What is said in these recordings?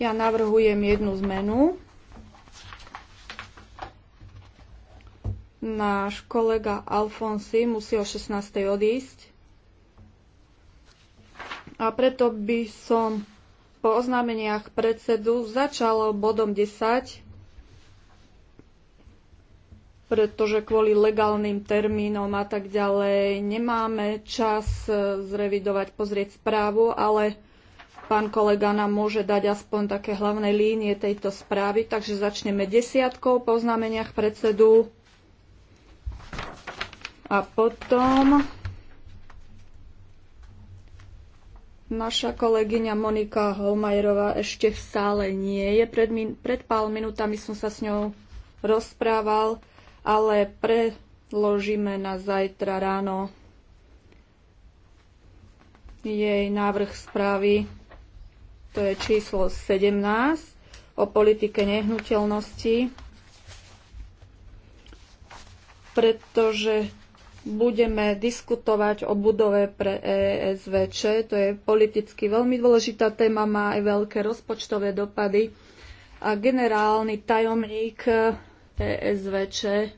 Ja navrhujem jednu zmenu. Náš kolega Alfonsi musí o 16. odísť. A preto by som po oznámeniach predsedu začal bodom 10, pretože kvôli legálnym termínom a tak ďalej nemáme čas eh, zrevidovať, pozrieť správu, ale Pán kolega nám môže dať aspoň také hlavné línie tejto správy, takže začneme desiatkou po oznámeniach predsedu a potom naša kolegyňa Monika Holmajerová ešte v sále nie je. Pred, min- pred pár minútami som sa s ňou rozprával, ale predložíme na zajtra ráno jej návrh správy to je číslo 17 o politike nehnuteľnosti, pretože budeme diskutovať o budove pre ESVČ. To je politicky veľmi dôležitá téma, má aj veľké rozpočtové dopady. A generálny tajomník ESVČ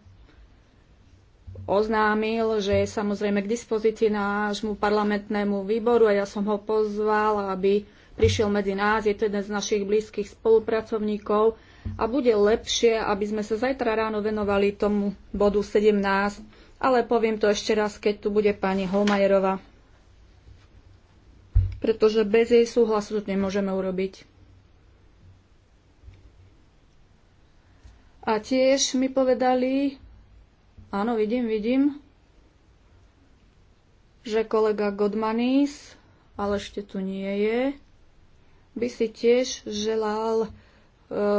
oznámil, že je samozrejme k dispozícii nášmu parlamentnému výboru a ja som ho pozval, aby prišiel medzi nás, je to jeden z našich blízkych spolupracovníkov a bude lepšie, aby sme sa zajtra ráno venovali tomu bodu 17, ale poviem to ešte raz, keď tu bude pani Holmajerová, pretože bez jej súhlasu to nemôžeme urobiť. A tiež mi povedali, áno, vidím, vidím, že kolega Godmanis, ale ešte tu nie je, by si tiež želal e,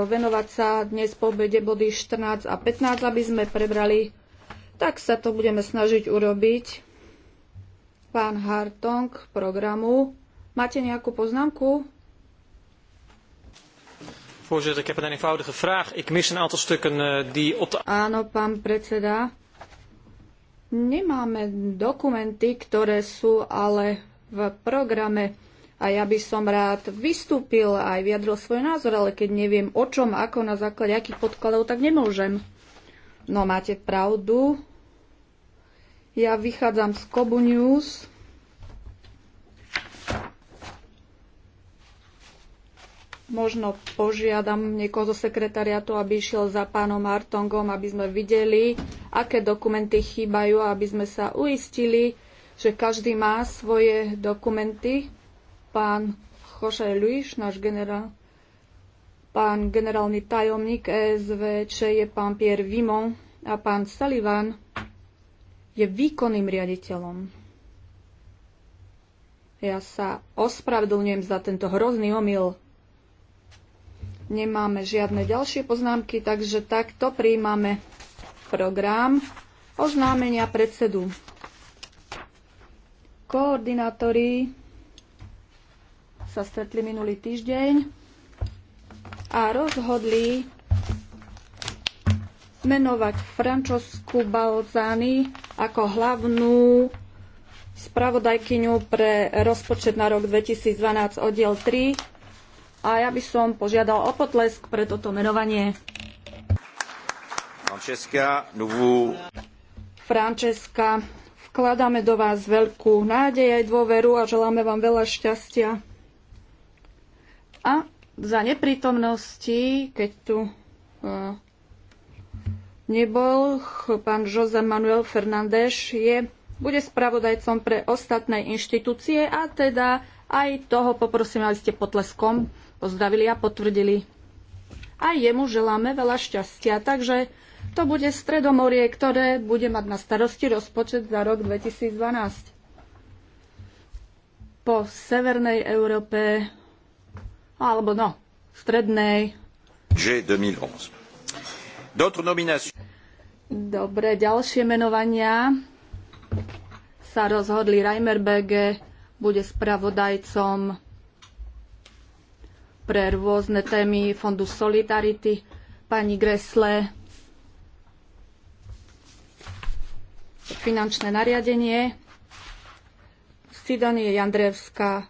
venovať sa dnes po obede body 14 a 15, aby sme prebrali. Tak sa to budeme snažiť urobiť. Pán Hartong k programu. Máte nejakú poznámku? Voorzitter, ik heb een eenvoudige vraag. Ik mis een aantal stukken eh, die op de... Áno, pán predseda. Nemáme dokumenty, ktoré sú ale v programe a ja by som rád vystúpil a aj vyjadril svoj názor, ale keď neviem o čom, ako, na základe akých podkladov, tak nemôžem. No máte pravdu. Ja vychádzam z Kobu News. Možno požiadam niekoho zo sekretariatu, aby išiel za pánom Artongom, aby sme videli, aké dokumenty chýbajú, aby sme sa uistili, že každý má svoje dokumenty pán Jose Luis, náš generál, pán generálny tajomník čo je pán Pierre Vimon a pán Sullivan je výkonným riaditeľom. Ja sa ospravedlňujem za tento hrozný omyl. Nemáme žiadne ďalšie poznámky, takže takto príjmame program oznámenia predsedu. Koordinátori sa stretli minulý týždeň a rozhodli menovať Francesku Balzani ako hlavnú spravodajkyňu pre rozpočet na rok 2012 oddiel 3 a ja by som požiadal o potlesk pre toto menovanie. Francesca, novú... Francesca, vkladáme do vás veľkú nádej aj dôveru a želáme vám veľa šťastia. A za neprítomnosti, keď tu e, nebol pán Jose Manuel Fernández, je, bude spravodajcom pre ostatné inštitúcie a teda aj toho poprosím, aby ste potleskom pozdravili a potvrdili. A jemu želáme veľa šťastia, takže to bude Stredomorie, ktoré bude mať na starosti rozpočet za rok 2012. Po Severnej Európe alebo no, strednej. G 2011. Dobre, ďalšie menovania sa rozhodli Reimerberge bude spravodajcom pre rôzne témy Fondu Solidarity, pani Gresle, finančné nariadenie, Sidonie Jandrevská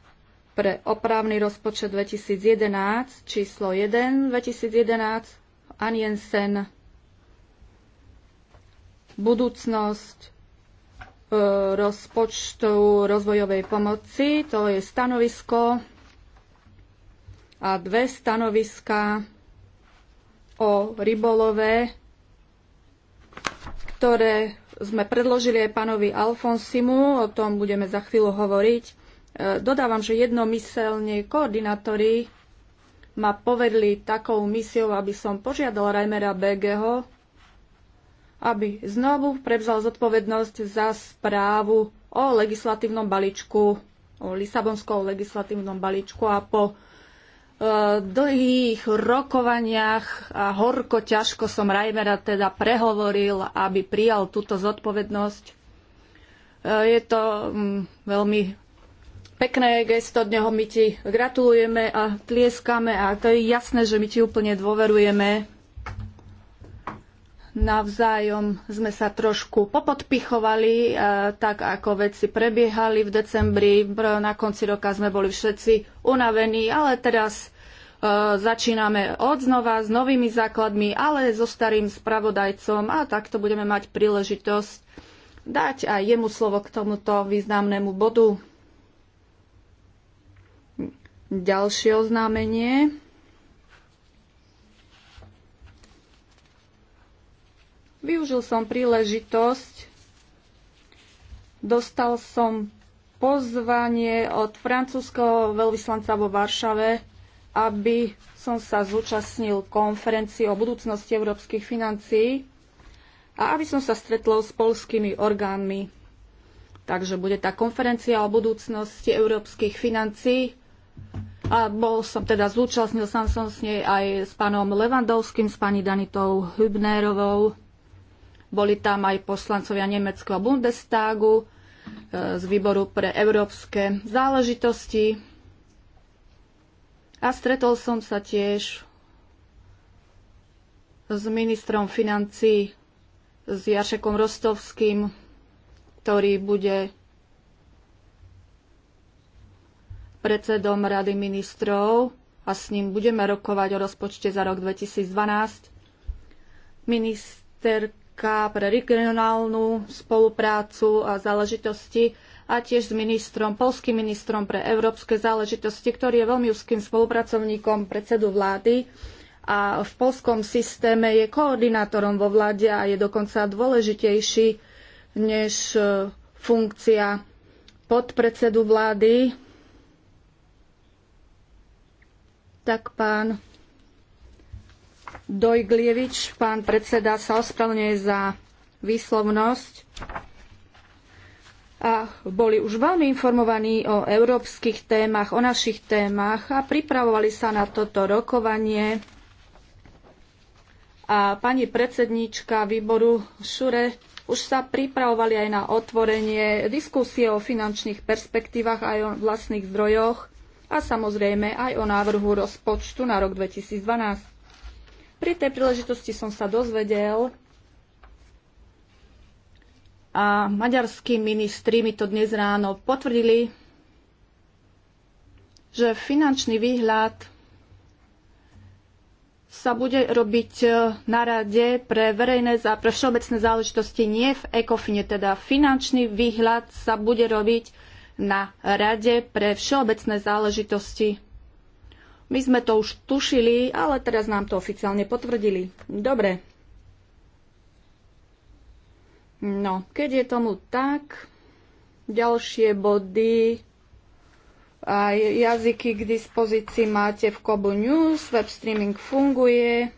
pre opravný rozpočet 2011, číslo 1 2011, Aniensen, budúcnosť e, rozpočtu rozvojovej pomoci, to je stanovisko a dve stanoviska o rybolove, ktoré sme predložili aj pánovi Alfonsimu, o tom budeme za chvíľu hovoriť E, dodávam, že jednomyselne koordinátori ma povedli takou misiou, aby som požiadal Reimera BGho, aby znovu prevzal zodpovednosť za správu o legislatívnom balíčku, o Lisabonskom legislatívnom balíčku a po e, dlhých rokovaniach a horko ťažko som Reimera teda prehovoril, aby prijal túto zodpovednosť. E, je to mm, veľmi Pekné gesto, dňoho my ti gratulujeme a tlieskame a to je jasné, že my ti úplne dôverujeme. Navzájom sme sa trošku popodpichovali, e, tak ako veci prebiehali v decembri. Na konci roka sme boli všetci unavení, ale teraz e, začíname od znova s novými základmi, ale so starým spravodajcom a takto budeme mať príležitosť dať aj jemu slovo k tomuto významnému bodu. Ďalšie oznámenie. Využil som príležitosť. Dostal som pozvanie od francúzského veľvyslanca vo Varšave, aby som sa zúčastnil konferencii o budúcnosti európskych financií a aby som sa stretol s polskými orgánmi. Takže bude tá konferencia o budúcnosti európskych financií a bol som teda, zúčastnil som, som s nej aj s pánom Levandovským, s pani Danitou Hübnerovou. Boli tam aj poslancovia Nemeckého Bundestagu e, z výboru pre európske záležitosti. A stretol som sa tiež s ministrom financí, s Jašekom Rostovským, ktorý bude predsedom Rady ministrov a s ním budeme rokovať o rozpočte za rok 2012. Ministerka pre regionálnu spoluprácu a záležitosti a tiež s ministrom, polským ministrom pre európske záležitosti, ktorý je veľmi úzkým spolupracovníkom predsedu vlády a v polskom systéme je koordinátorom vo vláde a je dokonca dôležitejší než eh, funkcia podpredsedu vlády tak pán Dojglievič, pán predseda, sa ospravedlňuje za výslovnosť. A boli už veľmi informovaní o európskych témach, o našich témach a pripravovali sa na toto rokovanie. A pani predsedníčka výboru Šure už sa pripravovali aj na otvorenie diskusie o finančných perspektívach aj o vlastných zdrojoch a samozrejme aj o návrhu rozpočtu na rok 2012. Pri tej príležitosti som sa dozvedel, a maďarskí ministri mi to dnes ráno potvrdili, že finančný výhľad sa bude robiť e, na rade pre verejné a pre všeobecné záležitosti, nie v ECOFINE. Teda finančný výhľad sa bude robiť na Rade pre všeobecné záležitosti. My sme to už tušili, ale teraz nám to oficiálne potvrdili. Dobre. No, keď je tomu tak, ďalšie body a jazyky k dispozícii máte v Kobu News, web streaming funguje,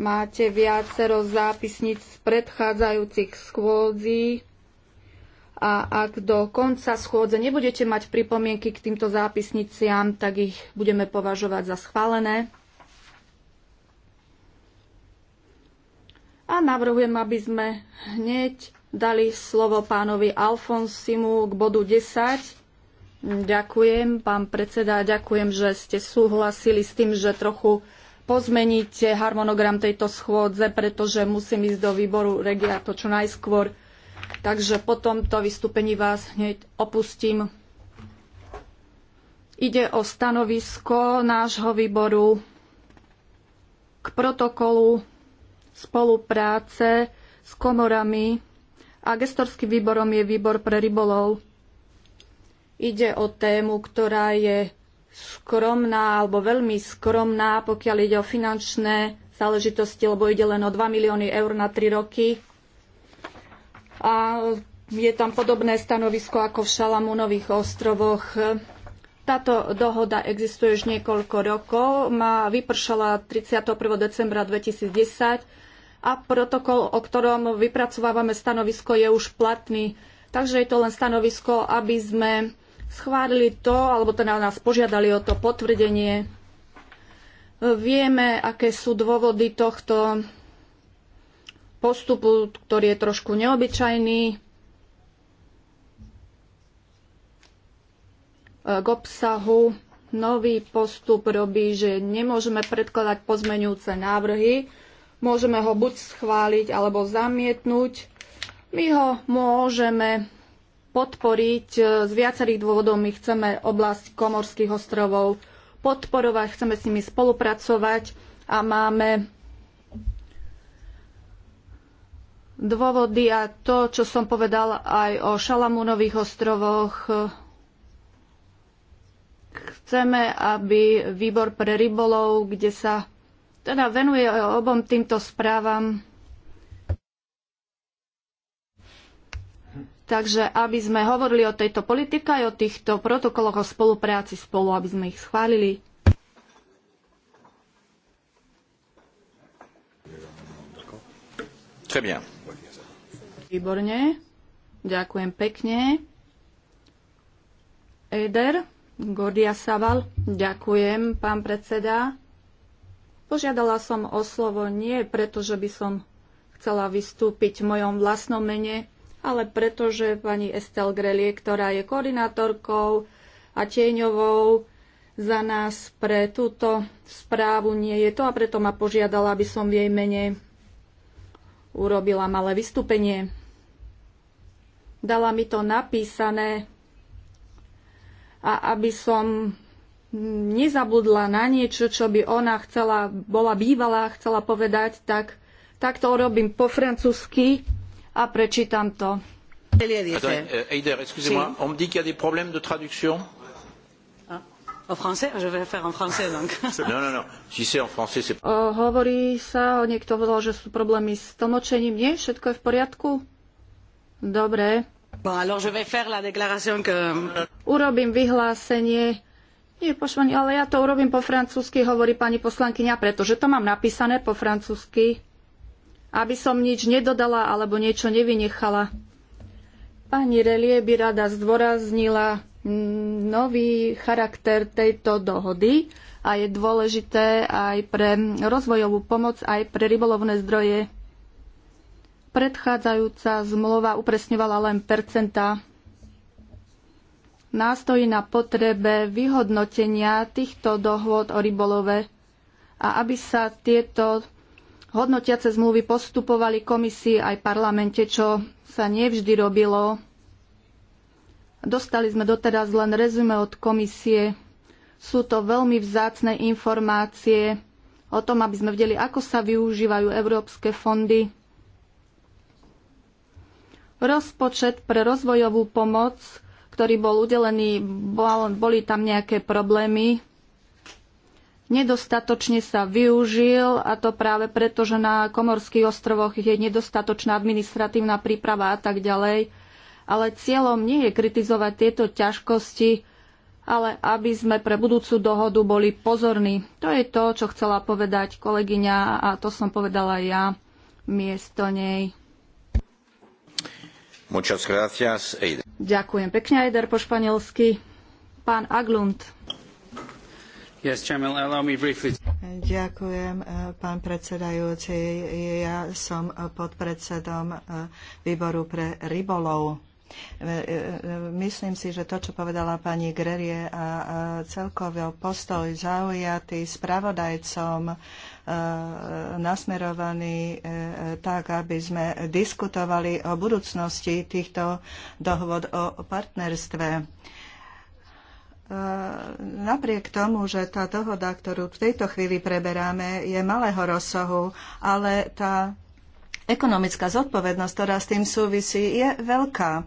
máte viacero zápisníc z predchádzajúcich skôdzí, a ak do konca schôdze nebudete mať pripomienky k týmto zápisniciam, tak ich budeme považovať za schválené. A navrhujem, aby sme hneď dali slovo pánovi Alfonsimu k bodu 10. Ďakujem, pán predseda, ďakujem, že ste súhlasili s tým, že trochu pozmeníte harmonogram tejto schôdze, pretože musím ísť do výboru regia to čo najskôr. Takže po tomto vystúpení vás hneď opustím. Ide o stanovisko nášho výboru k protokolu spolupráce s komorami a gestorským výborom je výbor pre rybolov. Ide o tému, ktorá je skromná alebo veľmi skromná, pokiaľ ide o finančné záležitosti, lebo ide len o 2 milióny eur na 3 roky a je tam podobné stanovisko ako v Šalamúnových ostrovoch. Táto dohoda existuje už niekoľko rokov, má vypršala 31. decembra 2010 a protokol, o ktorom vypracovávame stanovisko, je už platný. Takže je to len stanovisko, aby sme schválili to, alebo teda nás požiadali o to potvrdenie. Vieme, aké sú dôvody tohto postupu, ktorý je trošku neobyčajný. E, k obsahu nový postup robí, že nemôžeme predkladať pozmenujúce návrhy. Môžeme ho buď schváliť alebo zamietnúť. My ho môžeme podporiť e, z viacerých dôvodov. My chceme oblasť Komorských ostrovov podporovať, chceme s nimi spolupracovať a máme dôvody a to, čo som povedal aj o Šalamúnových ostrovoch. Chceme, aby výbor pre rybolov, kde sa teda venuje obom týmto správam, Takže aby sme hovorili o tejto politike aj o týchto protokoloch o spolupráci spolu, aby sme ich schválili. Très bien. Výborne. Ďakujem pekne. Eder, Gordia Saval, ďakujem, pán predseda. Požiadala som o slovo nie preto, že by som chcela vystúpiť v mojom vlastnom mene, ale preto, že pani Estel Grelie, ktorá je koordinátorkou a tieňovou za nás pre túto správu nie je to a preto ma požiadala, aby som v jej mene urobila malé vystúpenie. Dala mi to napísané a aby som nezabudla na niečo, čo by ona chcela, bola bývalá, chcela povedať, tak, tak to urobím po francúzsky a prečítam to. Eh, Eider, excusez-moi, on me dit qu'il y a des problèmes de traduction ah, en français ah, Je vais faire en français donc. non, non, non. Si c'est en français, c'est... Uh, hovorí sa, niekto povedal, že sú problémy s tlmočením. Nie, všetko je v poriadku? Dobre. Urobím vyhlásenie. Nie, pošvaní, ale ja to urobím po francúzsky, hovorí pani poslankyňa, pretože to mám napísané po francúzsky, aby som nič nedodala alebo niečo nevynechala. Pani Relie by rada zdôraznila nový charakter tejto dohody a je dôležité aj pre rozvojovú pomoc, aj pre rybolovné zdroje Predchádzajúca zmluva upresňovala len percentá. Nástojí na potrebe vyhodnotenia týchto dohôd o rybolove a aby sa tieto hodnotiace zmluvy postupovali komisii aj parlamente, čo sa nevždy robilo. Dostali sme doteraz len rezume od komisie. Sú to veľmi vzácne informácie o tom, aby sme vedeli, ako sa využívajú európske fondy Rozpočet pre rozvojovú pomoc, ktorý bol udelený, boli tam nejaké problémy. Nedostatočne sa využil a to práve preto, že na Komorských ostrovoch je nedostatočná administratívna príprava a tak ďalej. Ale cieľom nie je kritizovať tieto ťažkosti, ale aby sme pre budúcu dohodu boli pozorní. To je to, čo chcela povedať kolegyňa a to som povedala ja miesto nej. Gracias, Ďakujem pekne, Eider, po španielsky. Pán Aglund. Yes, Chairman, allow me briefly. Ďakujem, eh, pán predsedajúci. Ja som podpredsedom eh, výboru pre rybolov. Eh, myslím si, že to, čo povedala pani Grerie a celkovo postoj zaujatý spravodajcom nasmerovaný e, tak, aby sme diskutovali o budúcnosti týchto dohod o partnerstve e, napriek tomu, že tá dohoda, ktorú v tejto chvíli preberáme, je malého rozsahu, ale tá ekonomická zodpovednosť, ktorá s tým súvisí, je veľká. Uh,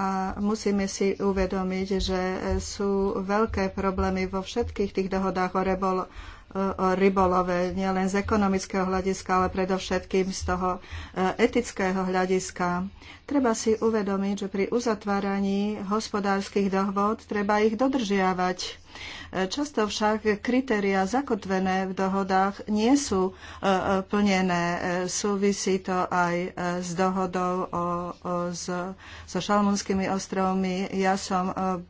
a musíme si uvedomiť, že sú veľké problémy vo všetkých tých dohodách o, o rybolove, nielen z ekonomického hľadiska, ale predovšetkým z toho e, etického hľadiska. Treba si uvedomiť, že pri uzatváraní hospodárskych dohod treba ich dodržiavať Často však kritéria zakotvené v dohodách nie sú e, e, plnené. E, súvisí to aj s dohodou o, o, s, so Šalmonskými ostrovmi. Ja som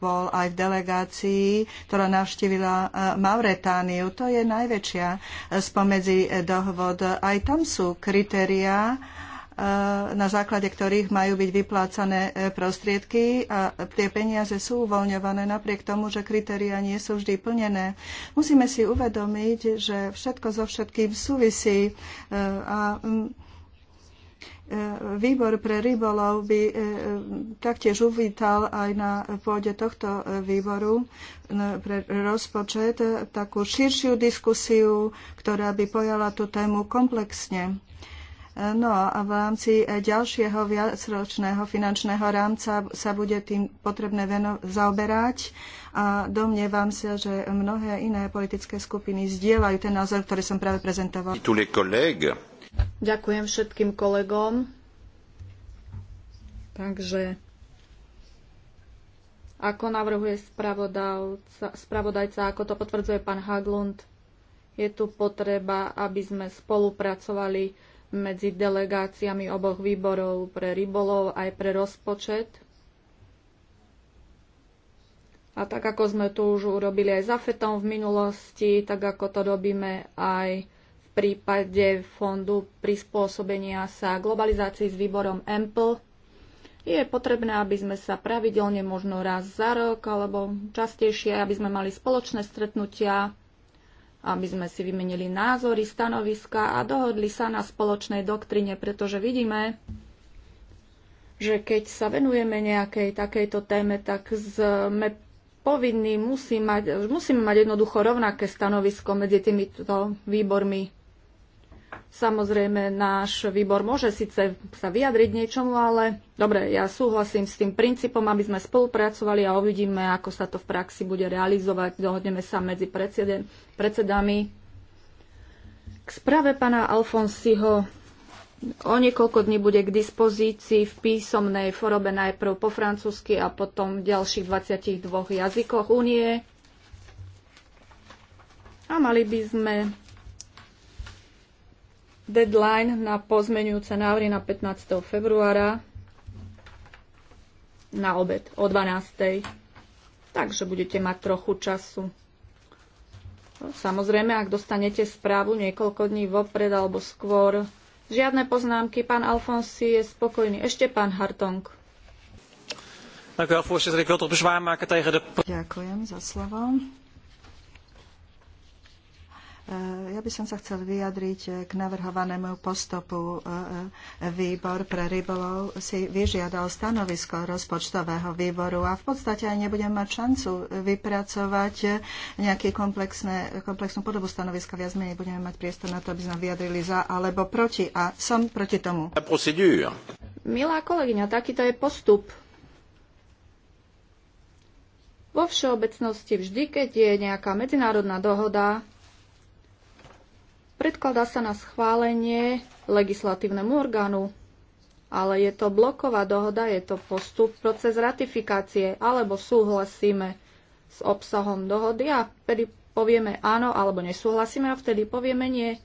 bol aj v delegácii, ktorá navštívila Mauretániu. To je najväčšia spomedzi dohod. Aj tam sú kritériá na základe ktorých majú byť vyplácané e, prostriedky a tie peniaze sú uvoľňované napriek tomu, že kritéria nie sú vždy plnené. Musíme si uvedomiť, že všetko so všetkým súvisí e, a mm, e, Výbor pre rybolov by taktiež uvítal aj na pôde tohto výboru pre rozpočet takú širšiu diskusiu, ktorá by pojala tú tému komplexne. No a v rámci ďalšieho viacročného finančného rámca sa bude tým potrebné veno- zaoberať a domnievam sa, že mnohé iné politické skupiny zdieľajú ten názor, ktorý som práve prezentoval. Ďakujem všetkým kolegom. Takže ako navrhuje spravodajca, ako to potvrdzuje pán Haglund, je tu potreba, aby sme spolupracovali medzi delegáciami oboch výborov pre rybolov aj pre rozpočet. A tak ako sme tu už urobili aj za FETom v minulosti, tak ako to robíme aj v prípade fondu prispôsobenia sa globalizácii s výborom EMPL, je potrebné, aby sme sa pravidelne, možno raz za rok alebo častejšie, aby sme mali spoločné stretnutia aby sme si vymenili názory, stanoviska a dohodli sa na spoločnej doktrine, pretože vidíme, že keď sa venujeme nejakej takejto téme, tak sme povinní, musíme mať, musíme mať jednoducho rovnaké stanovisko medzi týmito výbormi. Samozrejme, náš výbor môže síce sa vyjadriť niečomu, ale dobre, ja súhlasím s tým princípom, aby sme spolupracovali a uvidíme, ako sa to v praxi bude realizovať. Dohodneme sa medzi predsedami. K správe pána Alfonsiho o niekoľko dní bude k dispozícii v písomnej forobe najprv po francúzsky a potom v ďalších 22 jazykoch únie. A mali by sme Deadline na pozmenujúce návrhy na 15. februára na obed o 12. Takže budete mať trochu času. Samozrejme, ak dostanete správu niekoľko dní vopred alebo skôr, žiadne poznámky. Pán Alfonsi je spokojný. Ešte pán Hartong. Ďakujem za slovo. Eh, ja by som sa chcel vyjadriť eh, k navrhovanému postupu. Eh, výbor pre rybolov si vyžiadal stanovisko rozpočtového výboru a v podstate aj nebudem mať šancu vypracovať nejaký komplexné, komplexnú podobu stanoviska. Viac menej budeme mať priestor na to, aby sme vyjadrili za alebo proti a som proti tomu. Milá kolegyňa, takýto je postup. Vo všeobecnosti vždy, keď je nejaká medzinárodná dohoda, Predkladá sa na schválenie legislatívnemu orgánu, ale je to bloková dohoda, je to postup, proces ratifikácie, alebo súhlasíme s obsahom dohody a vtedy povieme áno alebo nesúhlasíme a vtedy povieme nie.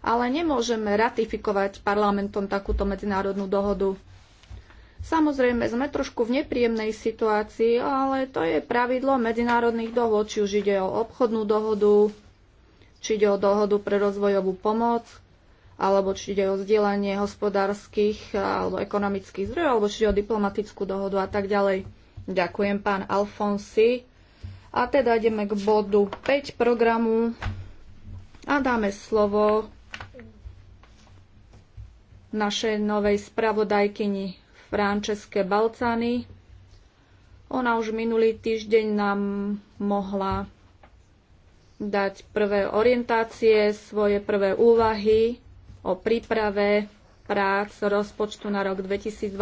Ale nemôžeme ratifikovať parlamentom takúto medzinárodnú dohodu. Samozrejme, sme trošku v nepríjemnej situácii, ale to je pravidlo medzinárodných dohod, či už ide o obchodnú dohodu, či ide o dohodu pre rozvojovú pomoc, alebo či ide o zdieľanie hospodárskych alebo ekonomických zdrojov, alebo či ide o diplomatickú dohodu a tak ďalej. Ďakujem pán Alfonsi. A teda ideme k bodu 5 programu a dáme slovo našej novej spravodajkyni Franceske Balcany. Ona už minulý týždeň nám mohla dať prvé orientácie, svoje prvé úvahy o príprave prác rozpočtu na rok 2012.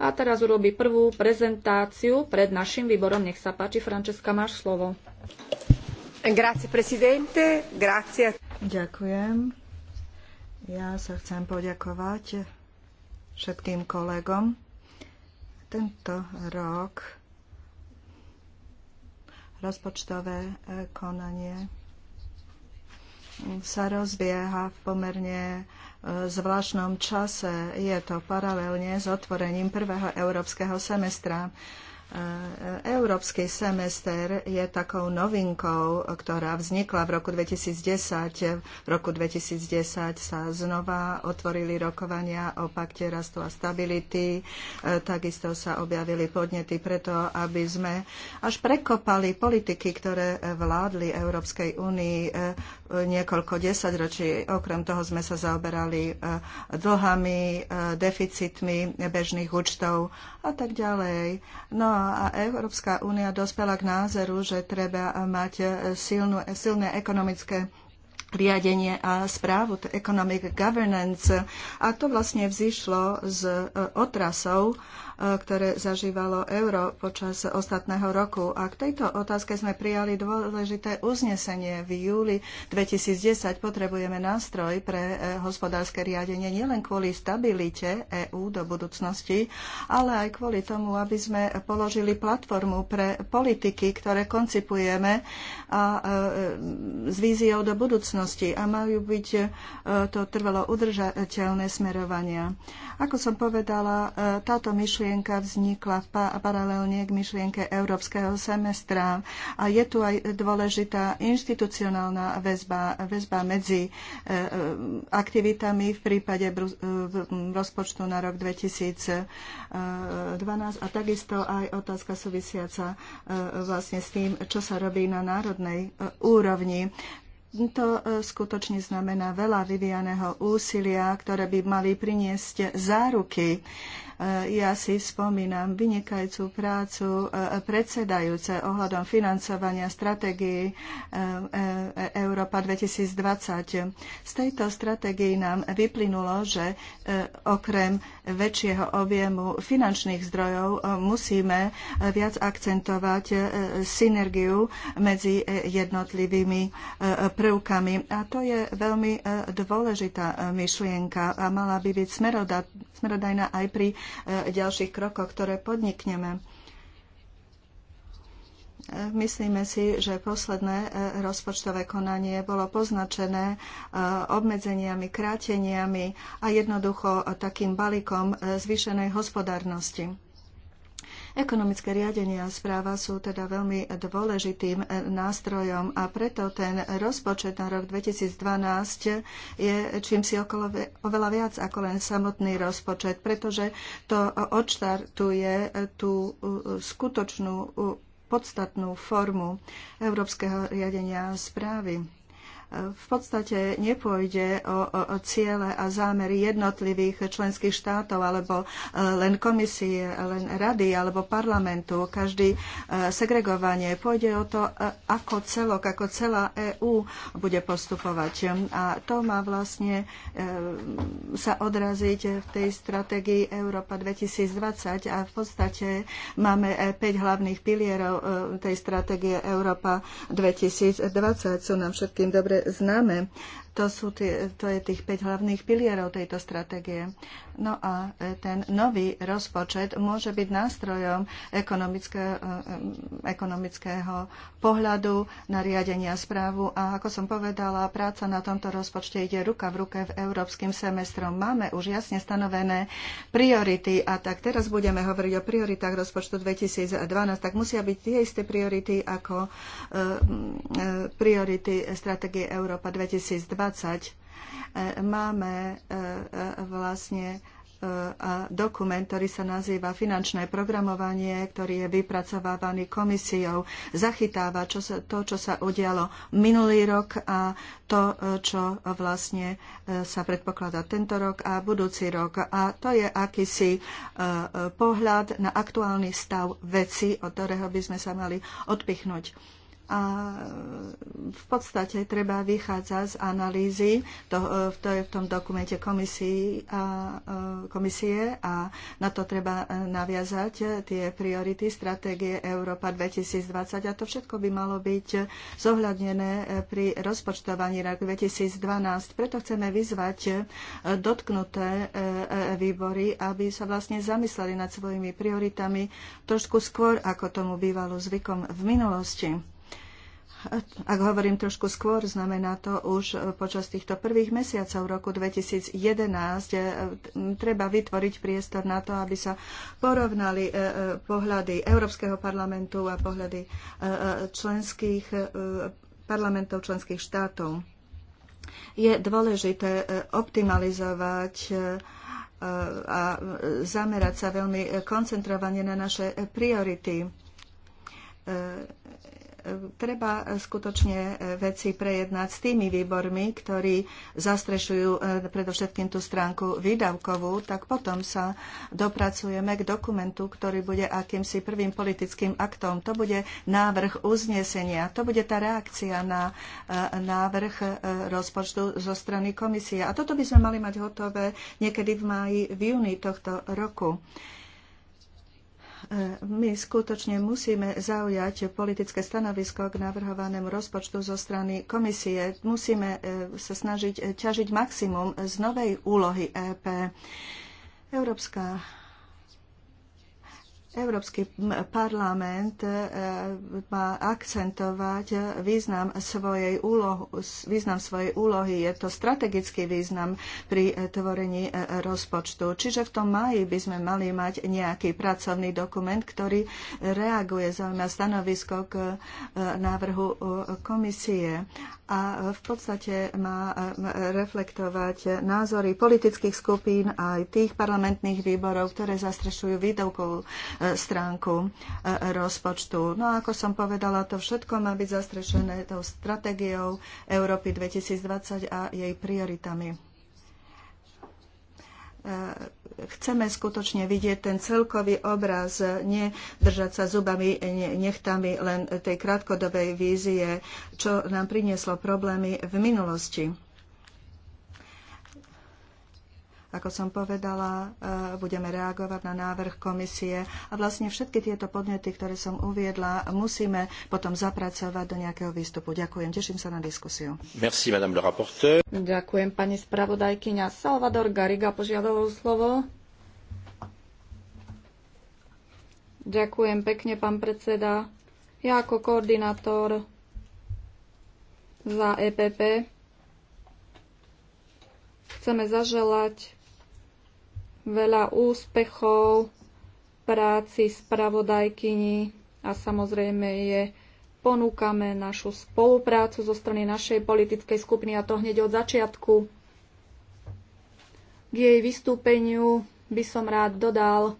A teraz urobí prvú prezentáciu pred našim výborom. Nech sa páči, Frančeska, máš slovo. Grazie, presidente. Grazie. Ďakujem. Ja sa chcem poďakovať všetkým kolegom. Tento rok rozpočtové e, konanie sa rozbieha v pomerne e, zvláštnom čase. Je to paralelne s otvorením prvého európskeho semestra. E, Európsky semester je takou novinkou, ktorá vznikla v roku 2010. V roku 2010 sa znova otvorili rokovania o pakte rastu a stability. E, takisto sa objavili podnety preto, aby sme až prekopali politiky, ktoré vládli Európskej únii e, niekoľko desaťročí. Okrem toho sme sa zaoberali dlhami, deficitmi bežných účtov a tak ďalej. No a a Európska únia dospela k názoru, že treba mať silnú, silné ekonomické riadenie a správu, economic governance. A to vlastne vzýšlo z e, otrasov E, ktoré zažívalo euro počas ostatného roku. A k tejto otázke sme prijali dôležité uznesenie v júli 2010. Potrebujeme nástroj pre e, hospodárske riadenie nielen kvôli stabilite EÚ do budúcnosti, ale aj kvôli tomu, aby sme položili platformu pre politiky, ktoré koncipujeme a s e, víziou do budúcnosti a majú byť to trvalo udržateľné smerovania. Ako som povedala, táto myšlienka myšlienka vznikla paralelne k myšlienke európskeho semestra a je tu aj dôležitá inštitucionálna väzba, väzba medzi e, e, aktivitami v prípade e, rozpočtu na rok 2012 a takisto aj otázka súvisiaca vlastne s tým, čo sa robí na národnej úrovni. To skutočne znamená veľa vyvíjaného úsilia, ktoré by mali priniesť záruky E, ja si spomínam vynikajúcu prácu e, predsedajúce ohľadom financovania stratégie e, Európa 2020. Z tejto stratégie nám vyplynulo, že okrem väčšieho objemu finančných zdrojov musíme viac akcentovať synergiu medzi jednotlivými prvkami. A to je veľmi dôležitá myšlienka a mala by byť smerodajná aj pri E, ďalších krokov, ktoré podnikneme. E, myslíme si, že posledné e, rozpočtové konanie bolo poznačené obmedzeniami, kráteniami a jednoducho takým balíkom zvýšenej hospodárnosti. Ekonomické riadenie a správa sú teda veľmi dôležitým eh, nástrojom a preto ten rozpočet na rok 2012 je čím si okolo, oveľa viac ako len samotný rozpočet, pretože to odštartuje eh, tú eh, skutočnú podstatnú formu európskeho riadenia správy v podstate nepôjde o, o, o ciele a zámery jednotlivých členských štátov alebo e, len komisie, len rady alebo parlamentu, každý e, segregovanie. Pôjde o to, e, ako celok, ako celá EÚ bude postupovať. A to má vlastne sa odraziť v tej stratégii Európa 2020 a v podstate máme 5 hlavných pilierov tej stratégie Európa 2020. Sú nám všetkým dobre známe. To, sú tie, to je tých 5 hlavných pilierov tejto stratégie. No a e, ten nový rozpočet môže byť nástrojom ekonomického, e, e, ekonomického pohľadu na riadenia správu a ako som povedala, práca na tomto rozpočte ide ruka v ruke v európskym semestrom. Máme už jasne stanovené priority a tak teraz budeme hovoriť o prioritách rozpočtu 2012, tak musia byť tie isté priority ako priority stratégie Európa 2012. 20 e, máme e, e, vlastne dokument, ktorý sa nazýva finančné programovanie, ktorý je vypracovávaný komisiou, zachytáva čo sa, to, čo sa udialo minulý rok a to, čo vlastne sa predpokladá tento rok a budúci rok. A to je akýsi pohľad na aktuálny stav veci, od ktorého by sme sa mali odpichnúť a e, v podstate treba vychádzať z analýzy to, e, to je v tom dokumente komisii a, e, komisie a na to treba naviazať tie priority stratégie Európa 2020 a to všetko by malo byť zohľadnené pri rozpočtovaní roku 2012. Preto chceme vyzvať dotknuté výbory, aby sa vlastne zamysleli nad svojimi prioritami trošku skôr, ako tomu bývalo zvykom v minulosti ak hovorím trošku skôr, znamená to už e, počas týchto prvých mesiacov roku 2011 e, treba vytvoriť priestor na to, aby sa porovnali e, pohľady Európskeho parlamentu a pohľady členských parlamentov členských štátov. Je dôležité optimalizovať a zamerať sa veľmi koncentrovane na naše priority treba skutočne e, veci prejednať s tými výbormi, ktorí zastrešujú e, predovšetkým tú stránku výdavkovú, tak potom sa dopracujeme k dokumentu, ktorý bude akýmsi prvým politickým aktom. To bude návrh uznesenia, to bude tá reakcia na e, návrh rozpočtu zo strany komisie. A toto by sme mali mať hotové niekedy v máji, v júni tohto roku. My skutočne musíme zaujať politické stanovisko k navrhovanému rozpočtu zo strany komisie. Musíme e, sa snažiť e, ťažiť maximum z novej úlohy EP. Európska Európsky parlament e, má akcentovať význam svojej, úlohy, význam svojej úlohy. Je to strategický význam pri e, tvorení e, rozpočtu. Čiže v tom maji by sme mali mať nejaký pracovný dokument, ktorý reaguje na stanovisko k návrhu komisie a v podstate má e, reflektovať názory politických skupín a aj tých parlamentných výborov, ktoré zastrešujú výdavkovú e, stránku e, rozpočtu. No a ako som povedala, to všetko má byť zastrešené tou stratégiou Európy 2020 a jej prioritami chceme skutočne vidieť ten celkový obraz, nie držať sa zubami, nechtami len tej krátkodobej vízie, čo nám prinieslo problémy v minulosti. Ako som povedala, eh, budeme reagovať na návrh komisie a vlastne všetky tieto podnety, ktoré som uviedla, musíme potom zapracovať do nejakého výstupu. Ďakujem, teším sa na diskusiu. Merci, madame le rapporteur. Ďakujem, pani spravodajkyňa. Salvador Gariga požiadal slovo. Ďakujem pekne, pán predseda. Ja ako koordinátor za EPP chceme zaželať veľa úspechov práci spravodajkyni a samozrejme je ponúkame našu spoluprácu zo strany našej politickej skupiny a to hneď od začiatku. K jej vystúpeniu by som rád dodal,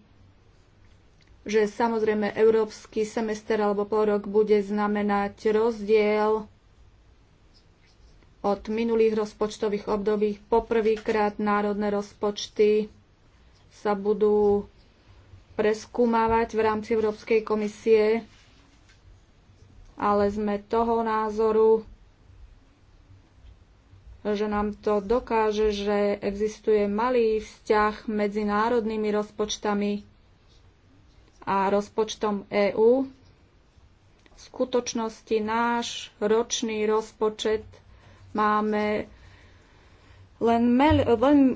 že samozrejme európsky semester alebo porok bude znamenať rozdiel od minulých rozpočtových období. Poprvýkrát národné rozpočty sa budú preskúmavať v rámci Európskej komisie, ale sme toho názoru, že nám to dokáže, že existuje malý vzťah medzi národnými rozpočtami a rozpočtom EÚ. V skutočnosti náš ročný rozpočet máme len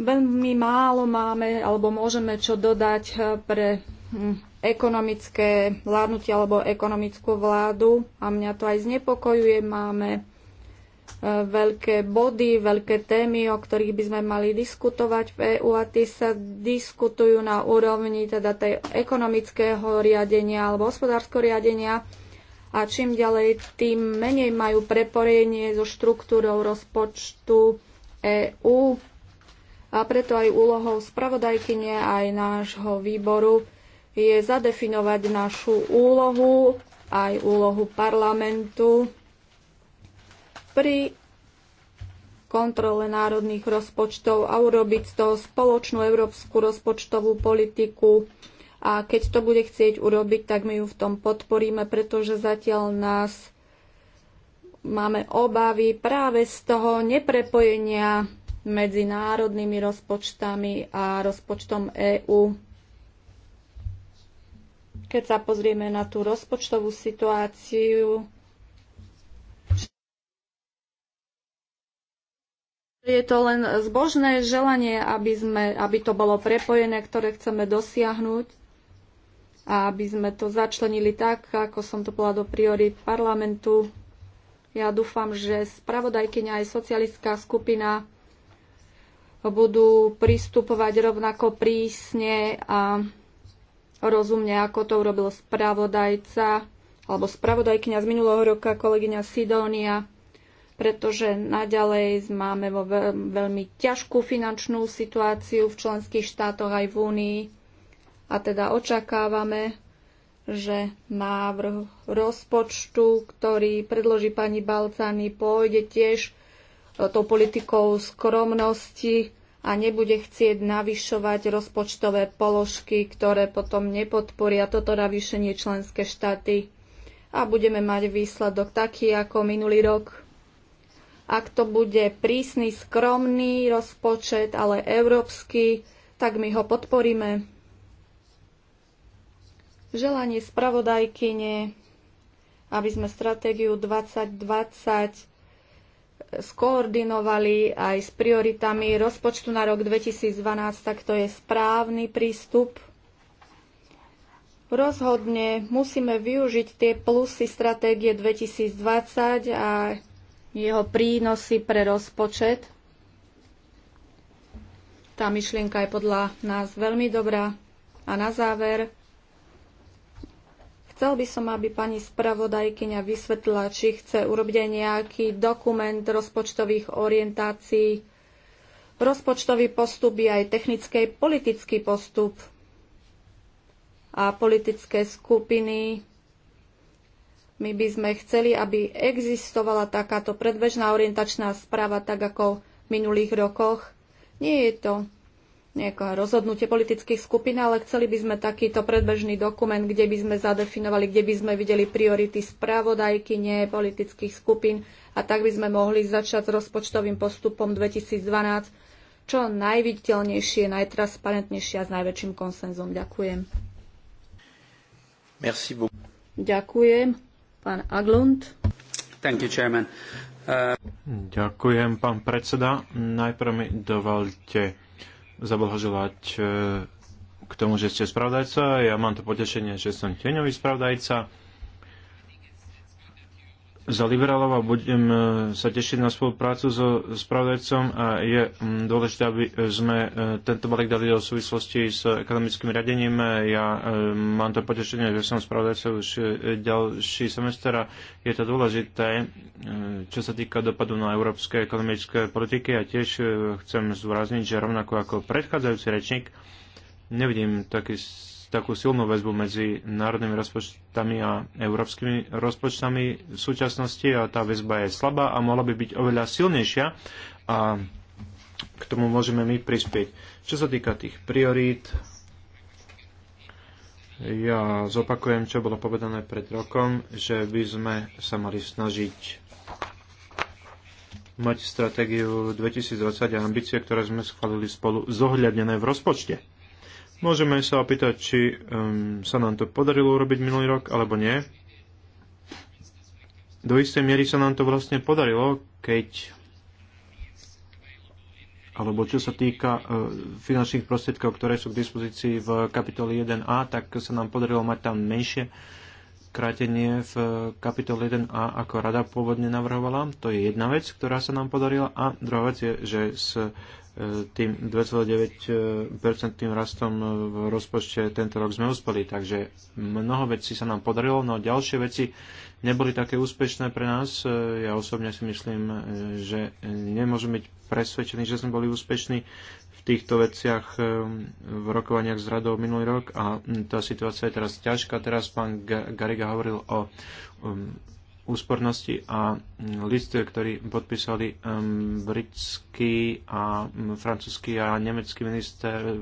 veľmi málo máme alebo môžeme čo dodať eh, pre hm, ekonomické vládnutie alebo ekonomickú vládu a mňa to aj znepokojuje. Máme eh, veľké body, veľké témy, o ktorých by sme mali diskutovať v EÚ a tie sa diskutujú na úrovni teda tej ekonomického riadenia alebo hospodárskeho riadenia a čím ďalej, tým menej majú preporenie so štruktúrou rozpočtu EÚ. A preto aj úlohou spravodajkyne aj nášho výboru je zadefinovať našu úlohu, aj úlohu parlamentu pri kontrole národných rozpočtov a urobiť z toho spoločnú európsku rozpočtovú politiku. A keď to bude chcieť urobiť, tak my ju v tom podporíme, pretože zatiaľ nás máme obavy práve z toho neprepojenia medzi národnými rozpočtami a rozpočtom EÚ. Keď sa pozrieme na tú rozpočtovú situáciu, je to len zbožné želanie, aby, sme, aby to bolo prepojené, ktoré chceme dosiahnuť a aby sme to začlenili tak, ako som to bola do priory parlamentu ja dúfam, že spravodajkyňa aj socialistická skupina budú pristupovať rovnako prísne a rozumne, ako to urobil spravodajca alebo spravodajkyňa z minulého roka, kolegyňa Sidónia, pretože naďalej máme vo veľmi ťažkú finančnú situáciu v členských štátoch aj v Únii a teda očakávame, že návrh rozpočtu, ktorý predloží pani Balcani, pôjde tiež e, tou politikou skromnosti a nebude chcieť navyšovať rozpočtové položky, ktoré potom nepodporia toto navýšenie členské štáty. A budeme mať výsledok taký ako minulý rok. Ak to bude prísny, skromný rozpočet, ale európsky, tak my ho podporíme Želanie spravodajkyne, aby sme stratégiu 2020 skoordinovali aj s prioritami rozpočtu na rok 2012, tak to je správny prístup. Rozhodne musíme využiť tie plusy stratégie 2020 a jeho prínosy pre rozpočet. Tá myšlienka je podľa nás veľmi dobrá. A na záver, Chcel by som, aby pani spravodajkyňa vysvetlila, či chce urobiť aj nejaký dokument rozpočtových orientácií. Rozpočtový postup je aj technický politický postup a politické skupiny my by sme chceli, aby existovala takáto predbežná orientačná správa, tak ako v minulých rokoch. Nie je to nejaké rozhodnutie politických skupín, ale chceli by sme takýto predbežný dokument, kde by sme zadefinovali, kde by sme videli priority správodajky, nie politických skupín a tak by sme mohli začať s rozpočtovým postupom 2012 čo najviditeľnejšie, najtransparentnejšie a s najväčším konsenzom. Ďakujem. Merci beaucoup. Ďakujem. Pán Aglund. Thank you, Chairman. Uh... Ďakujem, pán predseda. Najprv mi dovolte zablahoželať e, k tomu, že ste spravodajca. Ja mám to potešenie, že som tieňový spravodajca za liberálov a budem e, sa tešiť na spoluprácu so spravodajcom a je mm, dôležité, aby sme e, tento balík dali do súvislosti s ekonomickým riadením. E, ja mám to potešenie, že som spravodajca už ďalší semester a je to dôležité, čo sa týka dopadu na európske ekonomické politiky a ja tiež chcem zdôrazniť, že rovnako ako predchádzajúci rečník, nevidím taký takú silnú väzbu medzi národnými rozpočtami a európskymi rozpočtami v súčasnosti a tá väzba je slabá a mohla by byť oveľa silnejšia a k tomu môžeme my prispieť. Čo sa týka tých priorít, ja zopakujem, čo bolo povedané pred rokom, že by sme sa mali snažiť mať stratégiu 2020 a ambície, ktoré sme schválili spolu, zohľadnené v rozpočte. Môžeme sa opýtať, či um, sa nám to podarilo urobiť minulý rok, alebo nie. Do istej miery sa nám to vlastne podarilo, keď alebo čo sa týka uh, finančných prostriedkov, ktoré sú k dispozícii v kapitole 1a, tak sa nám podarilo mať tam menšie krátenie v uh, kapitole 1a, ako rada pôvodne navrhovala. To je jedna vec, ktorá sa nám podarila. A druhá vec je, že s tým 2,9% rastom v rozpočte tento rok sme uspeli, takže mnoho vecí sa nám podarilo, no ďalšie veci neboli také úspešné pre nás. Ja osobne si myslím, že nemôžem byť presvedčený, že sme boli úspešní v týchto veciach ehm, v rokovaniach s radou minulý rok a tá situácia je teraz ťažká. Teraz pán Gariga hovoril o ehm, úspornosti a list, ktorý podpísali britský a francúzsky a nemecký minister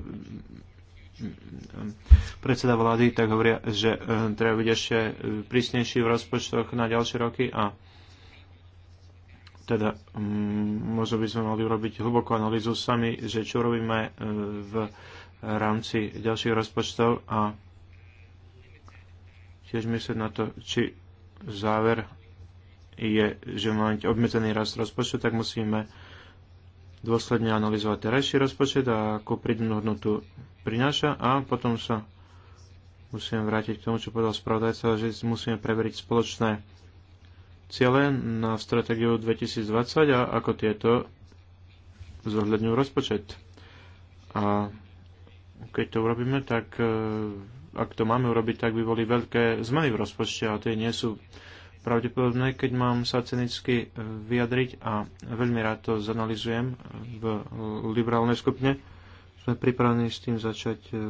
predseda vlády, tak hovoria, že treba byť ešte prísnejší v rozpočtoch na ďalšie roky a teda možno by sme mali urobiť hlbokú analýzu sami, že čo robíme v rámci ďalších rozpočtov a tiež myslieť na to, či záver je, že máme obmedzený rast rozpočtu, tak musíme dôsledne analyzovať terajší rozpočet a ako prídenú hodnotu prináša a potom sa musíme vrátiť k tomu, čo povedal spravodajca, že musíme preveriť spoločné ciele na stratégiu 2020 a ako tieto zohľadňujú rozpočet. A keď to urobíme, tak ak to máme urobiť, tak by boli veľké zmeny v rozpočte a tie nie sú pravdepodobné, keď mám sa cenicky e, vyjadriť a veľmi rád to zanalizujem v liberálnej skupine. Sme pripravení s tým začať e,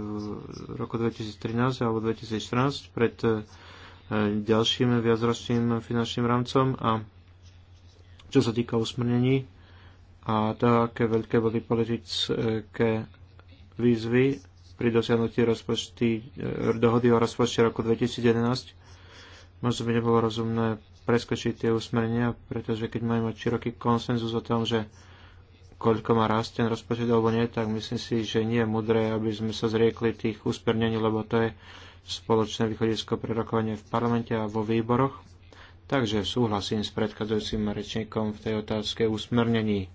v roku 2013 alebo 2014 pred e, ďalším viacročným finančným rámcom a čo sa týka usmrnení a to, aké veľké boli politické výzvy pri dosiahnutí rozpočty, e, dohody o rozpočte roku 2011. Možno by nebolo rozumné preskočiť tie usmerenia, pretože keď máme mať široký konsenzus o tom, že koľko má rast ten rozpočet alebo nie, tak myslím si, že nie je mudré, aby sme sa zriekli tých uspernení, lebo to je spoločné východisko pre rokovanie v parlamente a vo výboroch. Takže súhlasím s predchádzajúcim rečníkom v tej otázke usmernení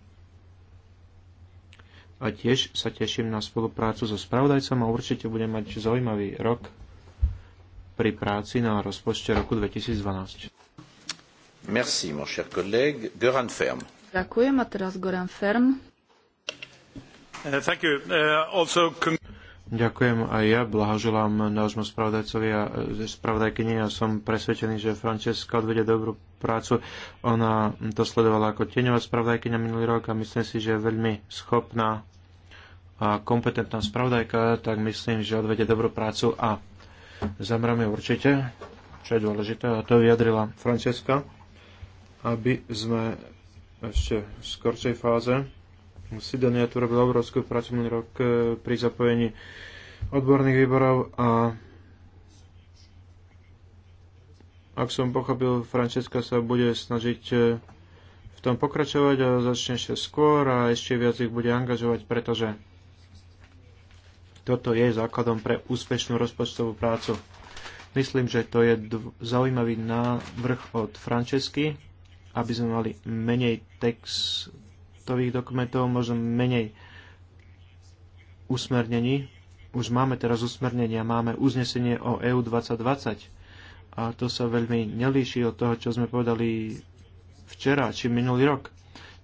a tiež sa teším na spoluprácu so spravodajcom a určite budem mať zaujímavý rok pri práci na rozpočte roku 2012. Merci, mon cher collègue. Göran Ferm. Ďakujem a teraz Goran Ferm. Uh, thank you. Uh, also... Ďakujem aj ja, blahoželám nášmu spravodajcovi a spravodajkyni. Ja som presvedčený, že Francesca odvede dobrú prácu. Ona to sledovala ako tieňová spravodajkyňa minulý rok a myslím si, že je veľmi schopná a kompetentná spravodajka, tak myslím, že odvede dobrú prácu a zamrame určite, čo je dôležité, a to vyjadrila Francesca, aby sme ešte v skorčej fáze Sidonia tu robila obrovskú prácu minulý rok e, pri zapojení odborných výborov a ak som pochopil, Francesca sa bude snažiť e, v tom pokračovať a začne ešte skôr a ešte viac ich bude angažovať, pretože toto je základom pre úspešnú rozpočtovú prácu. Myslím, že to je zaujímavý návrh od Francesky, aby sme mali menej text projektových dokumentov, možno menej usmernení. Už máme teraz usmernenia, máme uznesenie o EU 2020 a to sa veľmi nelíši od toho, čo sme povedali včera či minulý rok.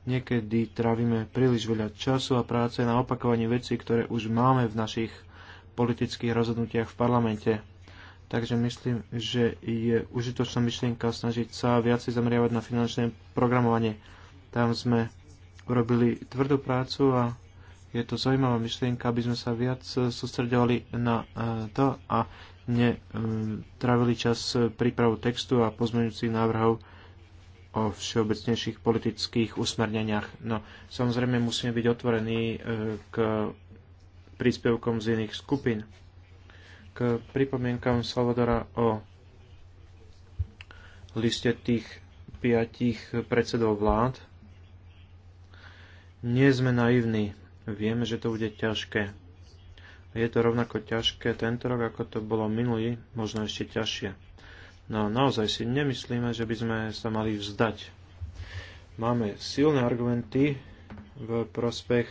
Niekedy trávime príliš veľa času a práce na opakovanie vecí, ktoré už máme v našich politických rozhodnutiach v parlamente. Takže myslím, že je užitočná myšlienka snažiť sa viacej zameriavať na finančné programovanie. Tam sme urobili tvrdú prácu a je to zaujímavá myšlienka, aby sme sa viac e, sústredovali na e, to a netravili čas prípravu textu a pozmeňujúcich návrhov o všeobecnejších politických usmerneniach. No, samozrejme musíme byť otvorení e, k príspevkom z iných skupín. K pripomienkam Salvadora o liste tých piatich predsedov vlád, nie sme naivní. Vieme, že to bude ťažké. Je to rovnako ťažké tento rok, ako to bolo minulý, možno ešte ťažšie. No naozaj si nemyslíme, že by sme sa mali vzdať. Máme silné argumenty v prospech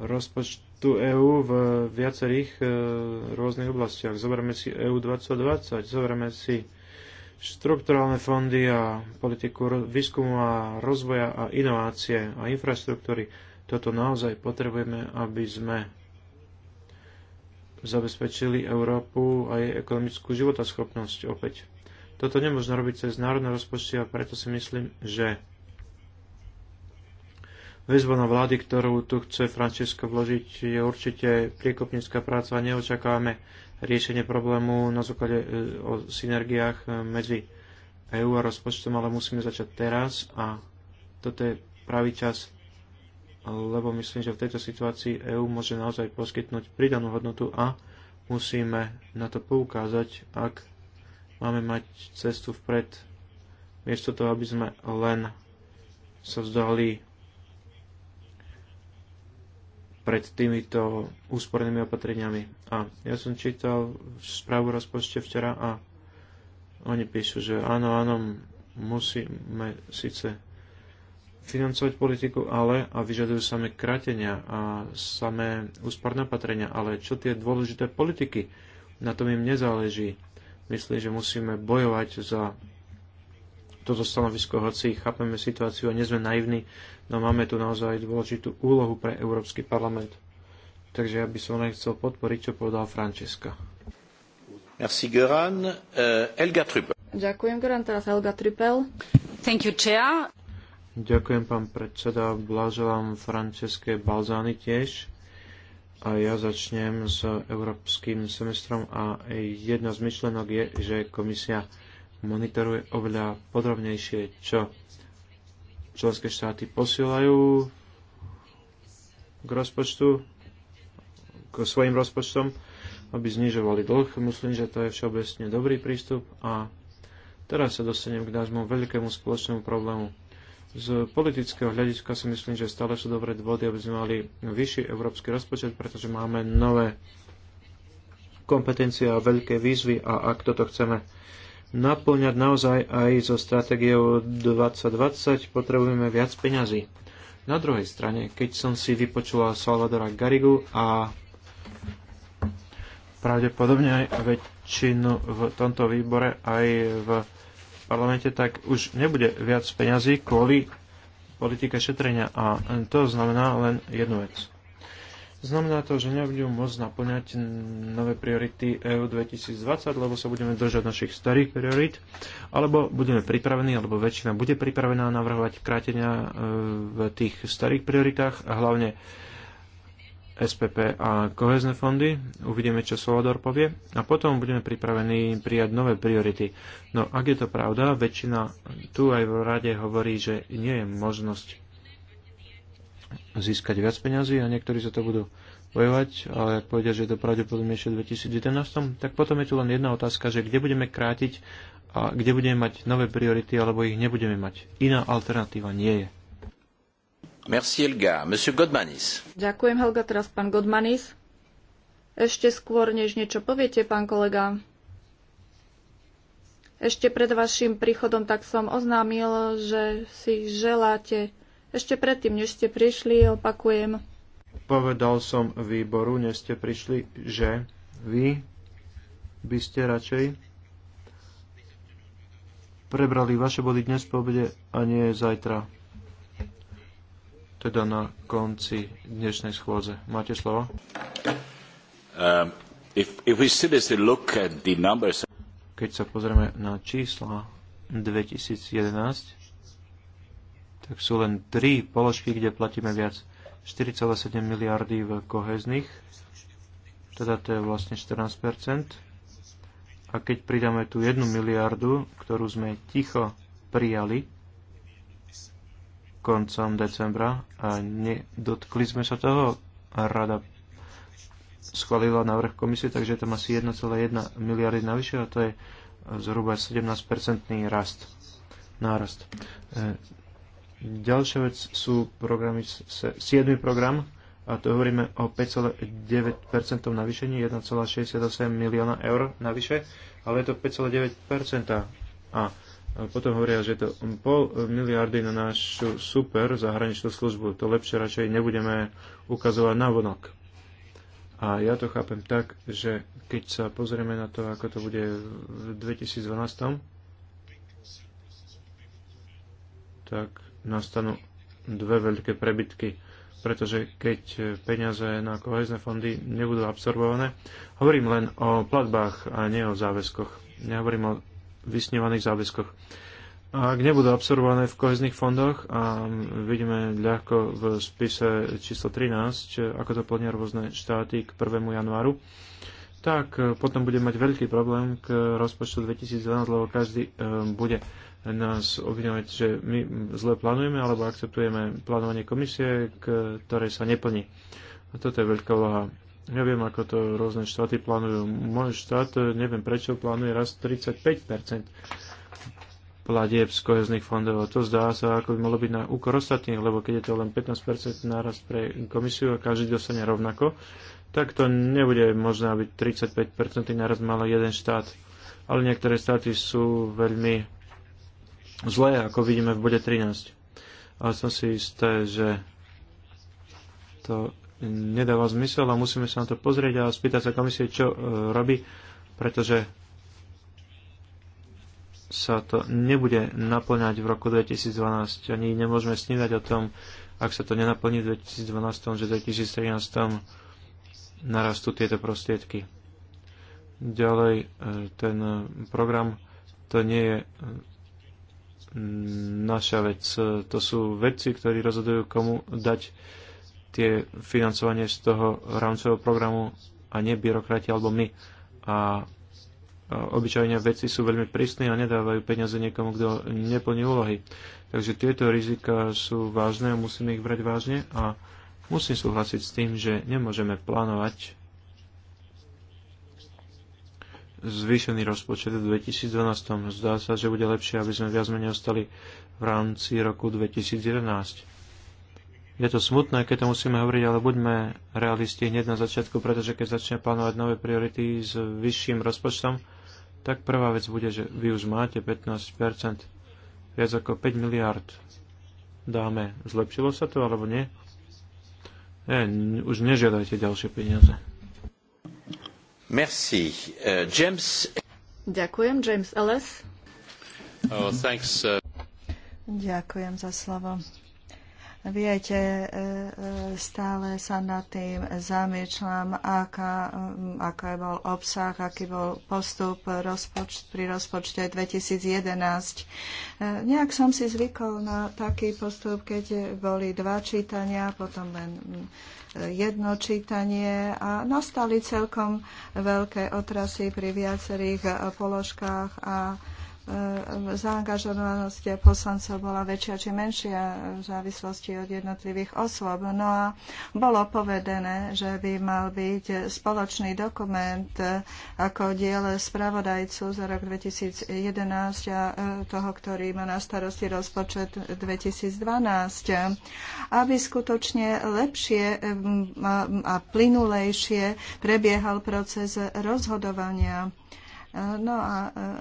rozpočtu EÚ v viacerých e, rôznych oblastiach. Zoberme si EÚ 2020, zoberme si štrukturálne fondy a politiku výskumu a rozvoja a inovácie a infraštruktúry. Toto naozaj potrebujeme, aby sme zabezpečili Európu a jej ekonomickú životaschopnosť opäť. Toto nemôžno robiť cez národné rozpočty a preto si myslím, že väzba na vlády, ktorú tu chce Francesko vložiť, je určite priekopnícka práca a neočakávame riešenie problému na základe e, o synergiách e, medzi EÚ a rozpočtom, ale musíme začať teraz a toto je pravý čas, lebo myslím, že v tejto situácii EÚ môže naozaj poskytnúť pridanú hodnotu a musíme na to poukázať, ak máme mať cestu vpred, miesto toho, aby sme len sa vzdali pred týmito úspornými opatreniami. A ja som čítal správu rozpočte včera a oni píšu, že áno, áno, musíme síce financovať politiku, ale a vyžadujú samé kratenia a samé úsporné opatrenia, ale čo tie dôležité politiky? Na tom im nezáleží. Myslím, že musíme bojovať za toto stanovisko, hoci chápeme situáciu a nie sme naivní, No máme tu naozaj dôležitú úlohu pre Európsky parlament. Takže ja by som len chcel podporiť, čo povedal Francesca. Merci, Göran. Uh, eh, Elga Trüppel. Ďakujem, Göran. Teraz Helga Trüppel. Thank you, Chair. Ďakujem, pán predseda. Blaželám Franceske Balzány tiež. A ja začnem s európskym semestrom a jedna z myšlenok je, že komisia monitoruje oveľa podrobnejšie, čo členské štáty posielajú k rozpočtu, k svojim rozpočtom, aby znižovali dlh. Myslím, že to je všeobecne dobrý prístup a teraz sa dostanem k nášmu veľkému spoločnému problému. Z politického hľadiska si myslím, že stále sú dobré dôvody, aby sme mali vyšší európsky rozpočet, pretože máme nové kompetencie a veľké výzvy a ak toto chceme naplňať naozaj aj so stratégiou 2020, potrebujeme viac peňazí. Na druhej strane, keď som si vypočula Salvadora Garigu a pravdepodobne aj väčšinu v tomto výbore aj v parlamente, tak už nebude viac peňazí kvôli politike šetrenia. A to znamená len jednu vec. Znamená to, že nebudú môcť naplňať nové priority EU 2020, lebo sa budeme držať našich starých priorit, alebo budeme pripravení, alebo väčšina bude pripravená navrhovať krátenia e, v tých starých prioritách a hlavne SPP a kohezné fondy. Uvidíme, čo Solador povie. A potom budeme pripravení prijať nové priority. No ak je to pravda, väčšina tu aj v rade hovorí, že nie je možnosť získať viac peňazí a niektorí sa to budú bojovať, ale ak povedia, že je to pravdepodobnejšie v 2011, tak potom je tu len jedna otázka, že kde budeme krátiť a kde budeme mať nové priority, alebo ich nebudeme mať. Iná alternatíva nie je. Merci Helga. Monsieur Godmanis. Ďakujem Helga, teraz pán Godmanis. Ešte skôr, než niečo poviete, pán kolega, ešte pred vašim príchodom tak som oznámil, že si želáte ešte predtým, než ste prišli, opakujem. Povedal som výboru, než ste prišli, že vy by ste radšej prebrali vaše body dnes po obede a nie zajtra. Teda na konci dnešnej schôdze. Máte slovo? Um, if, if we seriously look at the numbers... Keď sa pozrieme na čísla 2011, tak sú len tri položky, kde platíme viac. 4,7 miliardy v kohezných, teda to je vlastne 14%. A keď pridáme tú 1 miliardu, ktorú sme ticho prijali koncom decembra a nedotkli sme sa toho, a rada schválila návrh komisie, takže tam asi 1,1 miliardy navyše a to je zhruba 17-percentný rast, nárast. E Ďalšia vec sú programy, 7. program, a to hovoríme o 5,9% navýšení, 1,68 milióna eur navyše, ale je to 5,9%. A potom hovoria, že to pol miliardy na našu super zahraničnú službu. To lepšie radšej nebudeme ukazovať na vonok. A ja to chápem tak, že keď sa pozrieme na to, ako to bude v 2012, tak nastanú dve veľké prebytky, pretože keď peniaze na kohezné fondy nebudú absorbované, hovorím len o platbách a nie o záväzkoch. Nehovorím o vysnívaných záväzkoch. A ak nebudú absorbované v kohezných fondoch, a vidíme ľahko v spise číslo 13, ako to plnia rôzne štáty k 1. januáru, tak potom bude mať veľký problém k rozpočtu 2012, lebo každý e, bude nás obviňovať, že my zle plánujeme alebo akceptujeme plánovanie komisie, ktoré sa neplní. A toto je veľká vlaha. Ja viem, ako to rôzne štáty plánujú. Môj štát, neviem prečo, plánuje raz 35 platieb z kohezných fondov. to zdá sa, ako by malo byť na úkor ostatných, lebo keď je to len 15% náraz pre komisiu a každý dostane rovnako, tak to nebude možné, aby 35% náraz mal jeden štát. Ale niektoré štáty sú veľmi zlé, ako vidíme v bode 13. Ale som si isté, že to nedáva zmysel a musíme sa na to pozrieť a spýtať sa komisie, čo e, robí, pretože sa to nebude naplňať v roku 2012. Ani nemôžeme snívať o tom, ak sa to nenaplní v 2012, že v 2013 narastú tieto prostriedky. Ďalej, e, ten program to nie je naša vec. To sú vedci, ktorí rozhodujú, komu dať tie financovanie z toho rámcového programu a nie byrokrati alebo my. A obyčajne veci sú veľmi prísni a nedávajú peniaze niekomu, kto neplní úlohy. Takže tieto rizika sú vážne a musíme ich brať vážne a musím súhlasiť s tým, že nemôžeme plánovať zvýšený rozpočet v 2012. Zdá sa, že bude lepšie, aby sme viac menej ostali v rámci roku 2011. Je to smutné, keď to musíme hovoriť, ale buďme realisti hneď na začiatku, pretože keď začne plánovať nové priority s vyšším rozpočtom, tak prvá vec bude, že vy už máte 15%, viac ako 5 miliard dáme. Zlepšilo sa to alebo nie? Nie, už nežiadajte ďalšie peniaze. Merci. Uh, James... Ďakujem, James Ellis. Oh, thanks, uh... Ďakujem za slovo. Viete, e, e, stále sa nad tým zamýšľam, aká, aká bol obsah, aký bol postup rozpočt, pri rozpočte 2011. E, nejak som si zvykol na taký postup, keď boli dva čítania, potom len jedno čítanie a nastali celkom veľké otrasy pri viacerých položkách a zaangažovanosť poslancov bola väčšia či menšia v závislosti od jednotlivých osôb. No a bolo povedené, že by mal byť spoločný dokument ako diel spravodajcu za rok 2011 a e, toho, ktorý má na starosti rozpočet 2012, aby skutočne lepšie a plynulejšie prebiehal proces rozhodovania No a e, e,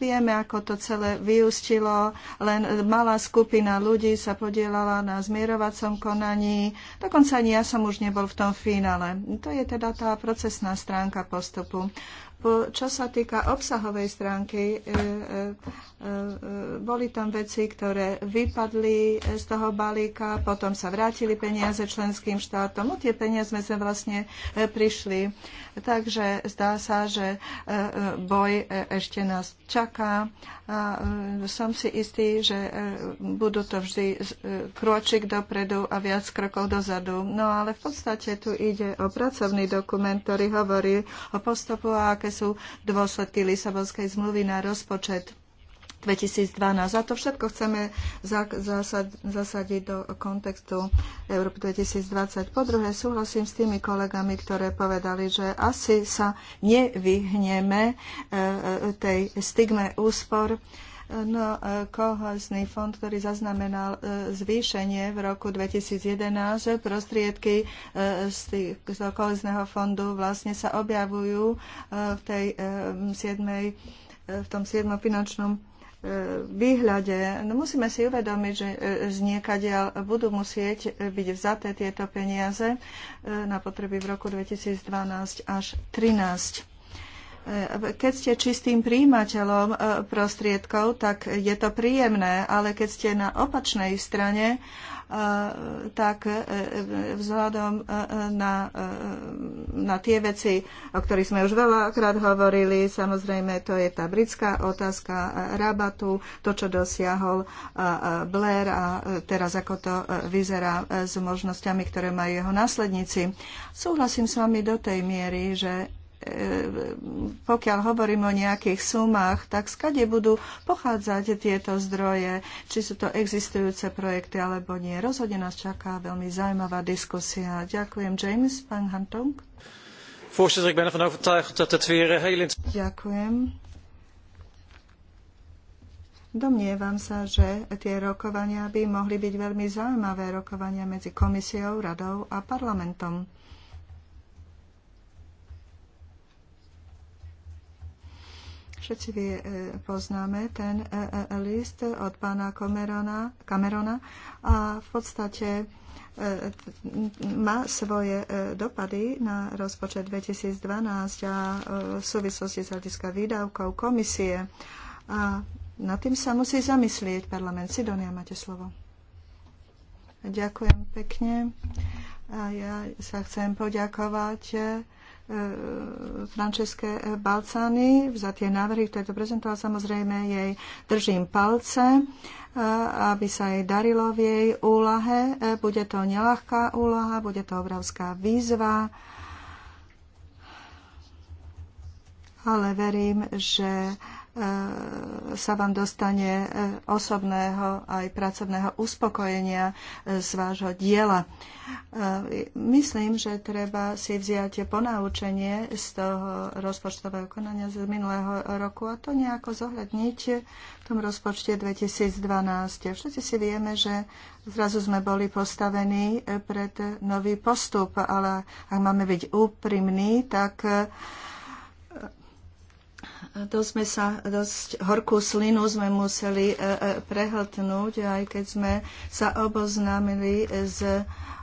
vieme, ako to celé vyústilo. Len malá skupina ľudí sa podielala na zmierovacom konaní. Dokonca ani ja som už nebol v tom finále. To je teda tá procesná stránka postupu. Čo sa týka obsahovej stránky, e, e, e, boli tam veci, ktoré vypadli z toho balíka, potom sa vrátili peniaze členským štátom. O no, tie peniaze sme vlastne prišli. Takže zdá sa, že boj ešte nás čaká. A som si istý, že budú to vždy krôčik dopredu a viac krokov dozadu. No ale v podstate tu ide o pracovný dokument, ktorý hovorí o postupu a aké sú dôsledky Lisabonskej zmluvy na rozpočet 2012. A to všetko chceme zasadiť do kontextu Európy 2020. Po druhé, súhlasím s tými kolegami, ktoré povedali, že asi sa nevyhneme e, e, tej stigme úspor No, e, kohozný fond, ktorý zaznamenal e, zvýšenie v roku 2011, prostriedky e, z, tých, z kohozného fondu vlastne sa objavujú v, tej, 7, v tom 7. finančnom výhľade. No musíme si uvedomiť, že z niekadiaľ budú musieť byť vzaté tieto peniaze na potreby v roku 2012 až 2013 keď ste čistým príjimateľom e, prostriedkov, tak je to príjemné, ale keď ste na opačnej strane, e, tak e, vzhľadom na, na tie veci, o ktorých sme už veľakrát hovorili, samozrejme to je tá britská otázka rabatu, to, čo dosiahol Blair a teraz ako to vyzerá s možnosťami, ktoré majú jeho následníci. Súhlasím s vami do tej miery, že pokiaľ hovorím o nejakých sumách, tak skade budú pochádzať tieto zdroje, či sú to existujúce projekty alebo nie. Rozhodne nás čaká veľmi zaujímavá diskusia. Ďakujem. James, pán Hantong. Voorzitter, ik ben ervan overtuigd dat het weer eh, heel... Ďakujem. Domnievam sa, že tie rokovania by mohli byť veľmi zaujímavé rokovania medzi komisiou, radou a parlamentom. Všetci vie, e, poznáme ten e, e, list od pána Camerona, Camerona a v podstate má svoje dopady na rozpočet 2012 a v súvislosti z hľadiska výdavkov komisie. A nad tým sa musí zamyslieť parlament. Sidonia, máte slovo. Ďakujem pekne. A ja sa chcem poďakovať E, Franceske Balcány za tie návrhy, ktoré to prezentovala. Samozrejme jej držím palce, e, aby sa jej darilo v jej úlahe. E, bude to nelahká úloha, bude to obrovská výzva, ale verím, že sa vám dostane e, osobného aj pracovného uspokojenia e, z vášho diela. E, myslím, že treba si vziať ponaučenie z toho rozpočtového konania z minulého roku a to nejako zohľadniť v tom rozpočte 2012. Všetci si vieme, že zrazu sme boli postavení pred nový postup, ale ak máme byť úprimní, tak to sme sa dosť horkú slinu sme museli e, e, prehltnúť, aj keď sme sa oboznámili s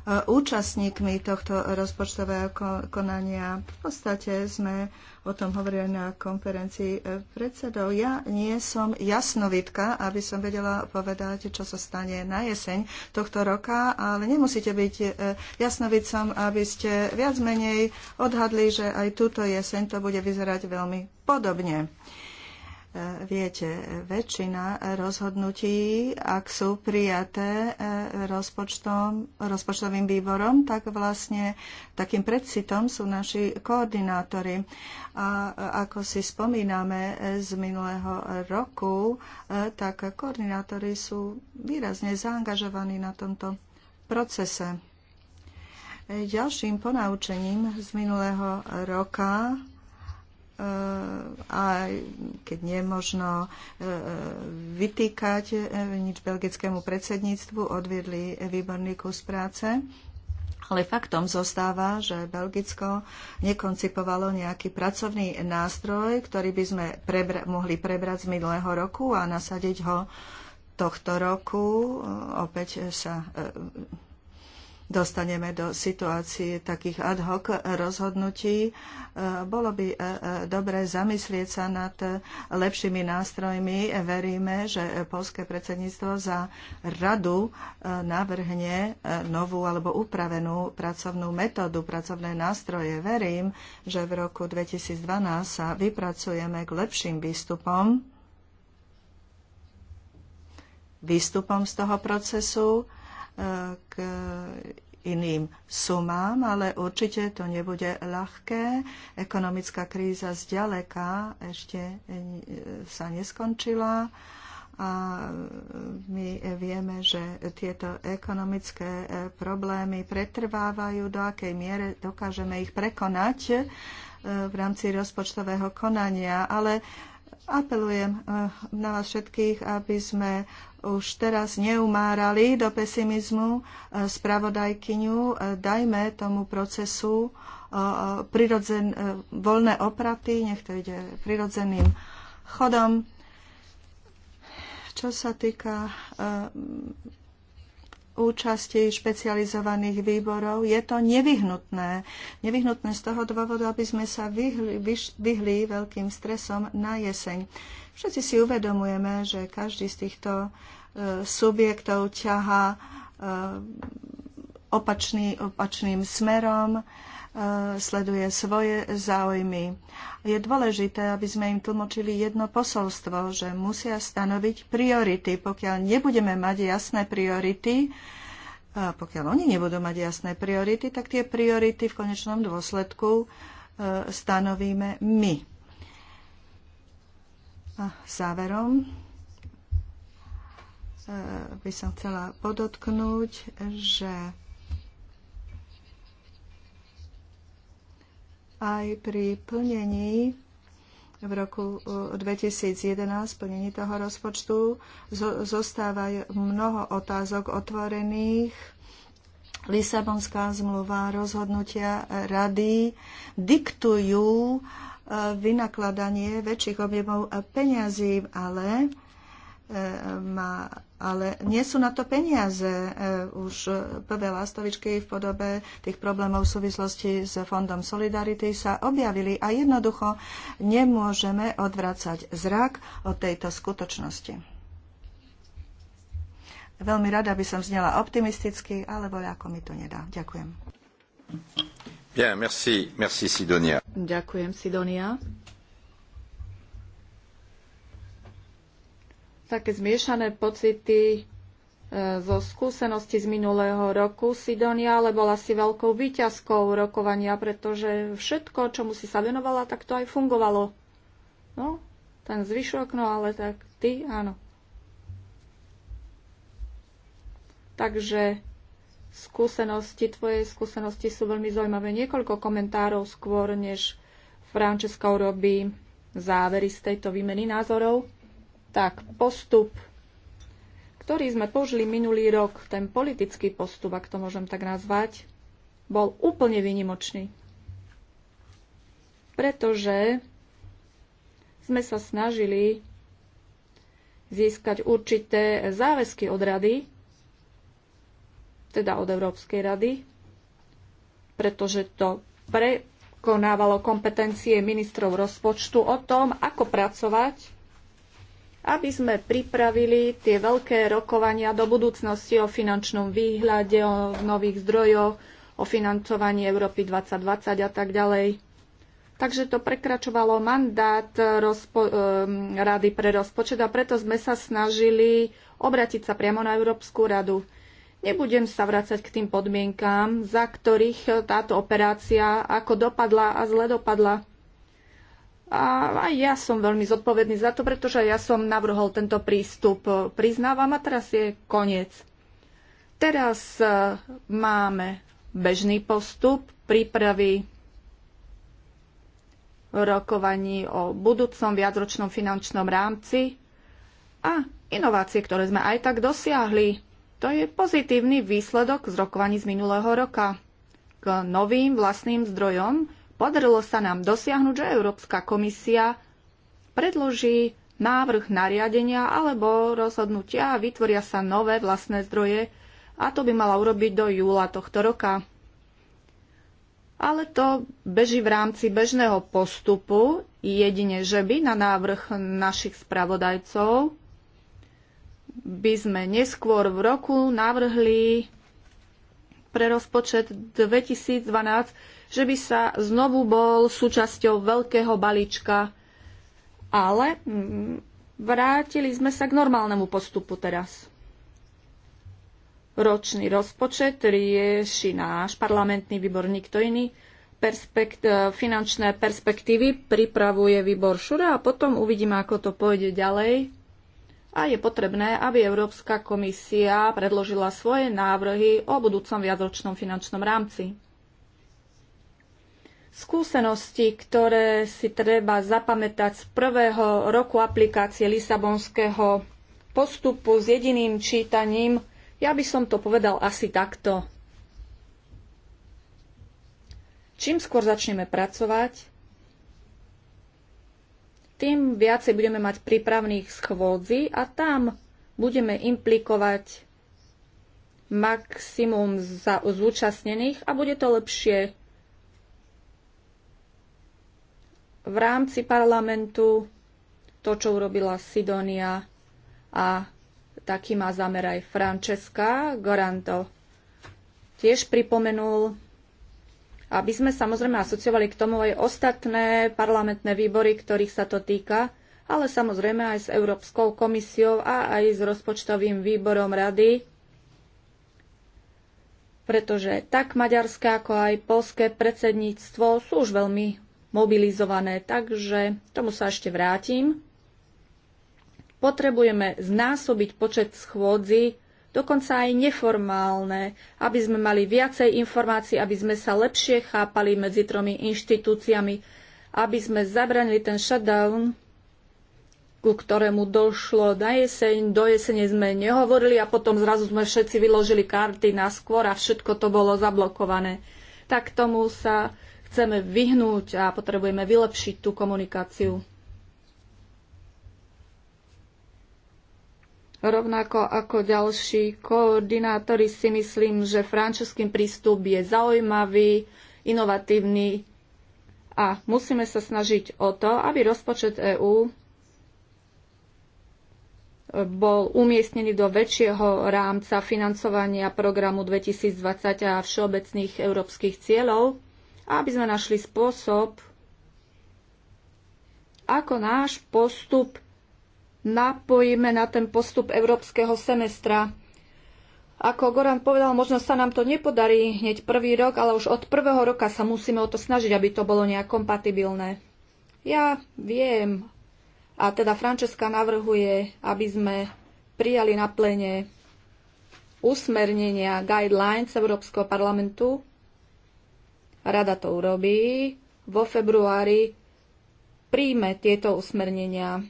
účastníkmi tohto rozpočtového konania. V podstate sme o tom hovorili na konferencii e, predsedov. Ja nie som jasnovidka, aby som vedela povedať, čo sa stane na jeseň tohto roka, ale nemusíte byť e, jasnovidcom, aby ste viac menej odhadli, že aj túto jeseň to bude vyzerať veľmi podobne viete, väčšina rozhodnutí, ak sú prijaté e, rozpočtom, rozpočtovým výborom, tak vlastne takým predsitom sú naši koordinátori. A ako si spomíname z minulého roku, e, tak koordinátori sú výrazne zaangažovaní na tomto procese. Ďalším ponaučením z minulého roka a keď nie možno e, e, vytýkať e, nič belgickému predsedníctvu, odviedli výborný kus práce. Ale faktom zostáva, že Belgicko nekoncipovalo nejaký pracovný nástroj, ktorý by sme prebra- mohli prebrať z minulého roku a nasadiť ho tohto roku. Opäť sa dostaneme do situácií takých ad hoc rozhodnutí. E, bolo by e, e, dobre zamyslieť sa nad lepšími nástrojmi. Veríme, že polské predsedníctvo za radu navrhne novú alebo upravenú pracovnú metódu, pracovné nástroje. Verím, že v roku 2012 sa vypracujeme k lepším výstupom výstupom z toho procesu k iným sumám, ale určite to nebude ľahké. Ekonomická kríza zďaleka ešte sa neskončila a my vieme, že tieto ekonomické e, problémy pretrvávajú, do akej miere dokážeme ich prekonať e, v rámci rozpočtového konania, ale apelujem e, na vás všetkých, aby sme už teraz neumárali do pesimizmu e, spravodajkyňu. E, dajme tomu procesu e, prirodzen, voľné opraty, nech to ide prirodzeným chodom. Čo sa týka účasti špecializovaných výborov, je to nevyhnutné. Nevyhnutné z toho dôvodu, aby sme sa vyhli, vyš, vyhli veľkým stresom na jeseň. Všetci si uvedomujeme, že každý z týchto subjektov ťaha e, opačný, opačným smerom, e, sleduje svoje záujmy. Je dôležité, aby sme im tlmočili jedno posolstvo, že musia stanoviť priority. Pokiaľ nebudeme mať jasné priority, pokiaľ oni nebudú mať jasné priority, tak tie priority v konečnom dôsledku e, stanovíme my. A záverom E, by som chcela podotknúť, že aj pri plnení v roku 2011, e, plnení toho rozpočtu, zostáva mnoho otázok otvorených. Lisabonská zmluva, rozhodnutia rady diktujú e, vynakladanie väčších objemov peňazí, ale má ale nie sú na to peniaze. E, už prvé lastovičky v podobe tých problémov v súvislosti s Fondom Solidarity sa objavili a jednoducho nemôžeme odvracať zrak od tejto skutočnosti. Veľmi rada by som znela optimisticky, ale voľako mi to nedá. Ďakujem. Bien, merci, merci Sidonia. Ďakujem, Sidonia. také zmiešané pocity e, zo skúsenosti z minulého roku. Sidonia ale bola si veľkou výťazkou rokovania, pretože všetko, čomu si sa venovala, tak to aj fungovalo. No, ten zvyšok, no ale tak ty, áno. Takže skúsenosti, tvoje skúsenosti sú veľmi zaujímavé. Niekoľko komentárov skôr, než Francesca urobí závery z tejto výmeny názorov tak postup, ktorý sme použili minulý rok, ten politický postup, ak to môžem tak nazvať, bol úplne vynimočný. Pretože sme sa snažili získať určité záväzky od rady, teda od Európskej rady, pretože to prekonávalo kompetencie ministrov rozpočtu o tom, ako pracovať aby sme pripravili tie veľké rokovania do budúcnosti o finančnom výhľade, o nových zdrojoch, o financovaní Európy 2020 a tak ďalej. Takže to prekračovalo mandát rozpo- eh, Rady pre rozpočet a preto sme sa snažili obratiť sa priamo na Európsku radu. Nebudem sa vrácať k tým podmienkám, za ktorých táto operácia ako dopadla a zle dopadla. A aj ja som veľmi zodpovedný za to, pretože ja som navrhol tento prístup. Priznávam a teraz je koniec. Teraz e, máme bežný postup prípravy rokovaní o budúcom viacročnom finančnom rámci a inovácie, ktoré sme aj tak dosiahli. To je pozitívny výsledok z rokovaní z minulého roka. K novým vlastným zdrojom Podarilo sa nám dosiahnuť, že Európska komisia predloží návrh nariadenia alebo rozhodnutia a vytvoria sa nové vlastné zdroje a to by mala urobiť do júla tohto roka. Ale to beží v rámci bežného postupu, jedine že by na návrh našich spravodajcov by sme neskôr v roku navrhli pre rozpočet 2012 že by sa znovu bol súčasťou veľkého balíčka. Ale mm, vrátili sme sa k normálnemu postupu teraz. Ročný rozpočet rieši náš parlamentný výbor, nikto iný. Perspekt, finančné perspektívy pripravuje výbor Šura a potom uvidíme, ako to pôjde ďalej. A je potrebné, aby Európska komisia predložila svoje návrhy o budúcom viacročnom finančnom rámci. Skúsenosti, ktoré si treba zapamätať z prvého roku aplikácie Lisabonského postupu s jediným čítaním, ja by som to povedal asi takto. Čím skôr začneme pracovať, tým viacej budeme mať prípravných schôdzi a tam budeme implikovať maximum za zúčastnených a bude to lepšie v rámci parlamentu to, čo urobila Sidonia a taký má zamer aj Francesca Goranto. Tiež pripomenul, aby sme samozrejme asociovali k tomu aj ostatné parlamentné výbory, ktorých sa to týka, ale samozrejme aj s Európskou komisiou a aj s rozpočtovým výborom rady, pretože tak maďarské ako aj polské predsedníctvo sú už veľmi mobilizované, takže tomu sa ešte vrátim. Potrebujeme znásobiť počet schôdzi, dokonca aj neformálne, aby sme mali viacej informácií, aby sme sa lepšie chápali medzi tromi inštitúciami, aby sme zabranili ten shutdown, ku ktorému došlo na jeseň. Do jesene sme nehovorili a potom zrazu sme všetci vyložili karty na skôr a všetko to bolo zablokované. Tak tomu sa chceme vyhnúť a potrebujeme vylepšiť tú komunikáciu. Rovnako ako ďalší koordinátori si myslím, že francúzsky prístup je zaujímavý, inovatívny a musíme sa snažiť o to, aby rozpočet EÚ bol umiestnený do väčšieho rámca financovania programu 2020 a všeobecných európskych cieľov aby sme našli spôsob, ako náš postup napojíme na ten postup európskeho semestra. Ako Goran povedal, možno sa nám to nepodarí hneď prvý rok, ale už od prvého roka sa musíme o to snažiť, aby to bolo nejak kompatibilné. Ja viem. A teda Frančeska navrhuje, aby sme prijali na plene usmernenia guidelines Európskeho parlamentu Rada to urobí. Vo februári príjme tieto usmernenia.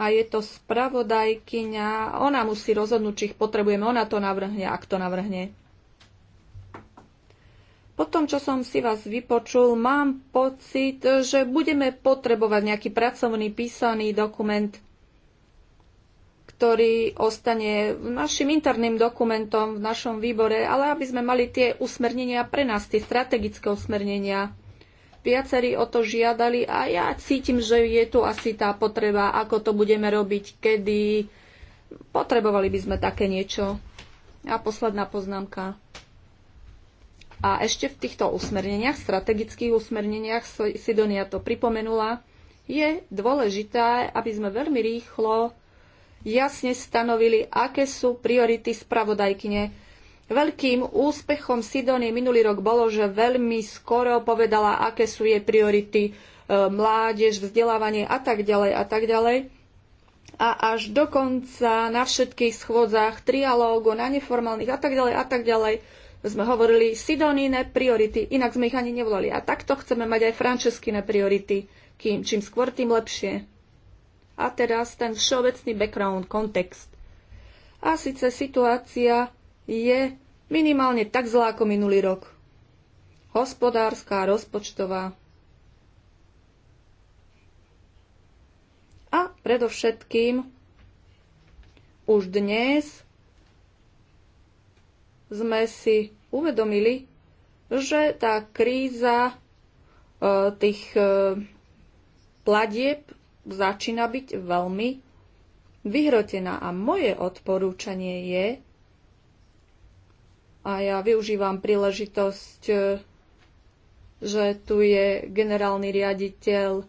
A je to spravodajkyňa. Ona musí rozhodnúť, či ich potrebujeme. Ona to navrhne, ak to navrhne. Po tom, čo som si vás vypočul, mám pocit, že budeme potrebovať nejaký pracovný písaný dokument ktorý ostane našim interným dokumentom v našom výbore, ale aby sme mali tie usmernenia pre nás, tie strategické usmernenia. Viacerí o to žiadali a ja cítim, že je tu asi tá potreba, ako to budeme robiť, kedy. Potrebovali by sme také niečo. A posledná poznámka. A ešte v týchto usmerneniach, strategických usmerneniach, Sidonia to pripomenula, je dôležité, aby sme veľmi rýchlo jasne stanovili, aké sú priority spravodajkyne. Veľkým úspechom Sidonie minulý rok bolo, že veľmi skoro povedala, aké sú jej priority e, mládež, vzdelávanie a tak ďalej a tak ďalej. A až dokonca na všetkých schôdzach, trialógu, na neformálnych a tak ďalej a tak ďalej sme hovorili Sidoníne priority, inak sme ich ani nevolali. A takto chceme mať aj Frančeskine priority, kým čím skôr, tým lepšie. A teraz ten všeobecný background, kontext. A síce situácia je minimálne tak zlá ako minulý rok. Hospodárska, rozpočtová. A predovšetkým už dnes sme si uvedomili, že tá kríza e, tých e, platieb začína byť veľmi vyhrotená. A moje odporúčanie je, a ja využívam príležitosť, e, že tu je generálny riaditeľ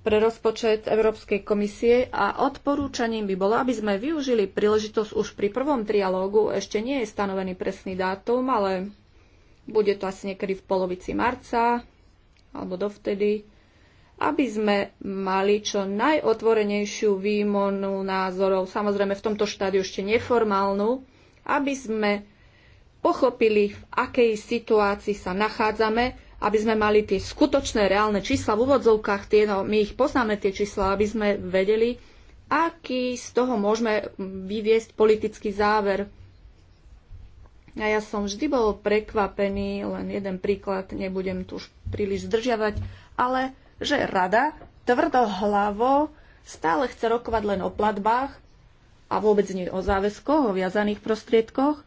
pre rozpočet Európskej komisie a odporúčaním by bolo, aby sme využili príležitosť už pri prvom trialógu. Ešte nie je stanovený presný dátum, ale bude to asi niekedy v polovici marca alebo dovtedy aby sme mali čo najotvorenejšiu výmonu názorov, samozrejme v tomto štádiu ešte neformálnu, aby sme pochopili, v akej situácii sa nachádzame, aby sme mali tie skutočné, reálne čísla v úvodzovkách, tie, no, my ich poznáme tie čísla, aby sme vedeli, aký z toho môžeme vyviesť politický záver. A ja som vždy bol prekvapený, len jeden príklad, nebudem tu už príliš zdržiavať, ale že rada tvrdohlavo stále chce rokovať len o platbách a vôbec nie o záväzkoch, o viazaných prostriedkoch,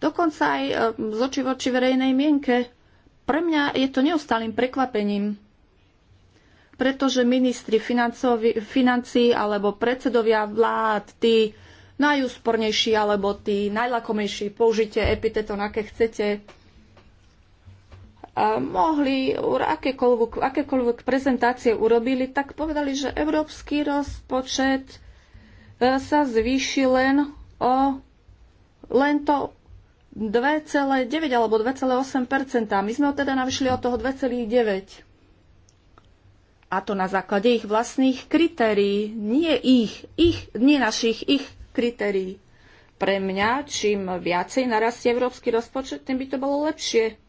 dokonca aj e, z oči voči verejnej mienke. Pre mňa je to neustálým prekvapením, pretože ministri financí alebo predsedovia vlád, tí najúspornejší alebo tí najlakomejší, použite epiteto, aké chcete, mohli akékoľvek, akékoľvek prezentácie urobili, tak povedali, že európsky rozpočet e, sa zvýši len o len to 2,9 alebo 2,8 My sme ho teda navyšli od toho 2,9 a to na základe ich vlastných kritérií, nie ich, ich, nie našich, ich kritérií. Pre mňa, čím viacej narastie európsky rozpočet, tým by to bolo lepšie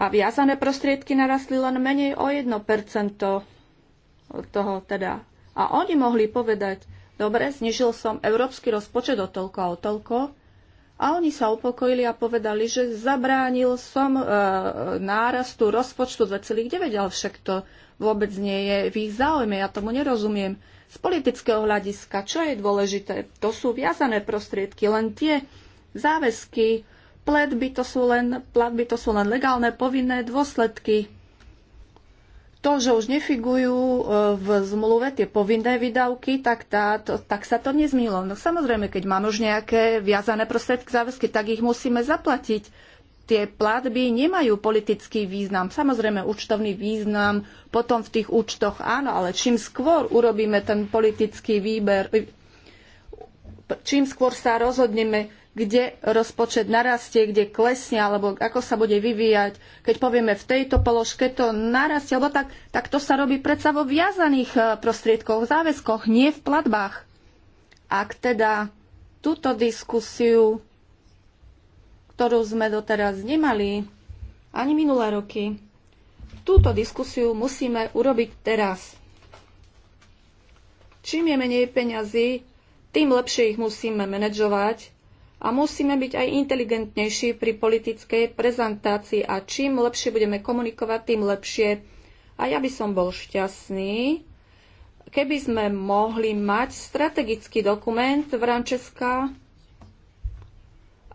a viazané prostriedky narastli len menej o 1% toho teda. A oni mohli povedať, dobre, znižil som európsky rozpočet o toľko a o toľko, a oni sa upokojili a povedali, že zabránil som e, nárastu rozpočtu 2,9, ale však to vôbec nie je v ich záujme, ja tomu nerozumiem. Z politického hľadiska, čo je dôležité, to sú viazané prostriedky, len tie záväzky, platby to sú len, platby to sú len legálne povinné dôsledky. To, že už nefigujú e, v zmluve tie povinné výdavky, tak, tá, to, tak sa to nezmýlo. No samozrejme, keď máme už nejaké viazané prostriedky záväzky, tak ich musíme zaplatiť. Tie platby nemajú politický význam, samozrejme účtovný význam, potom v tých účtoch áno, ale čím skôr urobíme ten politický výber, čím skôr sa rozhodneme, kde rozpočet narastie, kde klesne, alebo ako sa bude vyvíjať. Keď povieme v tejto položke to narastie, alebo tak, tak to sa robí predsa vo viazaných e, prostriedkoch, v záväzkoch, nie v platbách. Ak teda túto diskusiu, ktorú sme doteraz nemali, ani minulé roky, túto diskusiu musíme urobiť teraz. Čím je menej peňazí, tým lepšie ich musíme manažovať a musíme byť aj inteligentnejší pri politickej prezentácii a čím lepšie budeme komunikovať, tým lepšie. A ja by som bol šťastný, keby sme mohli mať strategický dokument v Rančeská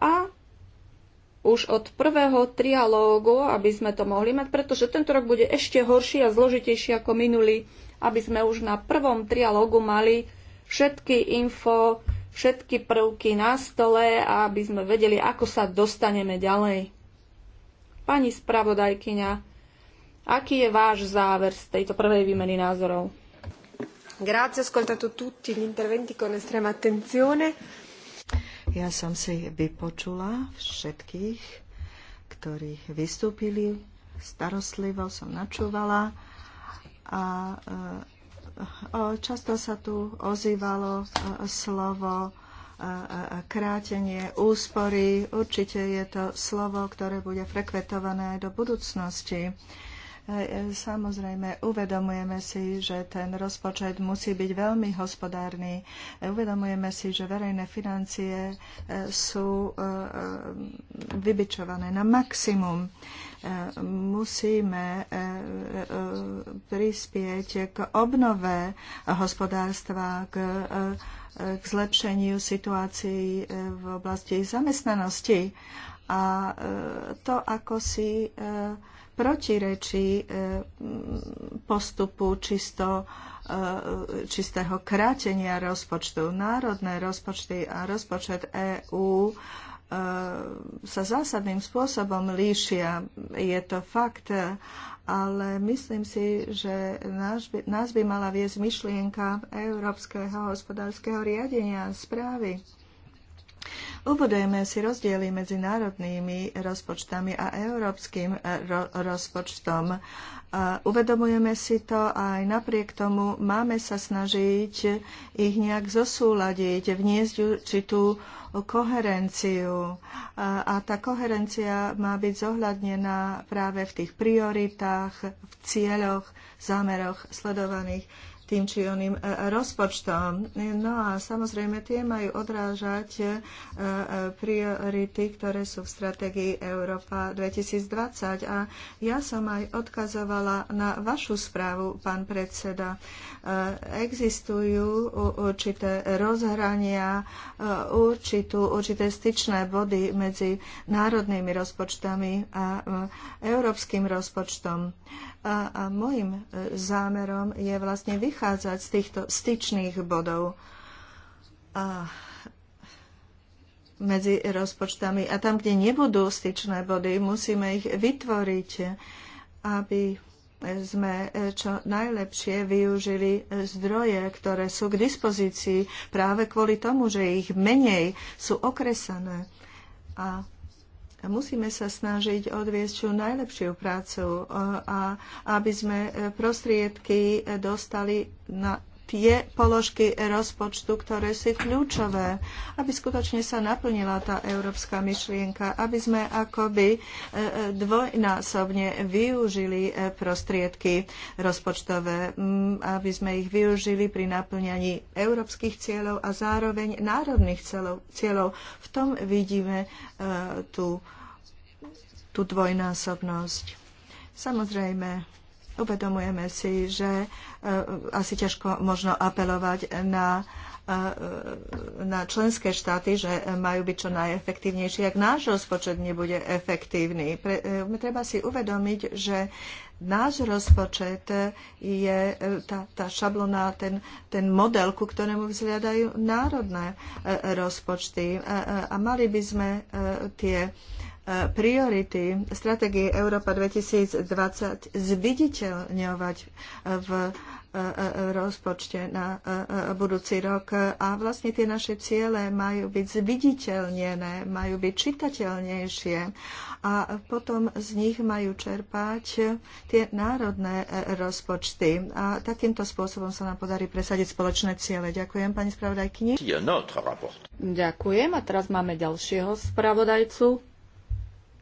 a už od prvého trialógu, aby sme to mohli mať, pretože tento rok bude ešte horší a zložitejší ako minulý, aby sme už na prvom trialógu mali všetky info, všetky prvky na stole a aby sme vedeli, ako sa dostaneme ďalej. Pani spravodajkyňa, aký je váš záver z tejto prvej výmeny názorov? Grazie, ho ascoltato tutti gli interventi con estrema attenzione. Ja som si vypočula všetkých, ktorí vystúpili starostlivo, som načúvala a e, Často sa tu ozývalo e, slovo e, e, krátenie úspory. Určite je to slovo, ktoré bude frekventované do budúcnosti. E, samozrejme, uvedomujeme si, že ten rozpočet musí byť veľmi hospodárny. E, uvedomujeme si, že verejné financie e, sú vybičované na maximum. Musíme prispieť k obnove hospodárstva, k k zlepšeniu situácií v oblasti zamestnanosti. A to, ako si protirečí e, postupu čisto, e, čistého krátenia rozpočtu. Národné rozpočty a rozpočet EÚ e, sa zásadným spôsobom líšia. Je to fakt, ale myslím si, že nás by, nás by mala viesť myšlienka európskeho hospodárskeho riadenia a správy. Uvodujeme si rozdiely medzi národnými rozpočtami a európskym eh, rozpočtom. Uvedomujeme si to a aj napriek tomu máme sa snažiť ich nejak zosúľadiť, vniesť určitú koherenciu. A tá koherencia má byť zohľadnená práve v tých prioritách, v cieľoch, zámeroch sledovaných tým či oným e, rozpočtom. No a samozrejme tie majú odrážať e, e, priority, ktoré sú v stratégii Európa 2020. A ja som aj odkazovala na vašu správu, pán predseda. Existujú určité rozhrania, určitú, určité styčné body medzi národnými rozpočtami a európskym rozpočtom. A, a môjim e, zámerom je vlastne vychádzať z týchto styčných bodov a medzi rozpočtami. A tam, kde nebudú styčné body, musíme ich vytvoriť, aby sme e, čo najlepšie využili e, zdroje, ktoré sú k dispozícii práve kvôli tomu, že ich menej sú okresané. A Musíme sa snažiť odviesť čo najlepšiu prácu e, a aby sme e, prostriedky dostali na tie položky rozpočtu, ktoré sú kľúčové, aby skutočne sa naplnila tá európska myšlienka, aby sme akoby e, dvojnásobne využili prostriedky rozpočtové, aby sme ich využili pri naplňaní európskych cieľov a zároveň národných cieľov. V tom vidíme tú tú dvojnásobnosť. Samozrejme, uvedomujeme si, že eh, asi ťažko možno apelovať na eh, na členské štáty, že majú byť čo najefektívnejšie, ak náš rozpočet nebude efektívny. Pre, eh, treba si uvedomiť, že náš rozpočet je tá, tá šablona, ten, ten model, ku ktorému vzhľadajú národné rozpočty. A mali by sme tie priority stratégie Európa 2020 zviditeľňovať v e, e, rozpočte na e, budúci rok a vlastne tie naše ciele majú byť zviditeľnené, majú byť čitateľnejšie a potom z nich majú čerpať tie národné rozpočty. A takýmto spôsobom sa nám podarí presadiť spoločné ciele. Ďakujem, pani spravodajkyni. Ďakujem a teraz máme ďalšieho spravodajcu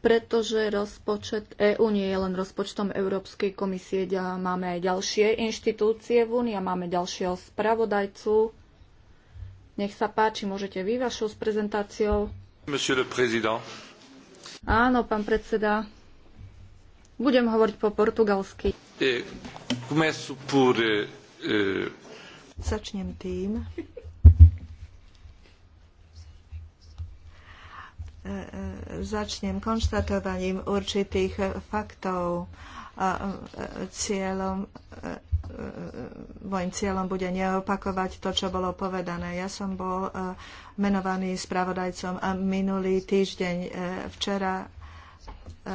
pretože rozpočet EÚ nie je len rozpočtom Európskej komisie, máme aj ďalšie inštitúcie v Únii a máme ďalšieho spravodajcu. Nech sa páči, môžete vy vašou s prezentáciou. Monsieur le président. Áno, pán predseda. Budem hovoriť po portugalsky. Eh, por, eh, eh, Začnem tým, začnem konštatovaním určitých faktov. A cieľom, môjim cieľom bude neopakovať to, čo bolo povedané. Ja som bol menovaný spravodajcom minulý týždeň. E, včera e, e,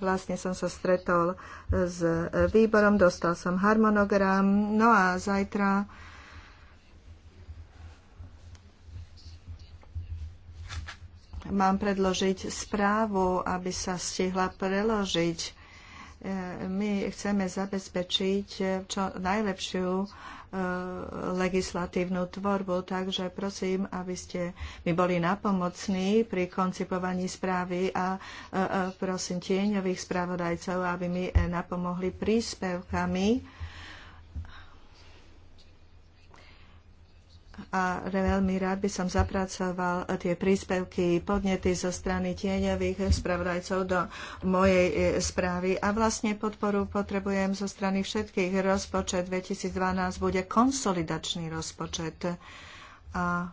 vlastne som sa stretol s výborom, dostal som harmonogram, no a zajtra mám predložiť správu, aby sa stihla preložiť. E, my chceme zabezpečiť e, čo najlepšiu e, legislatívnu tvorbu, takže prosím, aby ste mi boli napomocní pri koncipovaní správy a prosím tieňových spravodajcov, aby mi napomohli príspevkami a veľmi rád by som zapracoval tie príspevky, podnety zo strany tieňových spravodajcov do mojej e, správy. A vlastne podporu potrebujem zo strany všetkých. Rozpočet 2012 bude konsolidačný rozpočet. A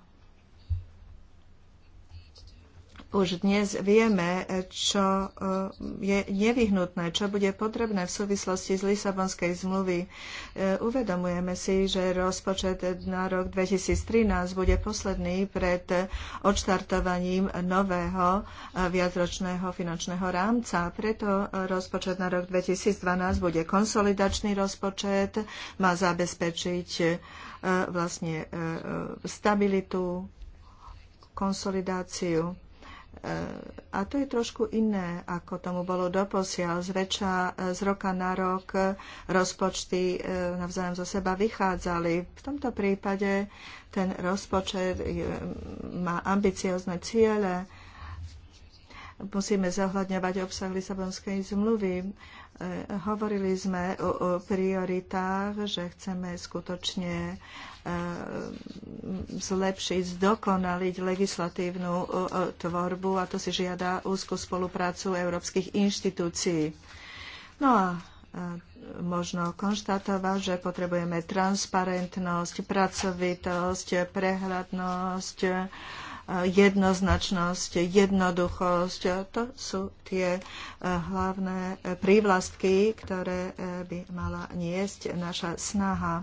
už dnes vieme, čo e, je nevyhnutné, čo bude potrebné v súvislosti z Lisabonskej zmluvy. E, uvedomujeme si, že rozpočet na rok 2013 bude posledný pred odštartovaním nového e, viacročného finančného rámca. Preto rozpočet na rok 2012 bude konsolidačný rozpočet, má zabezpečiť vlastne stabilitu, konsolidáciu a to je trošku iné, ako tomu bolo doposiaľ. Zväčša z roka na rok rozpočty e, navzájom zo seba vychádzali. V tomto prípade ten rozpočet e, má ambiciozne ciele, musíme zohľadňovať obsah Lisabonskej zmluvy. E, hovorili sme o, o prioritách, že chceme skutočne e, zlepšiť, zdokonaliť legislatívnu tvorbu a to si žiada úzku spoluprácu európskych inštitúcií. No a e, možno konštatovať, že potrebujeme transparentnosť, pracovitosť, prehľadnosť, jednoznačnosť, jednoduchosť. To sú tie eh, hlavné eh, prívlastky, ktoré eh, by mala niesť naša snaha.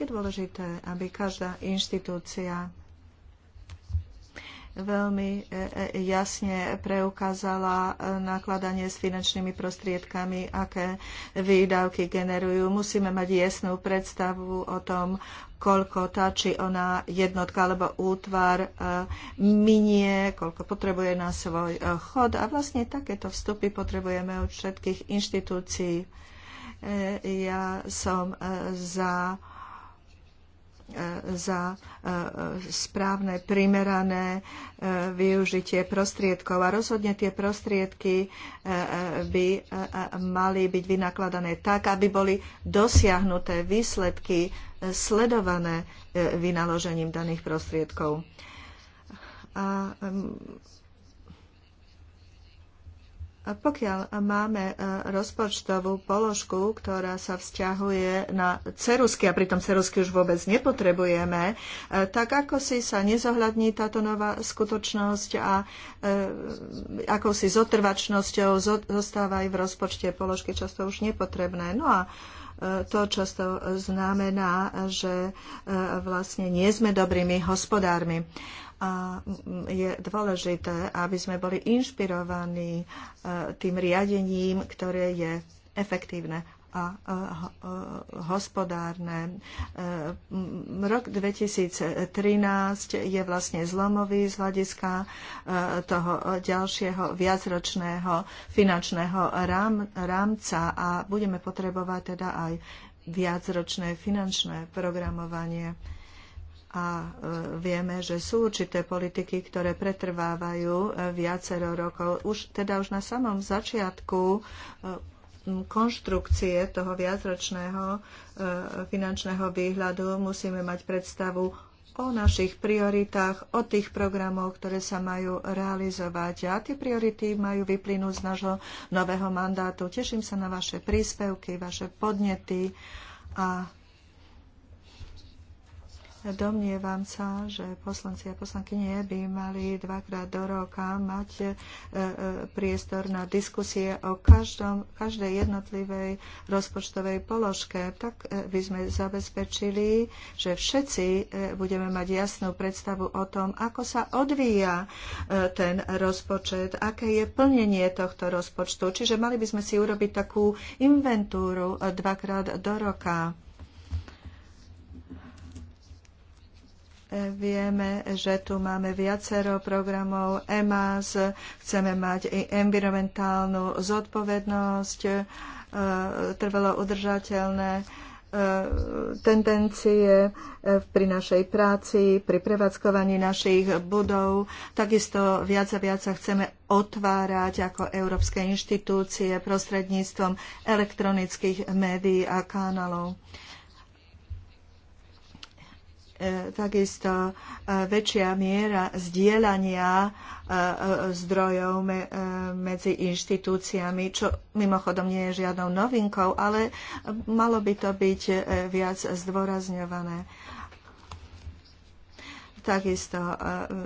Je dôležité, aby každá inštitúcia veľmi e, e, jasne preukázala e, nakladanie s finančnými prostriedkami, aké výdavky generujú. Musíme mať jasnú predstavu o tom, koľko tá či ona jednotka alebo útvar minie, koľko potrebuje na svoj chod. A vlastne takéto vstupy potrebujeme od všetkých inštitúcií. Ja som za za e, správne, primerané e, využitie prostriedkov. A rozhodne tie prostriedky e, by mali byť vynakladané tak, aby boli dosiahnuté výsledky sledované vynaložením daných prostriedkov. A pokiaľ máme e, rozpočtovú položku, ktorá sa vzťahuje na cerusky, a pritom cerusky už vôbec nepotrebujeme, e, tak ako si sa nezohľadní táto nová skutočnosť a e, ako si zotrvačnosťou zostávajú v rozpočte položky často už nepotrebné. No a to často znamená, že vlastne nie sme dobrými hospodármi a je dôležité, aby sme boli inšpirovaní e, tým riadením, ktoré je efektívne a e, e, hospodárne. Rok 2013 je vlastne zlomový z hľadiska toho ďalšieho viacročného finančného rámca a budeme potrebovať teda aj viacročné finančné programovanie a e, vieme, že sú určité politiky, ktoré pretrvávajú e, viacero rokov. Už, teda už na samom začiatku e, konštrukcie toho viacročného finančného výhľadu musíme mať predstavu o našich prioritách, o tých programoch, ktoré sa majú realizovať. A tie priority majú vyplynúť z nášho nového mandátu. Teším sa na vaše príspevky, vaše podnety a Domnievam sa, že poslanci a poslankyne by mali dvakrát do roka mať e, e, priestor na diskusie o každom, každej jednotlivej rozpočtovej položke. Tak e, by sme zabezpečili, že všetci budeme mať jasnú predstavu o tom, ako sa odvíja ten rozpočet, aké je plnenie tohto rozpočtu. Čiže mali by sme si urobiť takú inventúru dvakrát do roka Vieme, že tu máme viacero programov EMAS, chceme mať i environmentálnu zodpovednosť, e, trvalo udržateľné e, tendencie e, pri našej práci, pri prevádzkovaní našich budov. Takisto viac a viac sa chceme otvárať ako európske inštitúcie prostredníctvom elektronických médií a kanálov takisto e, väčšia miera zdieľania e, e, zdrojov medzi inštitúciami, čo mimochodom nie je žiadnou novinkou, ale malo by to byť viac zdôrazňované. Takisto e,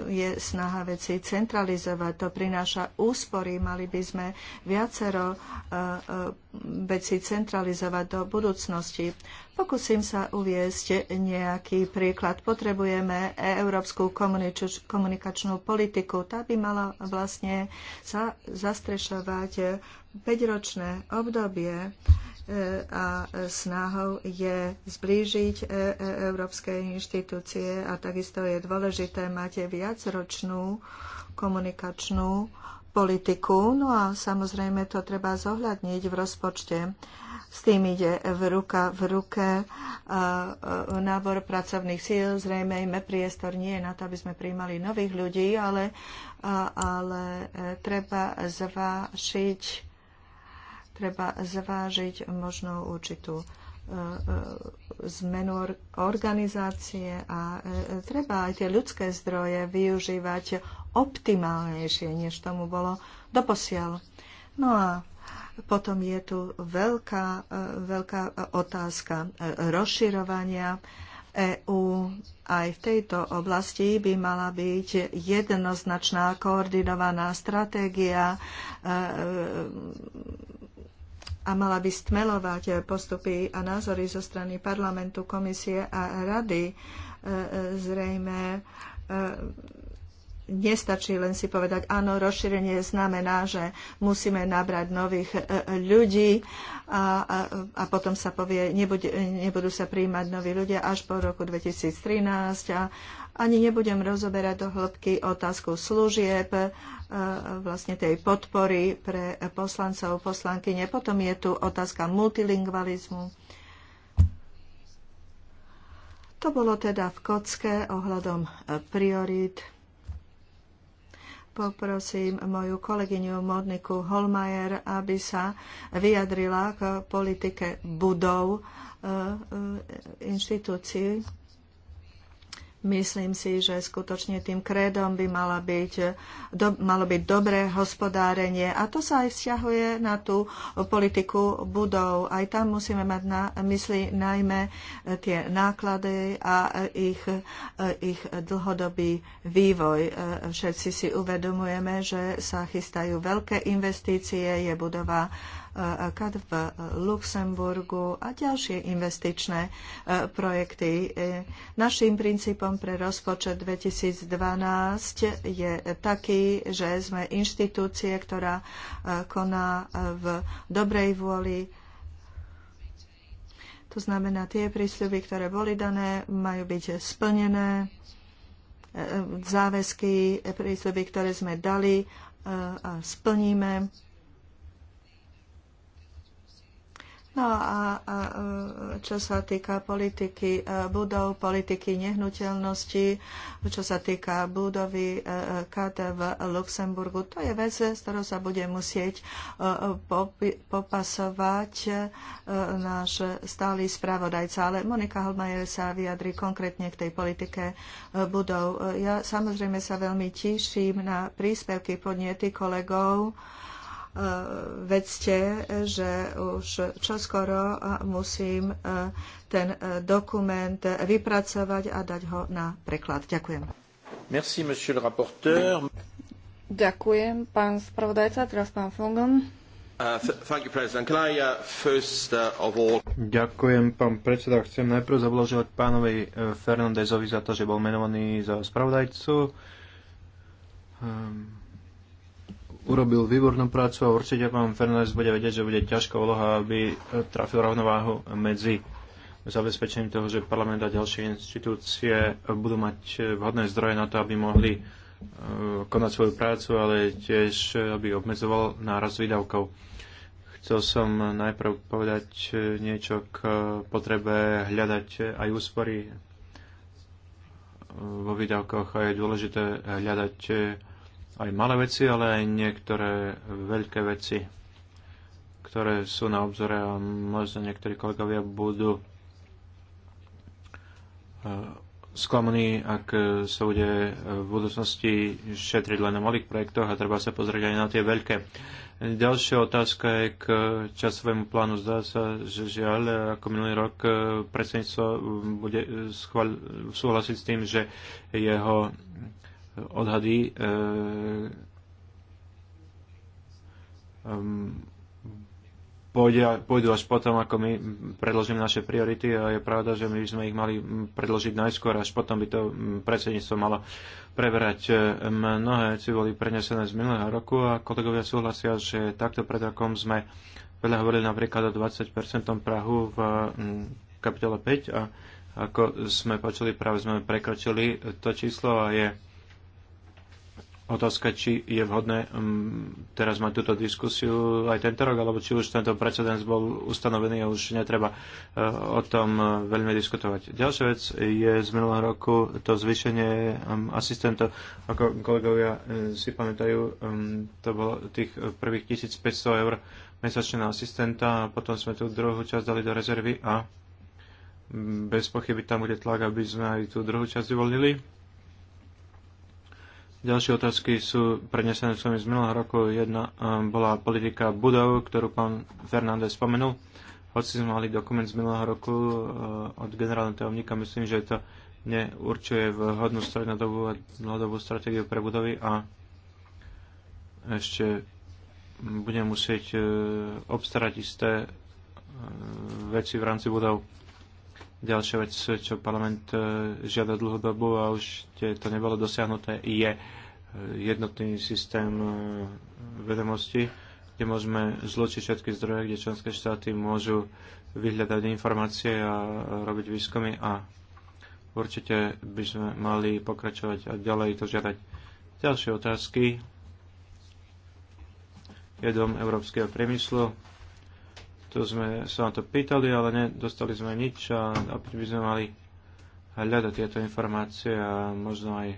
je snaha veci centralizovať. To prináša úspory. Mali by sme viacero e, e, veci centralizovať do budúcnosti. Pokúsim sa uviezť nejaký príklad. Potrebujeme európsku komunikačnú politiku. Tá by mala vlastne sa zastrešovať 5-ročné obdobie a snahou je zblížiť e, e, európske inštitúcie a takisto je dôležité mať viacročnú komunikačnú politiku. No a samozrejme to treba zohľadniť v rozpočte. S tým ide v ruka v ruke e, nábor pracovných síl. Zrejme im priestor nie je na to, aby sme príjmali nových ľudí, ale, ale treba zvážiť treba zvážiť možno určitú e, e, zmenu organizácie a e, treba aj tie ľudské zdroje využívať optimálnejšie, než tomu bolo doposiaľ. No a potom je tu veľká, veľká otázka rozširovania EÚ. Aj v tejto oblasti by mala byť jednoznačná koordinovaná stratégia a mala by stmelovať postupy a názory zo strany parlamentu, komisie a rady. E, e, zrejme e, nestačí len si povedať, áno, rozšírenie znamená, že musíme nabrať nových ľudí a, a, a potom sa povie, nebudú sa príjmať noví ľudia až po roku 2013 a, ani nebudem rozoberať do hĺbky otázku služieb, e, vlastne tej podpory pre poslancov, poslankyne. Potom je tu otázka multilingvalizmu. To bolo teda v kocke ohľadom e, priorít. Poprosím moju kolegyňu Modniku Holmajer, aby sa vyjadrila k politike budov e, inštitúcií Myslím si, že skutočne tým krédom by mala byť, do, malo byť dobré hospodárenie a to sa aj vzťahuje na tú politiku budov. Aj tam musíme mať na mysli najmä e, tie náklady a e, ich, e, ich dlhodobý vývoj. Všetci si uvedomujeme, že sa chystajú veľké investície, je budova KAD v Luxemburgu a ďalšie investičné e, projekty. E, Naším princípom pre rozpočet 2012 je taký, že sme inštitúcie, ktorá e, koná v dobrej vôli to znamená, tie prísľuby, ktoré boli dané, majú byť splnené. Záväzky, prísľuby, ktoré sme dali a splníme. No a, a e, čo sa týka politiky e, budov, politiky nehnuteľnosti, čo sa týka budovy e, KT v Luxemburgu, to je vec, s ktorou sa bude musieť popasovať náš stály spravodajca. Ale Monika Holmajer sa vyjadri konkrétne k tej politike budov. Ja samozrejme sa veľmi teším na príspevky podnety kolegov, Eh, vedzte, že už čoskoro eh, musím eh, ten dokument vypracovať a dať ho na preklad. Ďakujem. Merci, monsieur le rapporteur. Ďakujem, pán spravodajca, teraz pán Fungon. Uh, uh, uh, Ďakujem, pán predseda. Chcem najprv zablažovať pánovi Fernandezovi za to, že bol menovaný za spravodajcu. Um, urobil výbornú prácu a určite pán Fernández bude vedieť, že bude ťažká úloha, aby trafil rovnováhu medzi zabezpečením toho, že parlament a ďalšie inštitúcie budú mať vhodné zdroje na to, aby mohli e, konať svoju prácu, ale tiež, aby obmedzoval náraz výdavkov. Chcel som najprv povedať e, niečo k potrebe hľadať aj úspory e, vo výdavkoch a je dôležité hľadať aj malé veci, ale aj niektoré veľké veci, ktoré sú na obzore a možno niektorí kolegovia budú e, sklamaní, ak sa bude v budúcnosti šetriť len na malých projektoch a treba sa pozrieť aj na tie veľké. Ďalšia otázka je k časovému plánu. Zdá sa, že žiaľ, ako minulý rok e, predsedníctvo bude súhlasiť s tým, že jeho odhady e, pôjde, pôjdu až potom, ako my predložíme naše priority a je pravda, že my by sme ich mali predložiť najskôr, až potom by to predsedníctvo malo preberať. E, mnohé veci boli prenesené z minulého roku a kolegovia súhlasia, že takto pred rokom sme veľa hovorili napríklad o 20% Prahu v kapitole 5 a ako sme počuli, práve sme prekročili to číslo a je otázka, či je vhodné um, teraz mať túto diskusiu aj tento rok, alebo či už tento precedens bol ustanovený a už netreba uh, o tom uh, veľmi diskutovať. Ďalšia vec je z minulého roku to zvýšenie um, asistentov, ako kolegovia uh, si pamätajú, um, to bolo tých prvých 1500 eur mesačne na asistenta a potom sme tú druhú časť dali do rezervy a bez pochyby tam bude tlak, aby sme aj tú druhú časť uvoľnili Ďalšie otázky sú prenesené v z minulého roku. Jedna eh, bola politika budov, ktorú pán Fernández spomenul. Hoci sme mali dokument z minulého roku eh, od generálneho tajomníka, myslím, že to neurčuje vhodnú strednodobú a dlhodobú stratégiu pre budovy a ešte budem musieť eh, obstarať isté veci v rámci budov. Ďalšia vec, čo parlament e, žiada dlhodobo a už to nebolo dosiahnuté, je e, jednotný systém e, vedomosti, kde môžeme zločiť všetky zdroje, kde členské štáty môžu vyhľadať informácie a robiť výskumy a určite by sme mali pokračovať a ďalej to žiadať. Ďalšie otázky. Je dom európskeho priemyslu. Tu sme sa na to pýtali, ale nedostali sme nič a opäť by sme mali hľadať tieto informácie a možno aj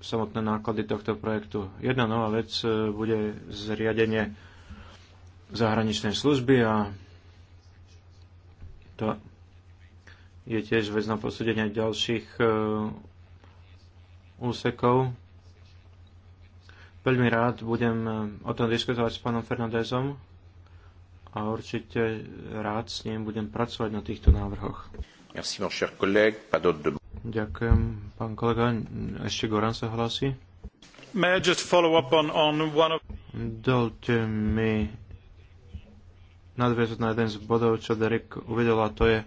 samotné náklady tohto projektu. Jedna nová vec e, bude zriadenie zahraničnej služby a to je tiež vec na posúdenie ďalších e, úsekov. Veľmi rád budem e, o tom diskutovať s pánom Fernandezom a určite rád s ním budem pracovať na týchto návrhoch. Merci, mon cher collègue. Pas de... Ďakujem, pán kolega. Ešte Goran sa hlási. May I just follow up on, on one of... Dovolte mi nadviazať na jeden z bodov, čo Derek uvedel, a to je uh,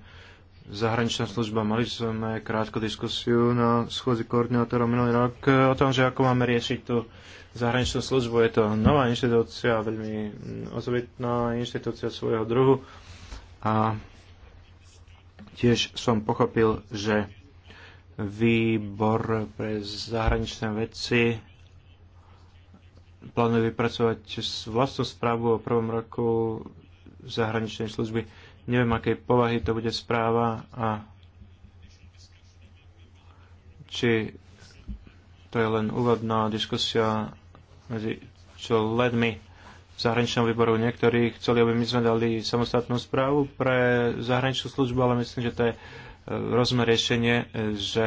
zahraničná služba. Mali sme krátku diskusiu na schôdzi koordinátorov minulý rok o tom, že ako máme riešiť tú zahraničnú službu. Je to nová inštitúcia, veľmi osobitná inštitúcia svojho druhu a tiež som pochopil, že výbor pre zahraničné veci plánuje vypracovať vlastnú správu o prvom roku zahraničnej služby Neviem, akej povahy to bude správa a či to je len úvodná diskusia medzi čo ledmi v zahraničného výboru. Niektorí chceli, aby my sme dali samostatnú správu pre zahraničnú službu, ale myslím, že to je e, rozmer riešenie, e, že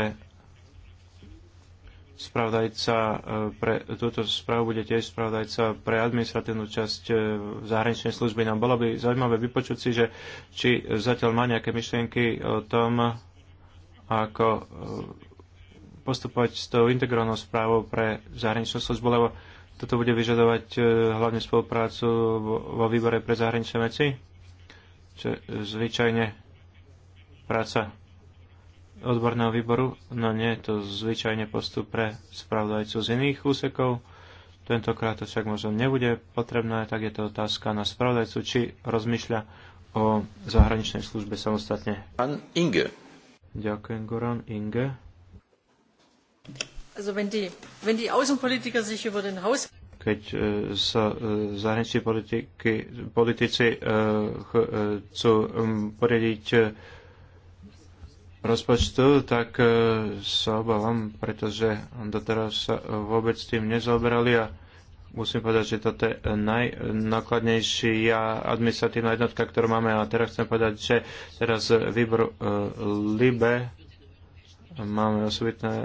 spravodajca e, pre túto správu bude tiež spravodajca pre administratívnu časť e, zahraničnej služby. Nám bolo by zaujímavé vypočuť si, že či zatiaľ má nejaké myšlienky o tom, ako e, postupovať s tou integrovanou správou pre zahraničnú službu, lebo toto bude vyžadovať hlavne spoluprácu vo výbore pre zahraničné veci, čo je zvyčajne práca odborného výboru, no nie je to zvyčajne postup pre spravodajcu z iných úsekov. Tentokrát to však možno nebude potrebné, tak je to otázka na spravodajcu, či rozmýšľa o zahraničnej službe samostatne. Pán Inge. Ďakujem, Goran Inge. Also wenn die, wenn die Außenpolitiker sich über den Haus keď e, sa e, zahraniční politici e, chcú um, poriadiť rozpočtu, tak e, sa obávam, pretože doteraz sa vôbec tým nezaoberali a musím povedať, že toto je najnákladnejšia administratívna jednotka, ktorú máme a teraz chcem povedať, že teraz výbor e, LIBE máme osobitné, e,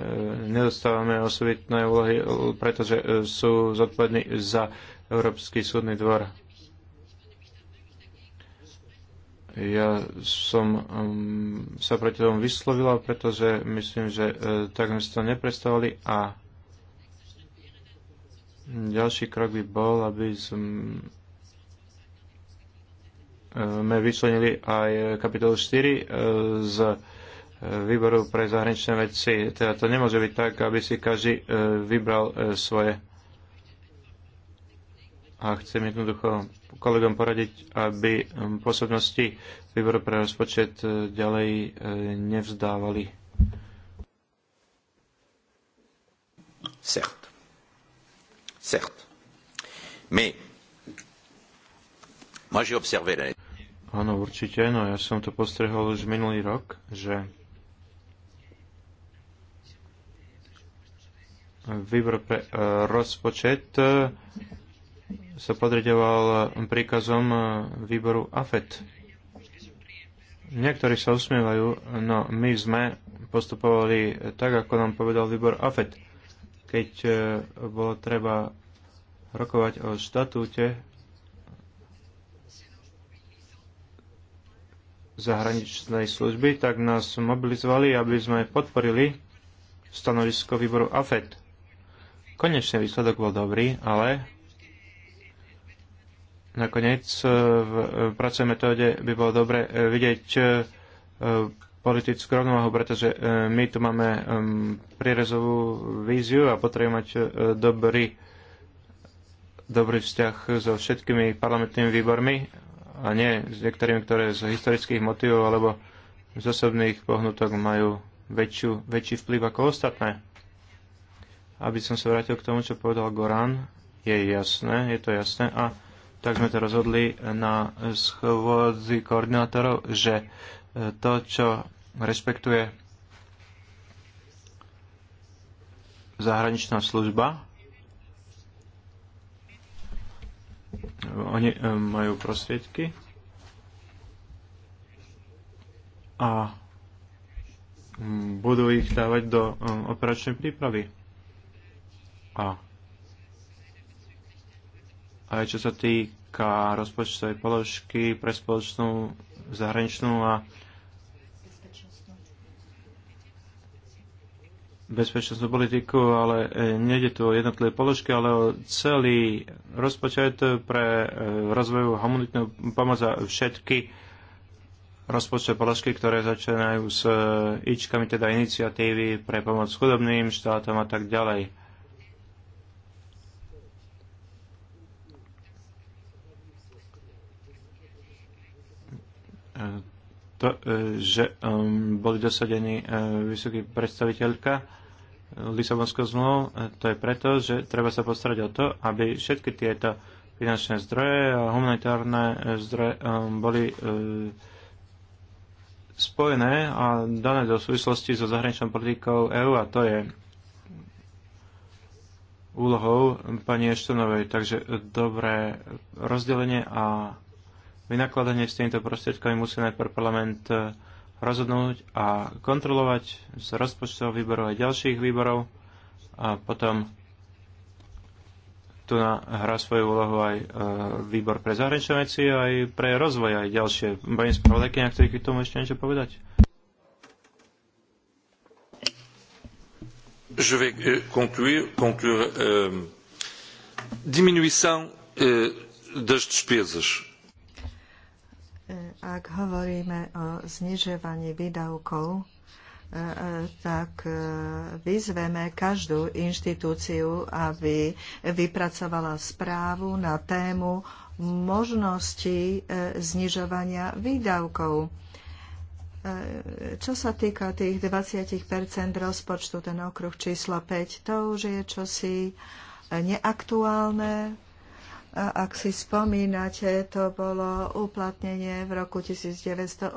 nedostávame osobitné úlohy, pretože sú zodpovední za Európsky súdny dvor. Ja som um, sa proti tomu vyslovila, pretože myslím, že e, tak sme si to neprestavali a ďalší krok by bol, aby e, sme vyčlenili aj kapitol 4 e, z výboru pre zahraničné veci. Teda to nemôže byť tak, aby si každý vybral svoje a chcem jednoducho kolegom poradiť, aby pôsobnosti výboru pre rozpočet e, ďalej e, nevzdávali. Cert. Cert. Mais moi j'ai observé l'année. Áno, určite, no ja som to postrehol už minulý rok, že výbor pre uh, rozpočet uh, sa podriadoval príkazom výboru AFET. Niektorí sa usmievajú, no my sme postupovali tak, ako nám povedal výbor AFET. Keď e, bolo treba rokovať o štatúte zahraničnej služby, tak nás mobilizovali, aby sme podporili stanovisko výboru AFET. Konečný výsledok bol dobrý, ale Nakoniec e, v e, pracovnej metóde by bolo dobre e, vidieť politickú rovnováhu, pretože my tu máme prierezovú víziu a potrebujeme mať dobrý, dobrý vzťah so všetkými parlamentnými výbormi a nie s niektorými, ktoré z historických motivov alebo z osobných pohnutok majú väčšiu, väčší vplyv ako ostatné. Aby som sa vrátil k tomu, čo povedal Goran, je jasné, je to jasné a tak sme to rozhodli na schôdzi koordinátorov, že e, to, čo rešpektuje zahraničná služba, oni e, majú prostriedky a budú ich dávať do e, operačnej prípravy. A aj čo sa týka rozpočtovej položky pre spoločnú zahraničnú a bezpečnostnú politiku, ale e, nejde tu o jednotlivé položky, ale o celý rozpočet pre e, rozvoj humanitnú pomoc a všetky rozpočtové položky, ktoré začínajú s e, ičkami, teda iniciatívy pre pomoc chudobným štátom a tak ďalej. to, e, že um, boli dosadení e, vysoký predstaviteľka Lisabonskou zmluvou, e, to je preto, že treba sa postarať o to, aby všetky tieto finančné zdroje a humanitárne zdroje um, boli spojené a dané do súvislosti so zahraničnou politikou EÚ a to je úlohou pani Eštonovej. Takže dobré rozdelenie a vynakladanie s týmito prostriedkami musí najprv parlament e, rozhodnúť a kontrolovať z rozpočtov výboru aj ďalších výborov a potom tu na, hrá svoju úlohu aj e, výbor pre zahraničné veci, aj pre rozvoj, aj ďalšie. Bojím spravodajkyňa, ktorý k tomu ešte niečo povedať. Je vais euh, conclure, conclure euh, diminuissant euh, des despesas ak hovoríme o znižovaní výdavkov, e, e, tak e, vyzveme každú inštitúciu, aby vypracovala správu na tému možnosti znižovania výdavkov. Čo sa týka tých 20 rozpočtu, ten okruh číslo 5, to už je čosi neaktuálne, a ak si spomínate, to bolo uplatnenie v roku 1988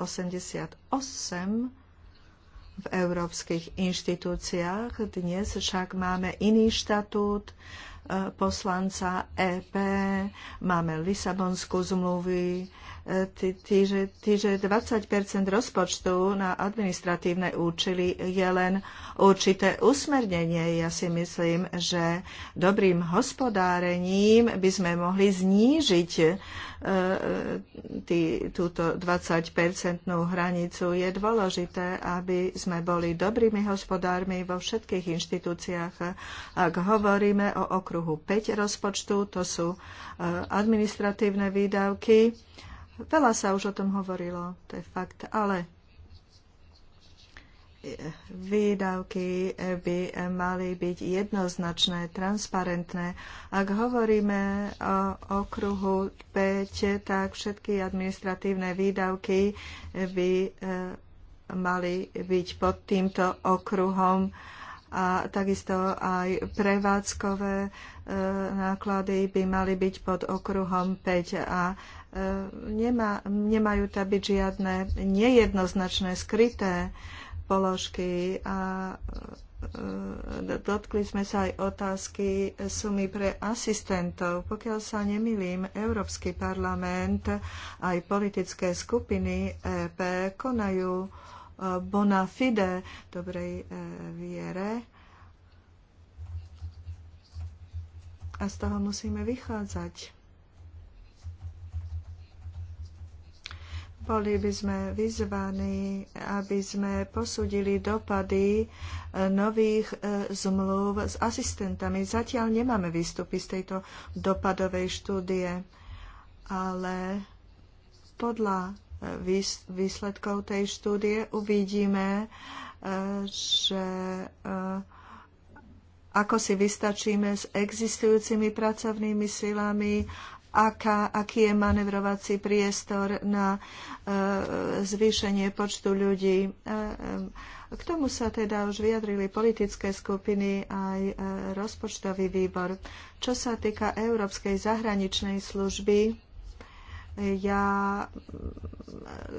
v európskych inštitúciách. Dnes však máme iný štatút e, poslanca EP, máme Lisabonskú zmluvu, Týže 20 rozpočtu na administratívne účely je len určité usmernenie. Ja si myslím, že dobrým hospodárením by sme mohli znížiť e, túto 20-percentnú hranicu. Je dôležité, aby sme boli dobrými hospodármi vo všetkých inštitúciách. Ak hovoríme o okruhu 5 rozpočtu, to sú e, administratívne výdavky, Veľa sa už o tom hovorilo, to je fakt, ale e, výdavky by mali byť jednoznačné, transparentné. Ak hovoríme o okruhu 5, tak všetky administratívne výdavky by e, mali byť pod týmto okruhom a takisto aj prevádzkové e, náklady by mali byť pod okruhom 5 a nemá, nemajú tam byť žiadne nejednoznačné, skryté položky a e, dotkli sme sa aj otázky sumy pre asistentov. Pokiaľ sa nemilím, Európsky parlament aj politické skupiny EP konajú e, bona fide dobrej e, viere a z toho musíme vychádzať. Boli by sme vyzvaní, aby sme posúdili dopady eh, nových eh, zmluv s asistentami. Zatiaľ nemáme výstupy z tejto dopadovej štúdie, ale podľa eh, výsledkov tej štúdie uvidíme, že ako si vystačíme s existujúcimi pracovnými silami aká, aký je manevrovací priestor na e, zvýšenie počtu ľudí. E, e, k tomu sa teda už vyjadrili politické skupiny aj rozpočtový výbor. Čo sa týka Európskej zahraničnej služby, ja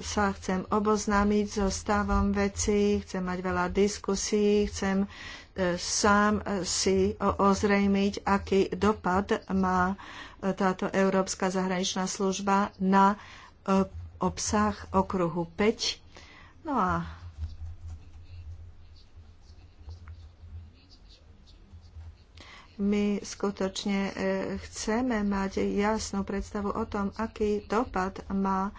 sa chcem oboznámiť so stavom vecí, chcem mať veľa diskusí, chcem sám si ozrejmiť, aký dopad má táto Európska zahraničná služba na e, obsah okruhu 5. No a my skutočne e, chceme mať jasnú predstavu o tom, aký dopad má e,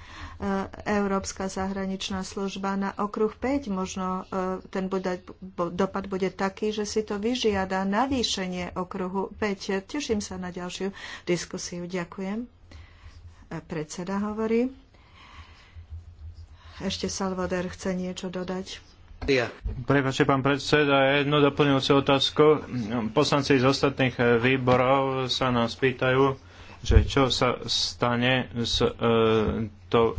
Európska zahraničná služba na okruh 5. Možno e, ten dopad bude taký, že si to vyžiada navýšenie okruhu 5. Teším sa na ďalšiu diskusiu. Ďakujem. Predseda hovorí. Ešte Salvador chce niečo dodať. Prepačte, pán predseda, jednu doplňujúcu otázku. Poslanci z ostatných eh, výborov sa nás pýtajú, že čo sa stane s e, eh, tou e, eh,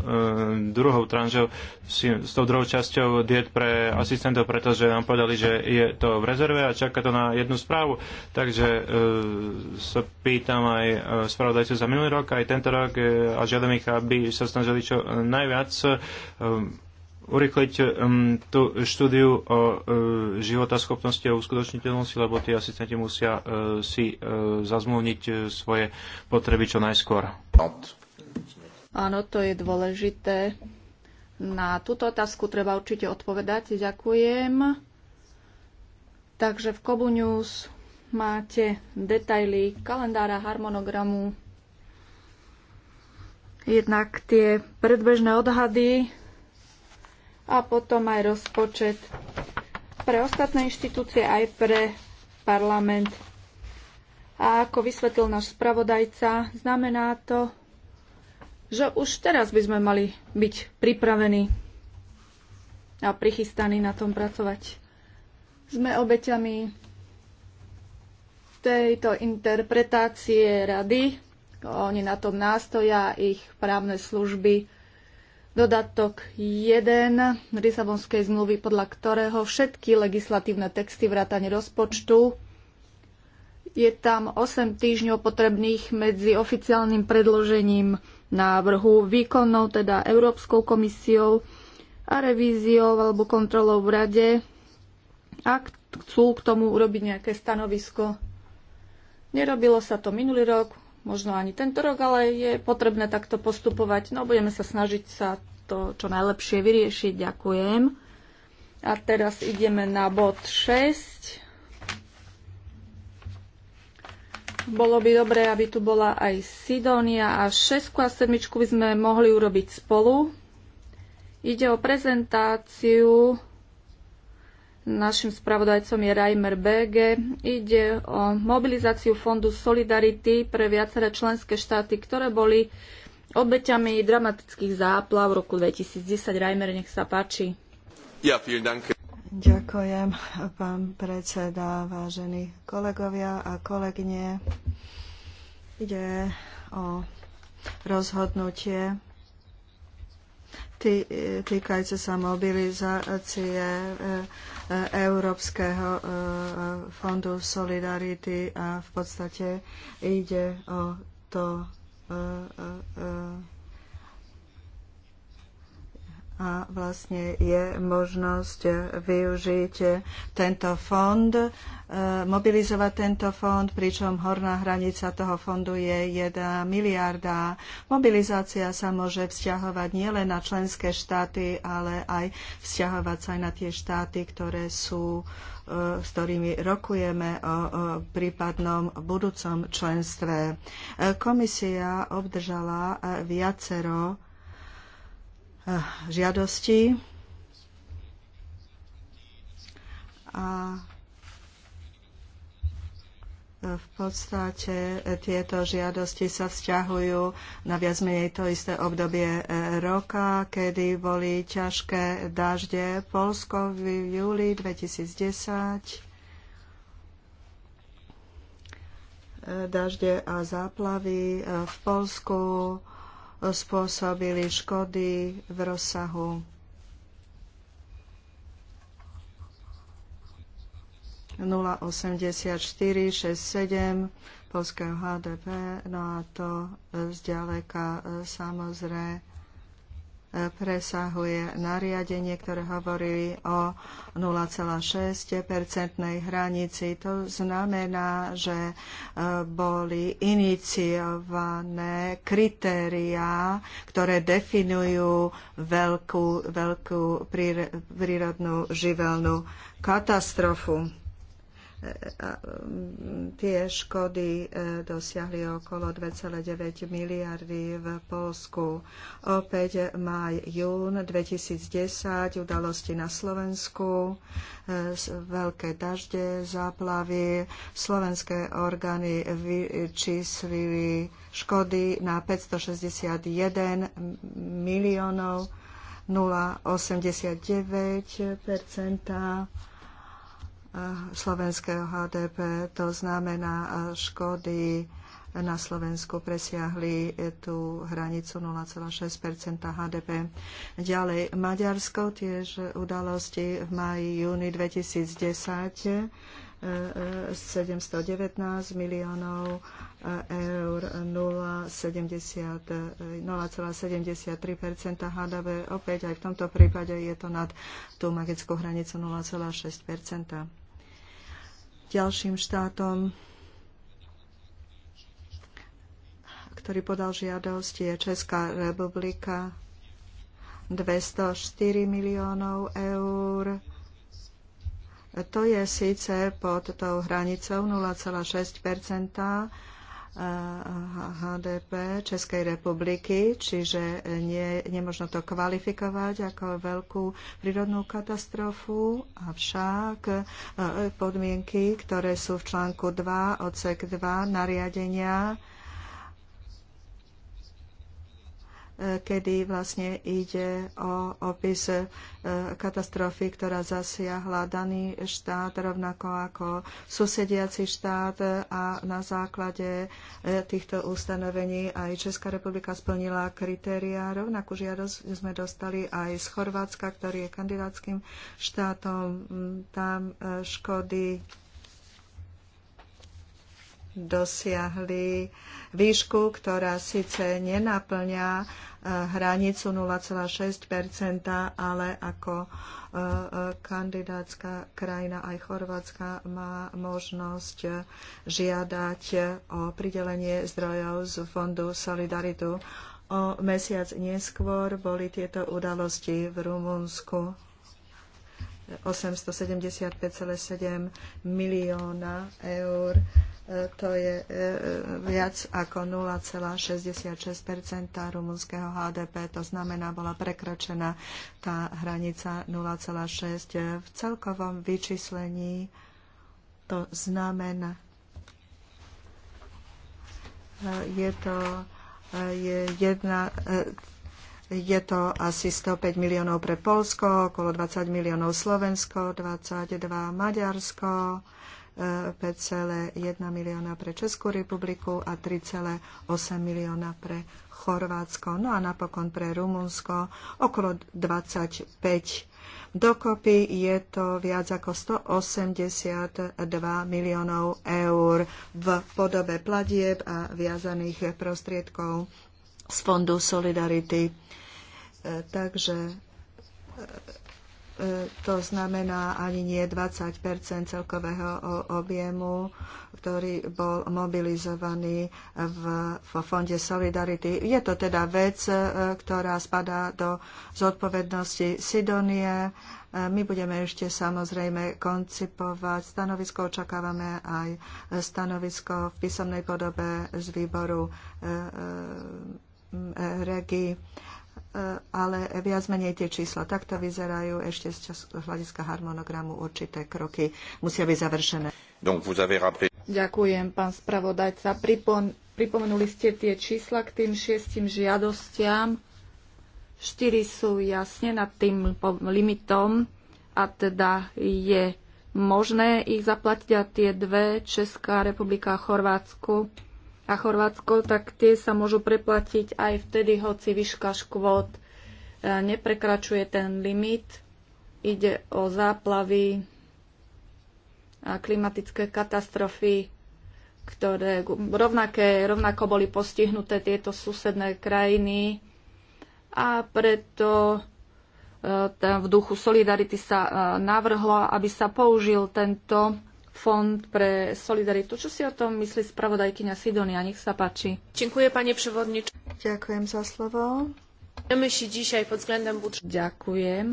druhou tranžou, s, s tou druhou časťou diet pre asistentov, pretože nám povedali, že je to v rezerve a čaká to na jednu správu. Takže e, sa pýtam aj spravodajcu za minulý rok, aj tento rok e, a žiadam ich, aby sa snažili čo najviac e, urychliť um, tú štúdiu o uh, schopnosti a uskutočniteľnosti, lebo tí asistenti musia uh, si uh, zazmluvniť uh, svoje potreby čo najskôr. Áno, to je dôležité. Na túto otázku treba určite odpovedať. Ďakujem. Takže v Kobu News máte detaily kalendára, harmonogramu, jednak tie predbežné odhady a potom aj rozpočet pre ostatné inštitúcie aj pre parlament. A ako vysvetlil náš spravodajca, znamená to, že už teraz by sme mali byť pripravení a prichystaní na tom pracovať. Sme obeťami tejto interpretácie rady. Oni na tom nástoja, ich právne služby dodatok 1 Lisabonskej zmluvy, podľa ktorého všetky legislatívne texty vrátane rozpočtu je tam 8 týždňov potrebných medzi oficiálnym predložením návrhu výkonnou, teda Európskou komisiou a revíziou alebo kontrolou v rade, ak chcú k tomu urobiť nejaké stanovisko. Nerobilo sa to minulý rok, možno ani tento rok, ale je potrebné takto postupovať. No budeme sa snažiť sa to čo najlepšie vyriešiť. Ďakujem. A teraz ideme na bod 6. Bolo by dobré, aby tu bola aj Sidonia a 6 a 7 by sme mohli urobiť spolu. Ide o prezentáciu Našim spravodajcom je Reimer BG. Ide o mobilizáciu fondu Solidarity pre viaceré členské štáty, ktoré boli obeťami dramatických záplav v roku 2010. Reimer, nech sa páči. Ja, danke. Ďakujem, pán predseda, vážení kolegovia a kolegyne. Ide o rozhodnutie tý, e, týkajúce sa mobilizácie e, e, Európskeho fondu Solidarity a v podstate ide o to a vlastne je možnosť využiť tento fond, e, mobilizovať tento fond, pričom horná hranica toho fondu je 1 miliarda. Mobilizácia sa môže vzťahovať nielen na členské štáty, ale aj vzťahovať sa aj na tie štáty, ktoré sú, e, s ktorými rokujeme o prípadnom budúcom členstve. E, komisia obdržala viacero žiadosti a v podstate tieto žiadosti sa vzťahujú na viac menej to isté obdobie e, roka, kedy boli ťažké dažde v Polsko v júli 2010, e, dažde a záplavy e, v Polsku spôsobili škody v rozsahu 0,8467 osemdesiat sedem polského HDP, no a to zďaleka samozrejme presahuje nariadenie, ktoré hovorí o 0,6-percentnej hranici. To znamená, že e, boli iniciované kritériá, ktoré definujú veľkú, veľkú prírodnú živelnú katastrofu Mm, tie škody e, dosiahli okolo 2,9 miliardy v Polsku. Opäť maj, jún 2010, udalosti na Slovensku, e, veľké dažde, záplavy, slovenské orgány vyčíslili škody na 561 miliónov 0,89 slovenského HDP. To znamená, škody na Slovensku presiahli tú hranicu 0,6 HDP. Ďalej, Maďarsko, tiež udalosti v maji, júni 2010, 719 e, e, miliónov e, eur, 0,73 HDP. Opäť aj v tomto prípade je to nad tú magickú hranicu 0,6 ďalším štátom, ktorý podal žiadosť, je Česká republika 204 miliónov eur. To je síce pod tou hranicou 0,6 HDP Českej republiky, čiže nie, nemožno to kvalifikovať ako veľkú prírodnú katastrofu, avšak e, podmienky, ktoré sú v článku 2, odsek 2 nariadenia kedy vlastne ide o opis e, katastrofy, ktorá zasiahla daný štát, rovnako ako susediaci štát a na základe e, týchto ustanovení aj Česká republika splnila kritéria. Rovnako žiadosť sme dostali aj z Chorvátska, ktorý je kandidátským štátom. Mm, tam e, škody dosiahli výšku, ktorá síce nenaplňa eh, hranicu 0,6 ale ako eh, eh, kandidátska krajina aj Chorvátska má možnosť žiadať o pridelenie zdrojov z Fondu Solidaritu. O mesiac neskôr boli tieto udalosti v Rumunsku. 875,7 milióna eur to je e, viac ako 0,66 rumunského HDP, to znamená, bola prekročená tá hranica 0,6. V celkovom vyčíslení to znamená, e, je to e, je jedna, je to asi 105 miliónov pre Polsko, okolo 20 miliónov Slovensko, 22 Maďarsko, 5,1 milióna pre Českú republiku a 3,8 milióna pre Chorvátsko. No a napokon pre Rumunsko okolo 25 Dokopy je to viac ako 182 miliónov eur v podobe platieb a viazaných prostriedkov z Fondu Solidarity. E, takže e, E, to znamená ani nie 20 celkového objemu, ktorý bol mobilizovaný v, v Fonde Solidarity. Je to teda vec, e, ktorá spadá do zodpovednosti Sidonie. E, my budeme ešte samozrejme koncipovať stanovisko, očakávame aj stanovisko v písomnej podobe z výboru e, e, regi ale viac menej tie čísla takto vyzerajú. Ešte z hľadiska harmonogramu určité kroky musia byť završené. Ďakujem, pán spravodajca. Pripon- pripomenuli ste tie čísla k tým šiestim žiadostiam. Štyri sú jasne nad tým limitom a teda je možné ich zaplatiť a tie dve, Česká republika a Chorvátsku a Chorvátsko, tak tie sa môžu preplatiť aj vtedy, hoci výška škôd e, neprekračuje ten limit. Ide o záplavy a klimatické katastrofy, ktoré rovnaké, rovnako boli postihnuté tieto susedné krajiny a preto e, v duchu solidarity sa e, navrhlo, aby sa použil tento Fond pre solidaritu. Čo si o tom myslí spravodajkyňa Sidonia? Nech sa páči. Ďakujem, pani prevodnič. Ďakujem za slovo. Ďakujem.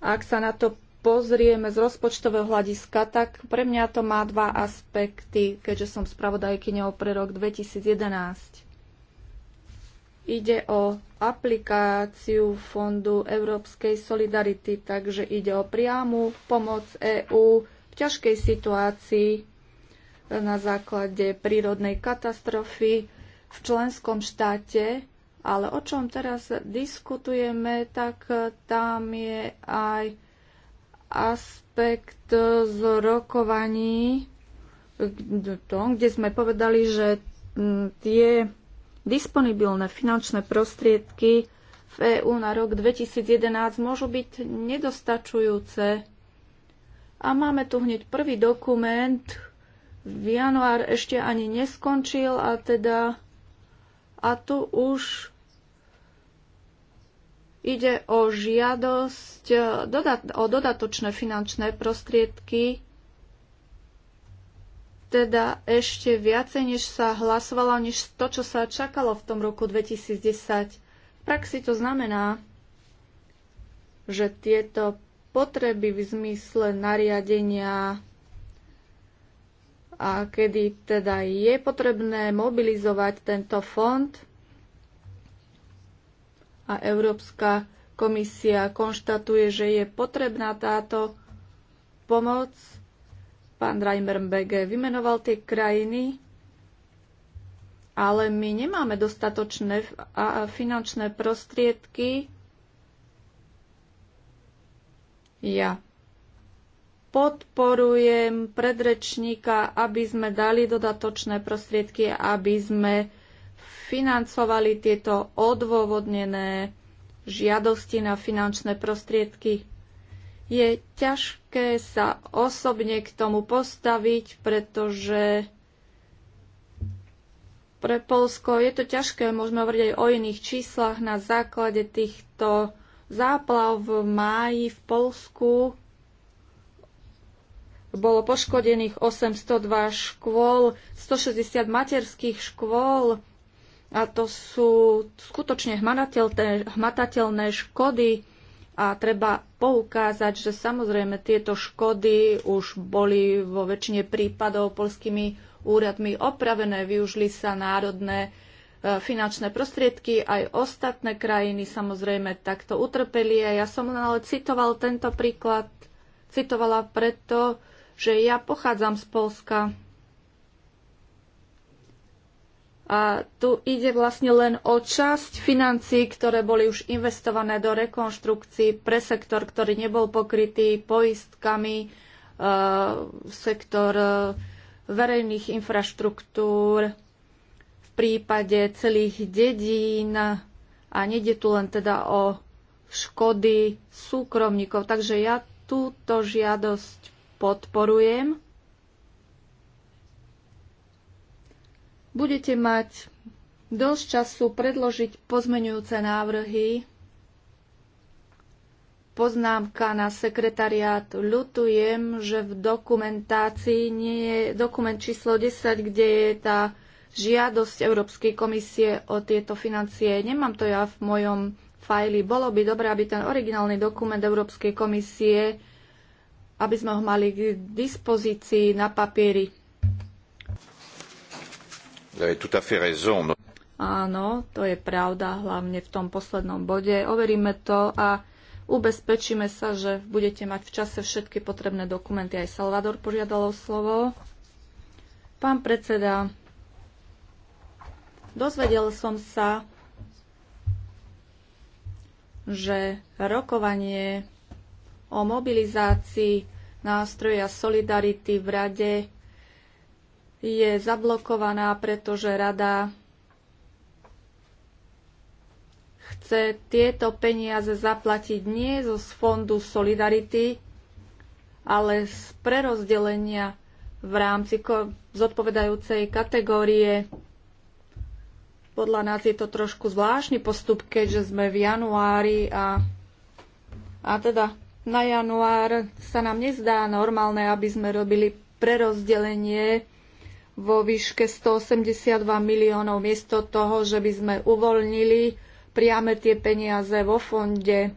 Ak sa na to pozrieme z rozpočtového hľadiska, tak pre mňa to má dva aspekty, keďže som spravodajkyňou pre rok 2011 ide o aplikáciu Fondu Európskej solidarity, takže ide o priamu pomoc EÚ v ťažkej situácii na základe prírodnej katastrofy v členskom štáte. Ale o čom teraz diskutujeme, tak tam je aj aspekt z rokovaní, kde sme povedali, že tie disponibilné finančné prostriedky v EÚ na rok 2011 môžu byť nedostačujúce. A máme tu hneď prvý dokument. V január ešte ani neskončil a teda a tu už ide o žiadosť o dodatočné finančné prostriedky teda ešte viacej, než sa hlasovalo, než to, čo sa čakalo v tom roku 2010. V praxi to znamená, že tieto potreby v zmysle nariadenia a kedy teda je potrebné mobilizovať tento fond a Európska komisia konštatuje, že je potrebná táto pomoc Pán Reimerbege vymenoval tie krajiny, ale my nemáme dostatočné finančné prostriedky. Ja podporujem predrečníka, aby sme dali dodatočné prostriedky, aby sme financovali tieto odôvodnené žiadosti na finančné prostriedky je ťažké sa osobne k tomu postaviť, pretože pre Polsko je to ťažké, môžeme hovoriť aj o iných číslach na základe týchto záplav v máji v Polsku. Bolo poškodených 802 škôl, 160 materských škôl a to sú skutočne hmatateľné škody a treba poukázať, že samozrejme tieto škody už boli vo väčšine prípadov polskými úradmi opravené, využili sa národné e, finančné prostriedky, aj ostatné krajiny samozrejme takto utrpeli. A ja som len ale citoval tento príklad, citovala preto, že ja pochádzam z Polska a tu ide vlastne len o časť financií, ktoré boli už investované do rekonštrukcií pre sektor, ktorý nebol pokrytý poistkami, e, sektor e, verejných infraštruktúr v prípade celých dedín a nejde tu len teda o škody súkromníkov. Takže ja túto žiadosť podporujem budete mať dosť času predložiť pozmenujúce návrhy. Poznámka na sekretariát. Ľutujem, že v dokumentácii nie je dokument číslo 10, kde je tá žiadosť Európskej komisie o tieto financie. Nemám to ja v mojom fajli. Bolo by dobré, aby ten originálny dokument Európskej komisie, aby sme ho mali k dispozícii na papieri. No- Áno, to je pravda, hlavne v tom poslednom bode. Overíme to a ubezpečíme sa, že budete mať v čase všetky potrebné dokumenty. Aj Salvador požiadal slovo. Pán predseda, dozvedel som sa, že rokovanie o mobilizácii nástroja solidarity v Rade je zablokovaná, pretože rada chce tieto peniaze zaplatiť nie zo fondu Solidarity, ale z prerozdelenia v rámci zodpovedajúcej kategórie. Podľa nás je to trošku zvláštny postup, keďže sme v januári a, a teda na január sa nám nezdá normálne, aby sme robili prerozdelenie vo výške 182 miliónov miesto toho, že by sme uvoľnili priame tie peniaze vo fonde,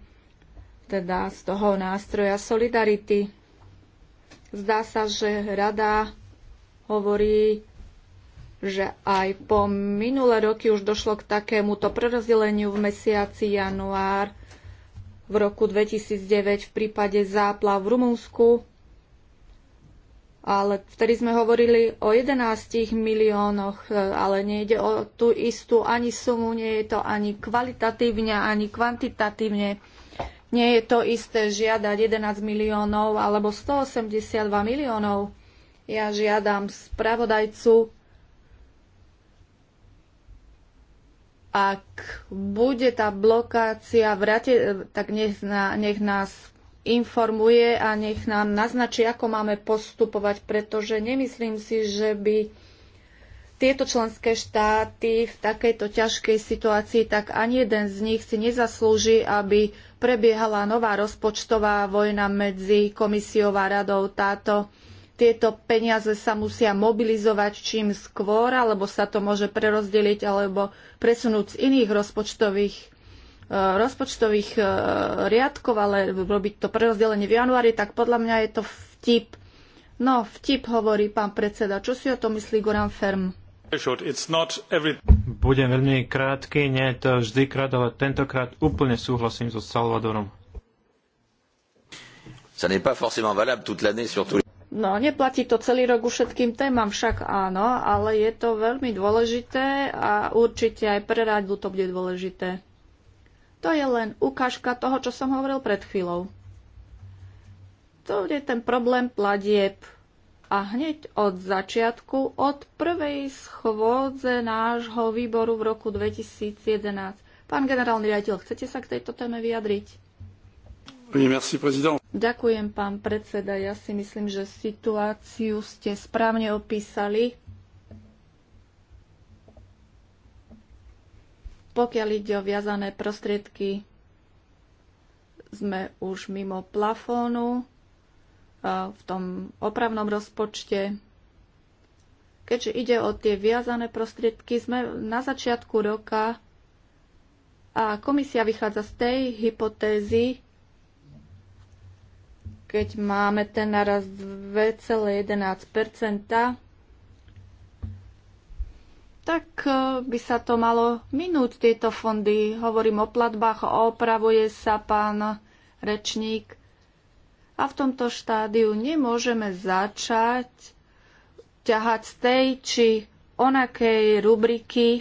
teda z toho nástroja Solidarity. Zdá sa, že rada hovorí, že aj po minulé roky už došlo k takémuto prerozdeleniu v mesiaci január v roku 2009 v prípade záplav v Rumunsku ale vtedy sme hovorili o 11 miliónoch, e, ale nejde o tú istú ani sumu, nie je to ani kvalitatívne, ani kvantitatívne. Nie je to isté žiadať 11 miliónov alebo 182 miliónov. Ja žiadam spravodajcu, ak bude tá blokácia, vrate, e, tak nech, na, nech nás informuje a nech nám naznačí, ako máme postupovať, pretože nemyslím si, že by tieto členské štáty v takejto ťažkej situácii, tak ani jeden z nich si nezaslúži, aby prebiehala nová rozpočtová vojna medzi komisiou a radou. Táto, tieto peniaze sa musia mobilizovať čím skôr, alebo sa to môže prerozdeliť alebo presunúť z iných rozpočtových rozpočtových e, riadkov, ale robiť to prerozdelenie v januári, tak podľa mňa je to vtip. No, vtip hovorí pán predseda. Čo si o to myslí Goran Ferm? Budem veľmi krátky, nie je to vždy krát, ale tentokrát úplne súhlasím so Salvadorom. No, neplatí to celý rok u všetkým témam, však áno, ale je to veľmi dôležité a určite aj pre rádu to bude dôležité. To je len ukážka toho, čo som hovoril pred chvíľou. To je ten problém platieb. A hneď od začiatku, od prvej schôdze nášho výboru v roku 2011. Pán generálny riaditeľ, chcete sa k tejto téme vyjadriť? merci, Ďakujem, pán predseda. Ja si myslím, že situáciu ste správne opísali. Pokiaľ ide o viazané prostriedky, sme už mimo plafónu v tom opravnom rozpočte. Keďže ide o tie viazané prostriedky, sme na začiatku roka a komisia vychádza z tej hypotézy, keď máme ten naraz 2,11 tak eh, by sa to malo minúť, tieto fondy. Hovorím o platbách, opravuje sa pán rečník. A v tomto štádiu nemôžeme začať ťahať z tej či onakej rubriky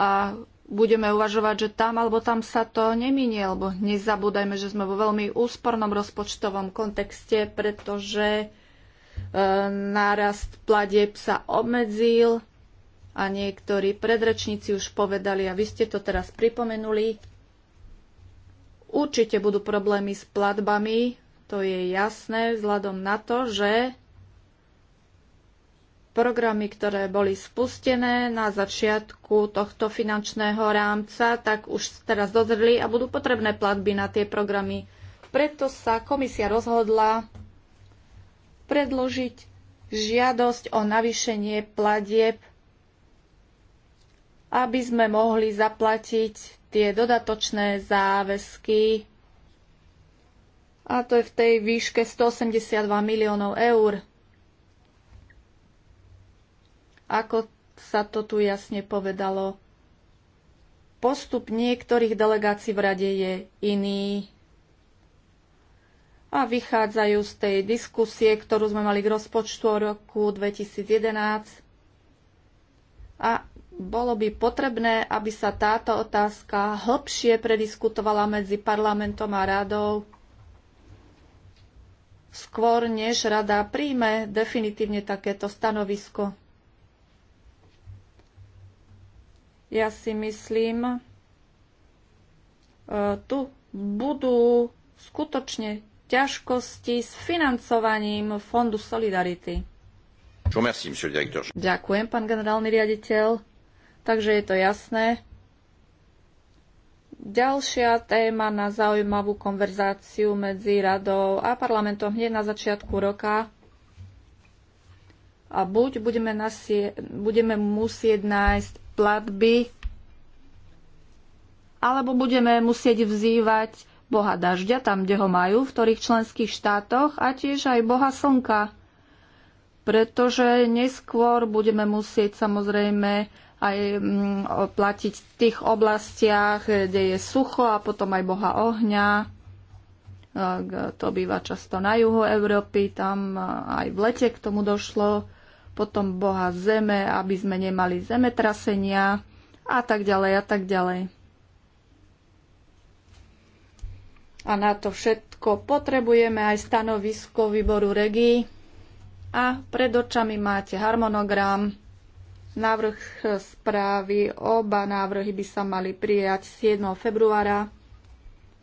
a budeme uvažovať, že tam alebo tam sa to neminie, lebo nezabúdajme, že sme vo veľmi úspornom rozpočtovom kontexte, pretože e, nárast platieb sa obmedzil, a niektorí predrečníci už povedali, a vy ste to teraz pripomenuli, určite budú problémy s platbami, to je jasné, vzhľadom na to, že programy, ktoré boli spustené na začiatku tohto finančného rámca, tak už teraz dozreli a budú potrebné platby na tie programy. Preto sa komisia rozhodla predložiť žiadosť o navýšenie platieb aby sme mohli zaplatiť tie dodatočné záväzky a to je v tej výške 182 miliónov eur. Ako sa to tu jasne povedalo, postup niektorých delegácií v rade je iný a vychádzajú z tej diskusie, ktorú sme mali k rozpočtu roku 2011 a bolo by potrebné, aby sa táto otázka hlbšie prediskutovala medzi parlamentom a radou, skôr než rada príjme definitívne takéto stanovisko. Ja si myslím, e, tu budú skutočne ťažkosti s financovaním Fondu Solidarity. Ďakujem, pán generálny riaditeľ takže je to jasné. Ďalšia téma na zaujímavú konverzáciu medzi radou a parlamentom hneď na začiatku roka a buď budeme, nasie, budeme musieť nájsť platby, alebo budeme musieť vzývať boha dažďa tam, kde ho majú, v ktorých členských štátoch a tiež aj boha slnka. Pretože neskôr budeme musieť samozrejme aj mm, platiť v tých oblastiach, kde je sucho a potom aj boha ohňa. E, to býva často na juhu Európy, tam e, aj v lete k tomu došlo. Potom boha zeme, aby sme nemali zemetrasenia a tak ďalej a tak ďalej. A na to všetko potrebujeme aj stanovisko výboru regí. A pred očami máte harmonogram návrh správy. Oba návrhy by sa mali prijať 7. februára.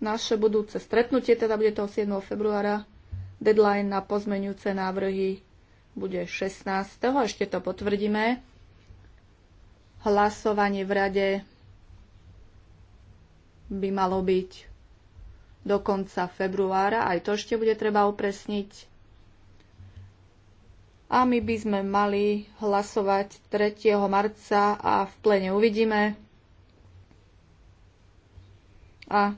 Naše budúce stretnutie teda bude to 7. februára. Deadline na pozmeňujúce návrhy bude 16. Ešte to potvrdíme. Hlasovanie v rade by malo byť do konca februára. Aj to ešte bude treba upresniť a my by sme mali hlasovať 3. marca a v plene uvidíme. A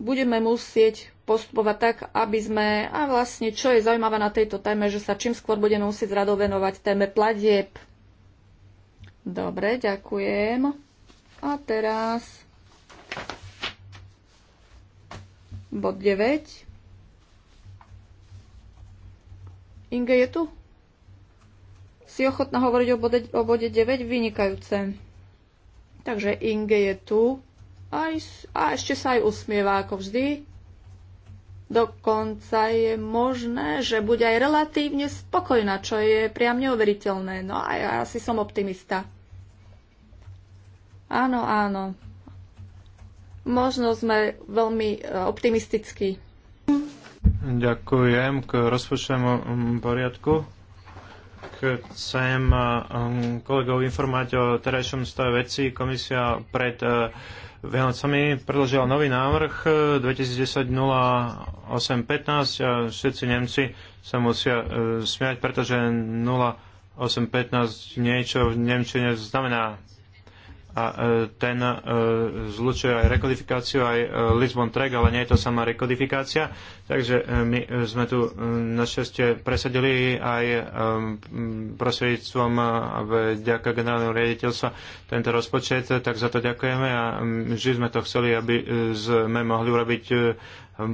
budeme musieť postupovať tak, aby sme, a vlastne čo je zaujímavé na tejto téme, že sa čím skôr budeme musieť zradovenovať téme pladieb. Dobre, ďakujem. A teraz bod 9. Inge je tu? Si ochotná hovoriť o bode, o bode 9? Vynikajúce. Takže Inge je tu. A, a ešte sa aj usmieva, ako vždy. Dokonca je možné, že bude aj relatívne spokojná, čo je priam neoveriteľné. No a ja asi som optimista. Áno, áno. Možno sme veľmi e, optimistickí. Ďakujem k rozpočtovému mm, poriadku. Chcem mm, kolegov informovať o terajšom stave veci. Komisia pred e, Vianocami predložila nový návrh 2010-0815 e, a všetci Nemci sa musia e, smiať, pretože 0815 niečo v Nemčine znamená a e, ten e, zlučuje aj rekodifikáciu, aj e, Lisbon Track, ale nie je to sama rekodifikácia. Takže my sme tu našťastie presadili aj prosvedictvom vďaka generálneho riaditeľstva tento rozpočet, tak za to ďakujeme a vždy sme to chceli, aby sme mohli urobiť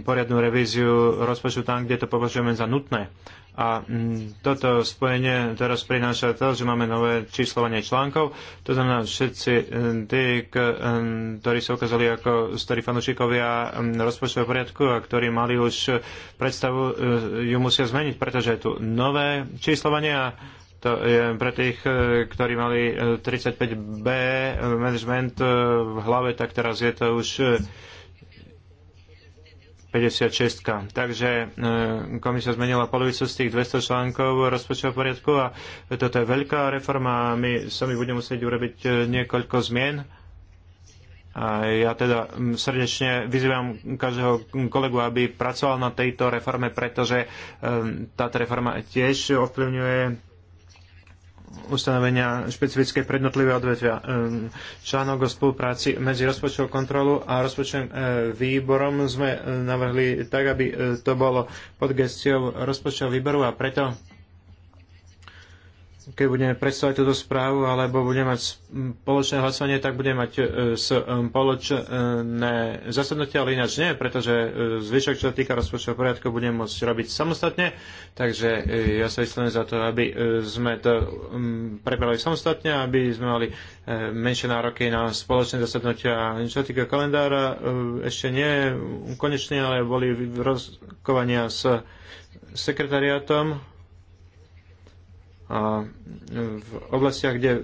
poriadnu revíziu rozpočtu tam, kde to považujeme za nutné. A mm, toto spojenie teraz prináša to, že máme nové číslovanie článkov, to znamená všetci mm, tí, mm, ktorí sa ukázali ako starí fanúšikovia rozpočtového poriadku a ktorí mali už predstavu, e, ju musia zmeniť, pretože je tu nové číslovanie a to je pre tých, e, ktorí mali 35B e, management v hlave, tak teraz je to už 56. Takže e, komisia zmenila polovicu z tých 200 článkov rozpočtového poriadku a toto je veľká reforma a my sami budeme musieť urobiť e, niekoľko zmien. A ja teda srdečne vyzývam každého kolegu, aby pracoval na tejto reforme, pretože e, táto reforma tiež ovplyvňuje ustanovenia špecifické prednotlivé odvetvia. Ehm, článok o spolupráci medzi rozpočtovou kontrolou a rozpočtovým e, výborom sme e, navrhli tak, aby e, to bolo pod gestiou rozpočtového výboru a preto keď budeme predstavovať túto správu, alebo budeme mať spoločné hlasovanie, tak budeme mať e, spoločné zasadnutie, ale ináč nie, pretože e, zvyšok, čo sa týka rozpočtového poriadku, budeme môcť robiť samostatne, takže e, ja sa vyslovím za to, aby sme to prebrali samostatne, aby sme mali menšie nároky na spoločné zasadnutia. Čo sa týka kalendára, ešte nie konečne, ale boli rozkovania s sekretariátom a e, v oblastiach, kde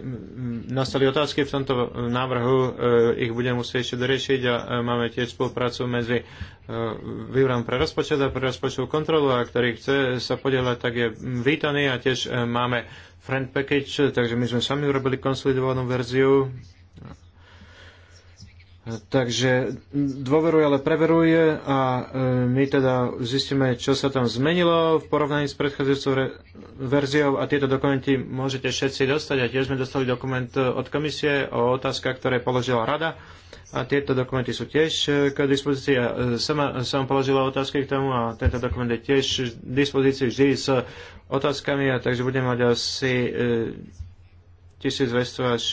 nastali otázky v tomto návrhu, e, ich budeme musieť ešte doriešiť a e, máme tiež spoluprácu medzi výborom pre rozpočet a pre rozpočtovú kontrolu a ktorý chce sa podielať, tak je vítaný a tiež máme friend package, takže my sme sami urobili konsolidovanú verziu Takže dôveruj, ale preveruj a e, my teda zistíme, čo sa tam zmenilo v porovnaní s predchádzajúcou verziou a tieto dokumenty môžete všetci dostať a tiež sme dostali dokument e, od komisie o otázkach, ktoré položila rada a tieto dokumenty sú tiež e, k dispozícii. sama som položila otázky k tomu a tento dokument je tiež k dispozícii vždy s otázkami a takže budem mať asi 1200 až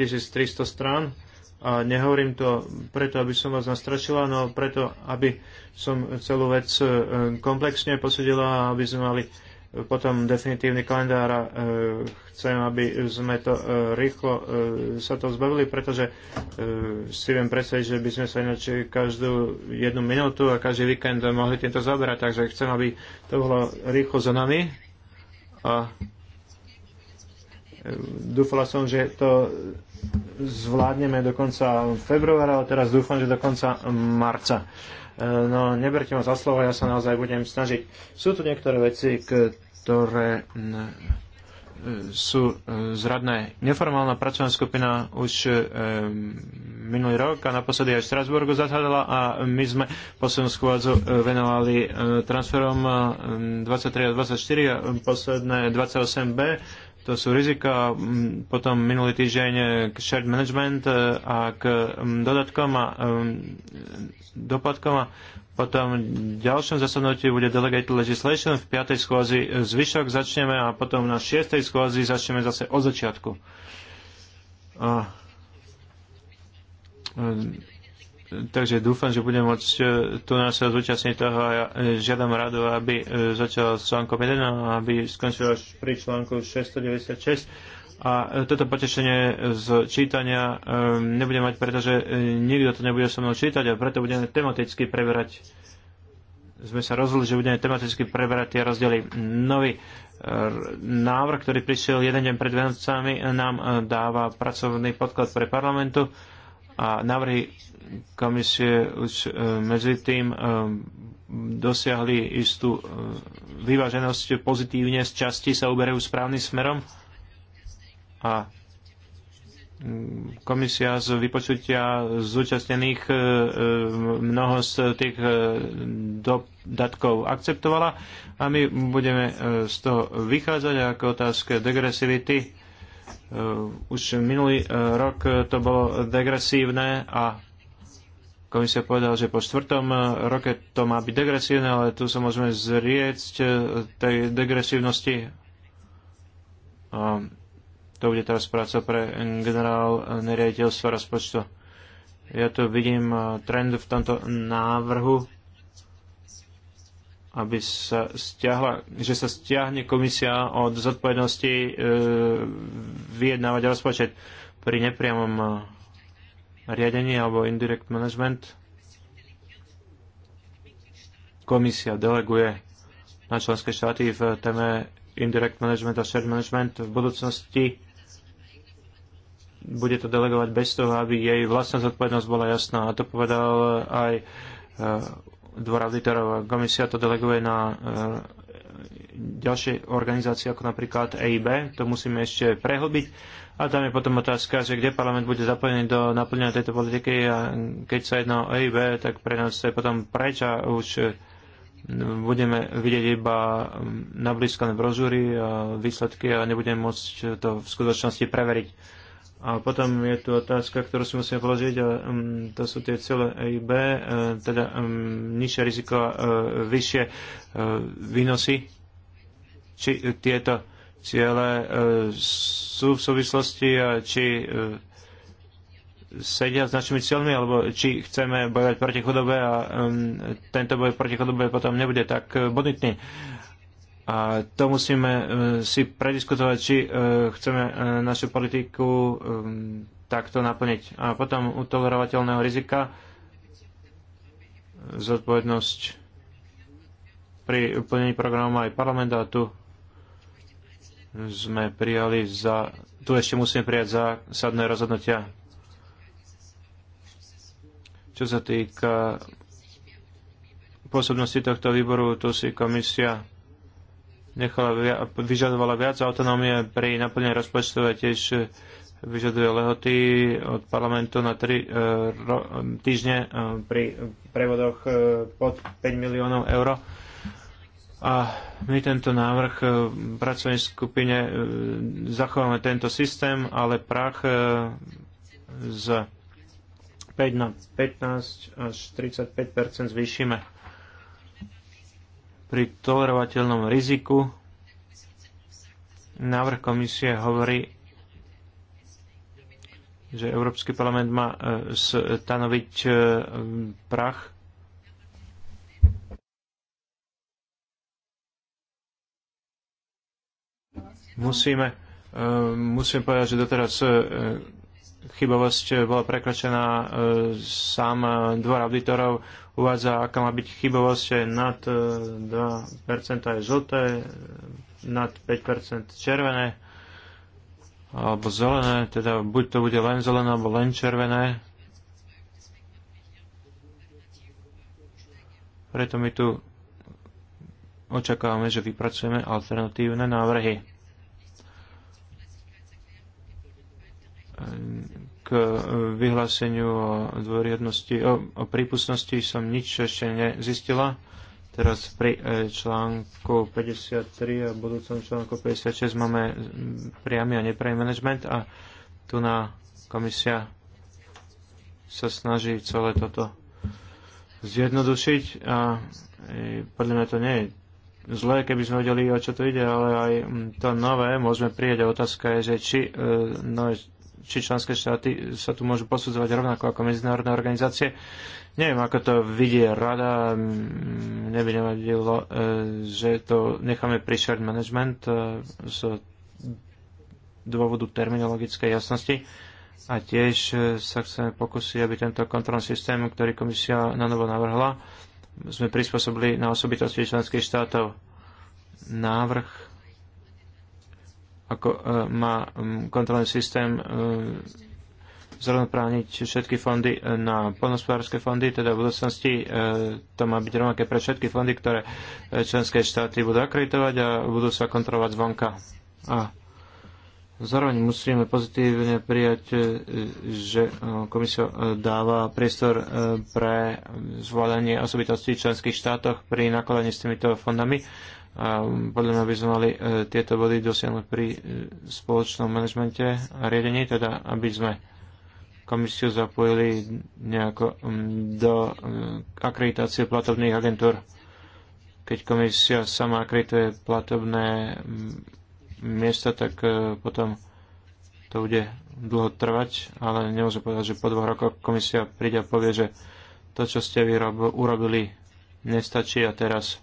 1300 strán a nehovorím to preto, aby som vás nastrašila, no preto, aby som celú vec e, komplexne posudila, aby sme mali potom definitívny kalendár a e, chcem, aby sme to e, rýchlo sa to zbavili, pretože si viem predstaviť, že by sme sa ináč každú jednu minútu a každý víkend mohli týmto zaberať, takže chcem, aby to bolo rýchlo za nami a Dúfala som, že to zvládneme do konca februára, ale teraz dúfam, že do konca marca. E, no, neberte ma za slovo, ja sa naozaj budem snažiť. Sú tu niektoré veci, ktoré e, sú e, zradné. Neformálna pracovná skupina už minulý rok a naposledy aj v Strasburgu zasadala a my sme poslednú schôdzu venovali transferom 23 a 24 a posledné 28b to sú rizika. Mm, potom minulý týždeň k shared management e, a k mm, dodatkom a mm, dopadkom a potom v ďalšom zasadnutí bude Delegate Legislation, v 5. schôzi zvyšok začneme a potom na 6. schôzi začneme zase od začiatku. A, e, Takže dúfam, že budem môcť e, tu nás sa zúčastniť toho a ja e, žiadam radu, aby e, začal s článkom 1 a aby až pri článku 696. A toto potešenie z čítania nebudem mať, pretože nikto to nebude so mnou čítať a preto budeme tematicky preberať sme sa rozhodli, že budeme tematicky preberať tie rozdiely. Nový návrh, ktorý prišiel jeden deň pred Vianocami, nám dáva pracovný podklad pre parlamentu a návrhy komisie už e, medzi tým e, dosiahli istú e, vyváženosť pozitívne, z časti sa uberajú správnym smerom a mm, komisia z vypočutia zúčastnených mnoho z tých dodatkov akceptovala a my budeme z toho vychádzať ako otázka degresivity. Už minulý rok to bolo degresívne a Komisia povedala, že po štvrtom eh, roke to má byť degresívne, ale tu sa môžeme zrieť eh, tej degresívnosti. A to bude teraz práca pre generál neriaditeľstva rozpočtu. Ja tu vidím eh, trend v tomto návrhu, aby sa stiahla, že sa stiahne komisia od zodpovednosti vyjednávať rozpočet pri nepriamom riadenie alebo indirect management komisia deleguje na členské štáty v téme indirect management a shared management v budúcnosti bude to delegovať bez toho, aby jej vlastná zodpovednosť bola jasná. A to povedal aj e, dvor auditorov. Komisia to deleguje na e, ďalšie organizácie, ako napríklad EIB. To musíme ešte prehlbiť a tam je potom otázka, že kde parlament bude zapojený do naplňania tejto politiky a keď sa jedná o EIB, tak pre nás to je potom preč a už mm, budeme vidieť iba mm, nablískané brožúry a výsledky a nebudeme môcť to v skutočnosti preveriť. A potom je tu otázka, ktorú si musíme položiť, a mm, to sú tie celé EIB, teda nižšie riziko, e, vyššie e, výnosy. Či tieto ciele e, sú v súvislosti e, či e, sedia s našimi cieľmi, alebo či chceme bojovať proti chudobe a tento boj proti chudobe potom nebude tak bonitný. A to musíme si prediskutovať, či chceme našu politiku takto naplniť. A potom u tolerovateľného rizika zodpovednosť pri plnení programu aj parlamentu a tu sme prijali za, tu ešte musíme prijať zásadné rozhodnutia. Čo sa týka pôsobnosti tohto výboru, tu si komisia nechala, vyžadovala viac autonómie pri naplnení rozpočtu a tiež vyžaduje lehoty od parlamentu na tri e, týždne e, pri prevodoch e, pod 5 miliónov eur a my tento návrh v e, pracovnej skupine e, zachováme tento systém, ale prach e, z 5 na 15 až 35 zvýšime. Pri tolerovateľnom riziku návrh komisie hovorí, že Európsky parlament má stanoviť prach musíme, e, musím povedať, že doteraz e, chybovosť bola prekročená. E, sám dvor auditorov uvádza, aká má byť chybovosť nad 2% je žlté, nad 5% červené alebo zelené, teda buď to bude len zelené alebo len červené. Preto my tu očakávame, že vypracujeme alternatívne návrhy. k eh, vyhláseniu o dôriadnosti, o, o prípustnosti som nič ešte nezistila. Teraz pri eh, článku 53 a budúcom článku 56 máme priamy a nepriamy management a tu na komisia sa snaží celé toto zjednodušiť a eh, podľa mňa to nie je zlé, keby sme vedeli, o čo to ide, ale aj to nové môžeme prijať a otázka je, že či e, nové či členské štáty sa tu môžu posudzovať rovnako ako medzinárodné organizácie. Neviem, ako to vidie rada, mne by nevadilo, e, že to necháme pri shared management e, z dôvodu terminologickej jasnosti. A tiež e, sa chceme pokúsiť, aby tento kontrolný systém, ktorý komisia na novo navrhla, sme prispôsobili na osobitosti členských štátov. Návrh ako e, má kontrolný systém e, zrovnoprávniť všetky fondy e, na polnospodárske fondy, teda v budúcnosti to má byť rovnaké pre všetky fondy, ktoré členské štáty budú akreditovať a budú sa kontrolovať zvonka. A zároveň musíme pozitívne prijať, že komisia dáva priestor pre osobitosti osobitostí členských štátoch pri nakladaní s týmito fondami a podľa mňa by sme mali e, tieto body dosiahnuť pri e, spoločnom manažmente a riadení, teda aby sme komisiu zapojili nejako do e, akreditácie platobných agentúr. Keď komisia sama akredituje platobné miesta, tak potom to bude dlho trvať, ale nemôžem povedať, že po dvoch rokoch komisia príde a povie, že to, čo ste vy urobili, nestačí a teraz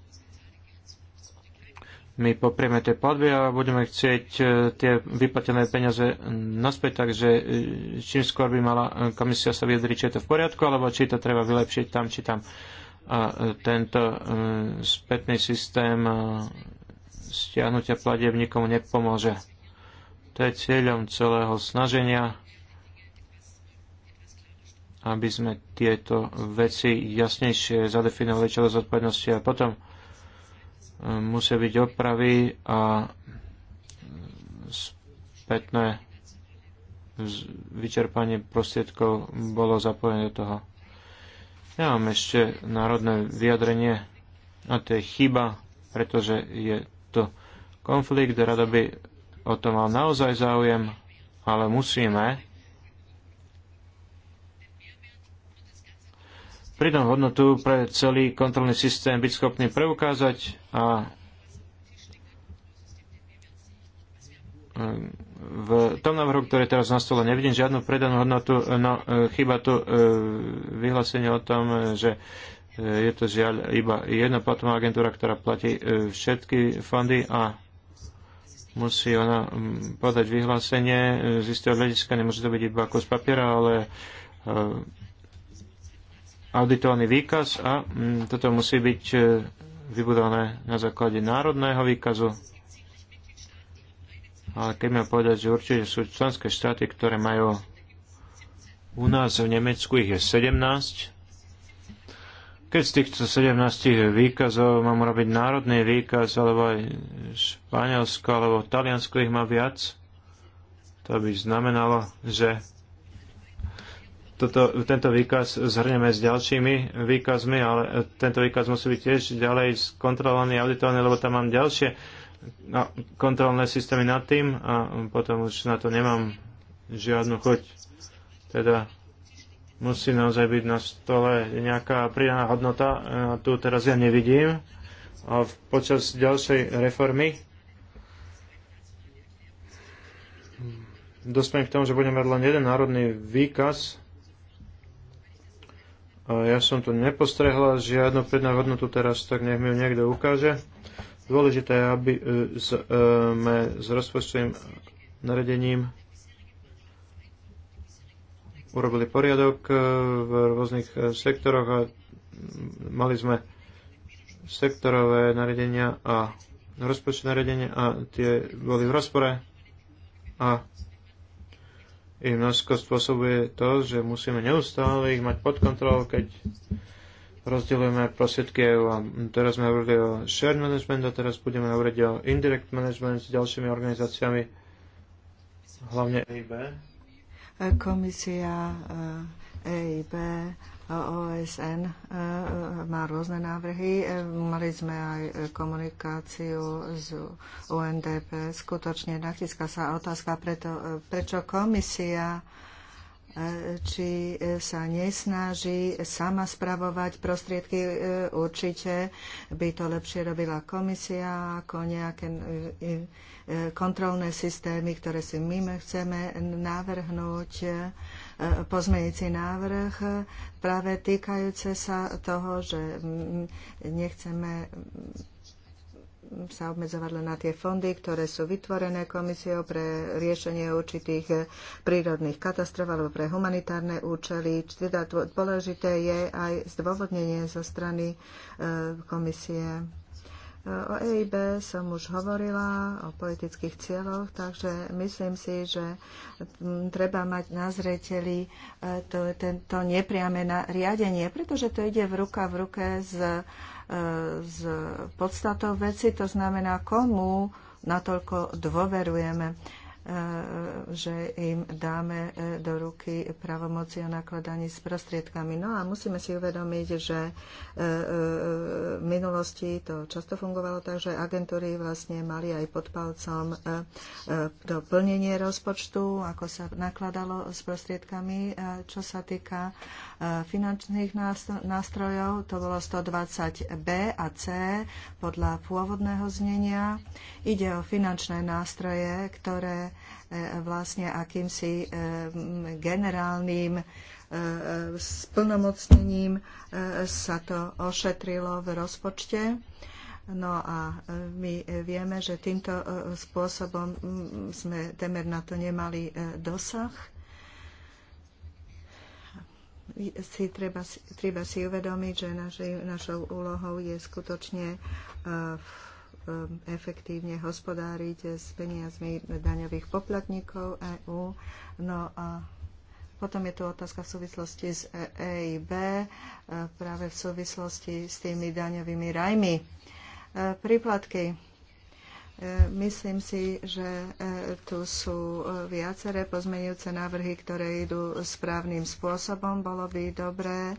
my poprieme tie platby a budeme chcieť e, tie vyplatené peniaze naspäť, takže e, čím skôr by mala komisia sa vyjadriť, či je to v poriadku, alebo či to treba vylepšiť tam, či tam. A e, tento spätný systém stiahnutia platieb nikomu nepomôže. To je cieľom celého snaženia, aby sme tieto veci jasnejšie zadefinovali čo do zodpovednosti a potom musia byť opravy a spätné vyčerpanie prostriedkov bolo zapojené do toho. Ja mám ešte národné vyjadrenie a to je chyba, pretože je to konflikt, rada by o to mal naozaj záujem, ale musíme pridanú hodnotu pre celý kontrolný systém byť schopný preukázať a v tom návrhu, ktoré teraz na stole, nevidím žiadnu predanú hodnotu, no e, chyba tu e, vyhlásenie o tom, že e, je to žiaľ iba jedna platová agentúra, ktorá platí všetky fondy a musí ona podať vyhlásenie z istého hľadiska, nemôže to byť iba ako z papiera, ale auditovaný výkaz a mm, toto musí byť e, vybudované na základe národného výkazu. Ale keď mám povedať, že určite sú členské štáty, ktoré majú u nás v Nemecku ich je 17. Keď z týchto 17 výkazov mám robiť národný výkaz, alebo aj Španielsko, alebo Taliansko ich má viac, to by znamenalo, že toto, tento výkaz zhrneme s ďalšími výkazmi, ale tento výkaz musí byť tiež ďalej skontrolovaný, auditovaný, lebo tam mám ďalšie no, kontrolné systémy nad tým a potom už na to nemám žiadnu chuť. Teda musí naozaj byť na stole nejaká pridaná hodnota. A tu teraz ja nevidím. A počas ďalšej reformy dospiem k tomu, že budeme mať len jeden národný výkaz ja som tu nepostrehla žiadnu predná hodnotu teraz, tak nech mi ju niekto ukáže. Dôležité je, aby e, sme e, s rozpočtovým naredením urobili poriadok e, v rôznych sektoroch a mali sme sektorové naredenia a rozpočtové naredenia a tie boli v rozpore a ich množstvo spôsobuje to, že musíme neustále ich mať pod kontrolou, keď rozdielujeme prosvedky EU. A teraz sme hovorili o shared management a teraz budeme hovoriť o indirect management s ďalšími organizáciami, hlavne EIB. Komisia EIB OSN e, má rôzne návrhy. E, mali sme aj komunikáciu z UNDP. Skutočne natiska sa otázka, preto, e, prečo komisia či sa nesnaží sama spravovať prostriedky. Určite by to lepšie robila komisia ako nejaké kontrolné systémy, ktoré si my chceme navrhnúť pozmenici návrh práve týkajúce sa toho, že nechceme sa obmedzovať len na tie fondy, ktoré sú vytvorené komisiou pre riešenie určitých prírodných katastrof alebo pre humanitárne účely. Teda dôležité je aj zdôvodnenie zo strany e, komisie O EIB som už hovorila, o politických cieľoch, takže myslím si, že mm, treba mať na zreteli e, to, tento nepriame riadenie, pretože to ide v ruka v ruke z z e, podstatou veci, to znamená, komu natoľko dôverujeme že im dáme e, do ruky pravomoci o nakladaní s prostriedkami. No a musíme si uvedomiť, že e, e, v minulosti to často fungovalo tak, že agentúry vlastne mali aj pod palcom to plnenie rozpočtu, ako sa nakladalo s prostriedkami. Čo sa týka finančných nástrojov, to bolo 120B a C podľa pôvodného znenia. Ide o finančné nástroje, ktoré E, vlastne akýmsi e, generálnym e, splnomocnením sa to ošetrilo v rozpočte. No a my vieme, že týmto spôsobom sme temer na to nemali dosah. Si treba, treba si uvedomiť, že naši, našou úlohou je skutočne v Um, efektívne hospodáriť s peniazmi daňových poplatníkov EÚ. No a potom je tu otázka v súvislosti s EIB, e, práve v súvislosti s tými daňovými rajmi. E, príplatky E, myslím si, že e, tu sú e, viaceré pozmeňujúce návrhy, ktoré idú správnym spôsobom. Bolo by dobré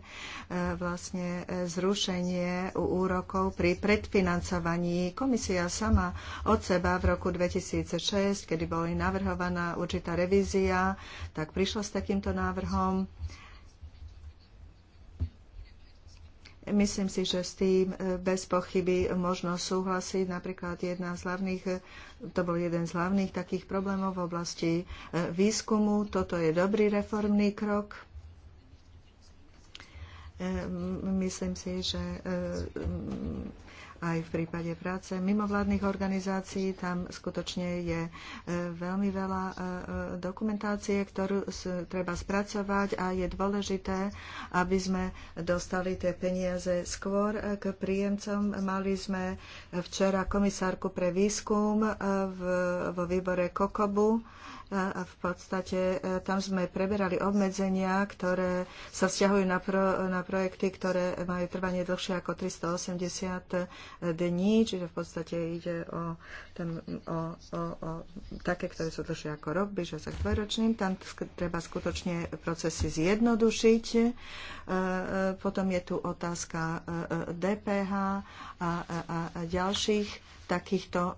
vlastne zrušenie úrokov pri predfinancovaní. Komisia sama od seba v roku 2006, kedy boli navrhovaná určitá revízia, tak prišla s takýmto návrhom. Myslím si, že s tým e, bez pochyby možno súhlasiť. Napríklad jedna z hlavných, e, to bol jeden z hlavných takých problémov v oblasti e, výskumu. Toto je dobrý reformný krok. Myslím si, že aj v prípade práce mimovládnych organizácií. Tam skutočne je e, veľmi veľa e, e, dokumentácie, ktorú treba spracovať a je dôležité, aby sme dostali tie peniaze skôr k príjemcom. Mali sme včera komisárku pre výskum vo výbore Kokobu a v podstate e, tam sme preberali obmedzenia, ktoré sa vzťahujú na, pro, na projekty, ktoré majú trvanie dlhšie ako 380 e, dní, čiže v podstate ide o, tam, o, o, o také, ktoré sú dlhšie ako rok, že sa dvojročným. Tam treba skutočne procesy zjednodušiť. E, potom je tu otázka DPH a, a, a ďalších takýchto e,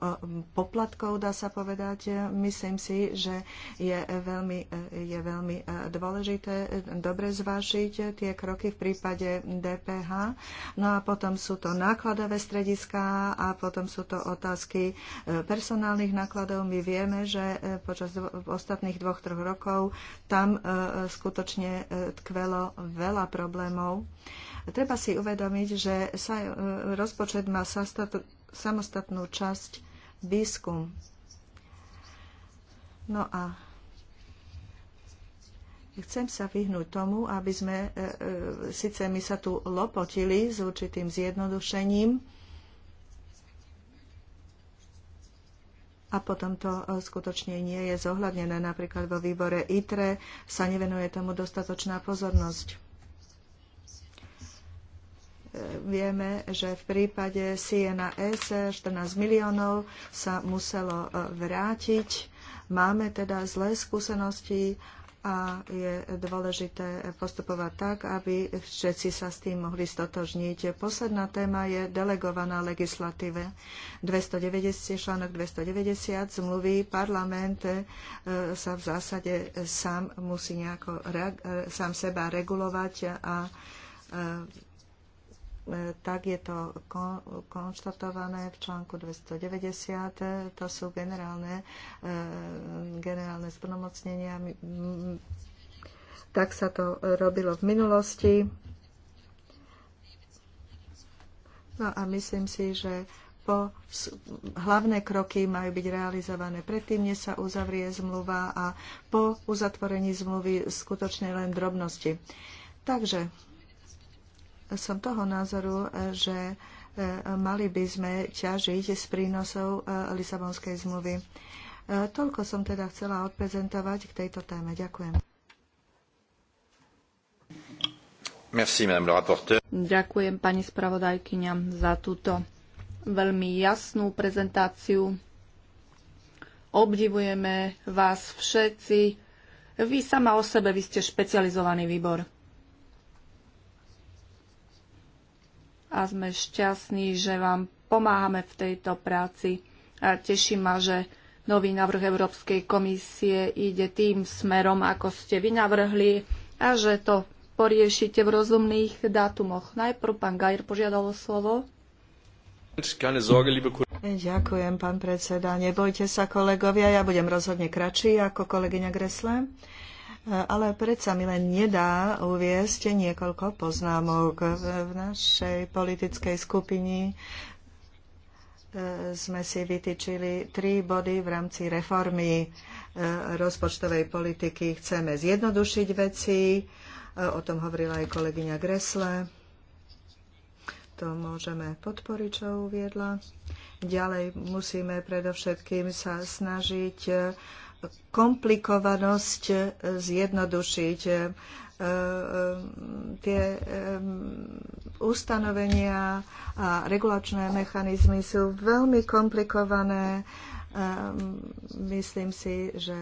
poplatkov, dá sa povedať. Myslím si, že je veľmi, e, je veľmi e, dôležité dobre zvážiť tie kroky v prípade DPH. No a potom sú to nákladové strediská a potom sú to otázky personálnych nákladov. My vieme, že počas ostatných dvoch, troch rokov tam skutočne tkvelo veľa problémov. Treba si uvedomiť, že sa, rozpočet má sa samostatnú časť výskum. No a chcem sa vyhnúť tomu, aby sme, e, e, síce my sa tu lopotili s určitým zjednodušením, a potom to e, skutočne nie je zohľadnené. Napríklad vo výbore ITRE sa nevenuje tomu dostatočná pozornosť vieme, že v prípade CNAS 14 miliónov sa muselo e, vrátiť. Máme teda zlé skúsenosti a je dôležité postupovať tak, aby všetci sa s tým mohli stotožniť. Posledná téma je delegovaná legislatíve. 290, článok 290 zmluví parlament e, sa v zásade sám musí nejako e, sám seba regulovať a E, tak je to konštatované v článku 290. To sú generálne, e, generálne splnomocnenia. Tak sa to robilo v minulosti. No a myslím si, že po, hlavné kroky majú byť realizované predtým, než sa uzavrie zmluva a po uzatvorení zmluvy skutočne len drobnosti. Takže som toho názoru, že e, mali by sme ťažiť z prínosov e, Lisabonskej zmluvy. E, toľko som teda chcela odprezentovať k tejto téme. Ďakujem. Merci, Ďakujem pani spravodajkyňa za túto veľmi jasnú prezentáciu. Obdivujeme vás všetci. Vy sama o sebe, vy ste špecializovaný výbor. a sme šťastní, že vám pomáhame v tejto práci. A teší ma, že nový návrh Európskej komisie ide tým smerom, ako ste vy navrhli a že to poriešite v rozumných dátumoch. Najprv pán Gajer o slovo. Ďakujem, pán predseda. Nebojte sa, kolegovia, ja budem rozhodne kratší ako kolegyňa Gresle ale predsa mi len nedá uviesť niekoľko poznámok. V našej politickej skupini e, sme si vytýčili tri body v rámci reformy e, rozpočtovej politiky. Chceme zjednodušiť veci, e, o tom hovorila aj kolegyňa Gresle. To môžeme podporiť, čo uviedla. Ďalej musíme predovšetkým sa snažiť komplikovanosť e, zjednodušiť. E, e, tie ustanovenia a regulačné mechanizmy sú veľmi komplikované myslím si, že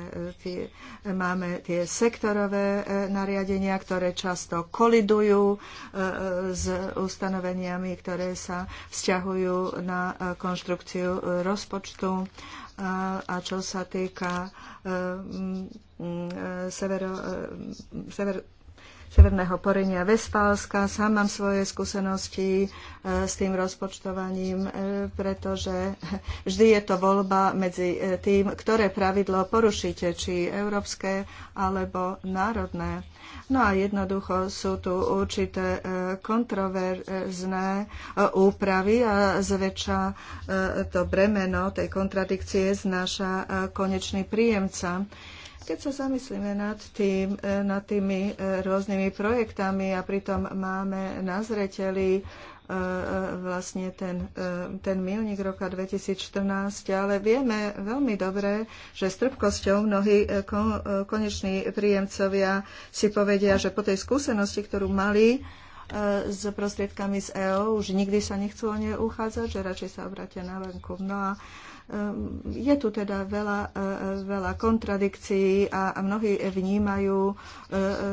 tie, máme tie sektorové nariadenia, ktoré často kolidujú s ustanoveniami, ktoré sa vzťahujú na konštrukciu rozpočtu a, a čo sa týka eh, eh, severo, eh, sever, Severného Porenia Vespálska, Sám mám svoje skúsenosti e, s tým rozpočtovaním, e, pretože vždy je to voľba medzi e, tým, ktoré pravidlo porušíte, či európske alebo národné. No a jednoducho sú tu určité kontroverzné úpravy a zväčša to bremeno tej kontradikcie znáša konečný príjemca. Keď sa zamyslíme nad, tým, e, nad tými e, rôznymi projektami a pritom máme na zreteli e, vlastne ten, ten milník roka 2014, ale vieme veľmi dobre, že s trpkosťou mnohí koneční príjemcovia si povedia, že po tej skúsenosti, ktorú mali s prostriedkami z EO, už nikdy sa nechcú o ne uchádzať, že radšej sa obrátia na venku No a Ehm, je tu teda veľa, eh, veľa kontradikcií a mnohí vnímajú eh,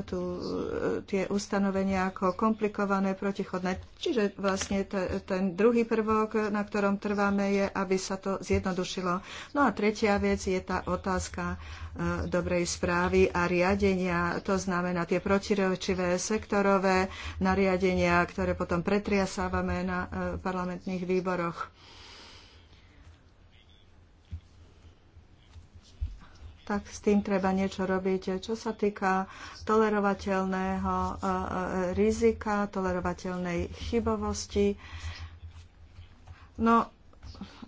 tu, eh, tie ustanovenia ako komplikované, protichodné. Čiže vlastne ten druhý prvok, na ktorom trváme, je, aby sa to zjednodušilo. No a tretia vec je tá otázka dobrej správy a riadenia. To znamená tie protirečivé sektorové nariadenia, ktoré potom pretriasávame na parlamentných výboroch. tak s tým treba niečo robiť. Čo sa týka tolerovateľného e, e, rizika, tolerovateľnej chybovosti, no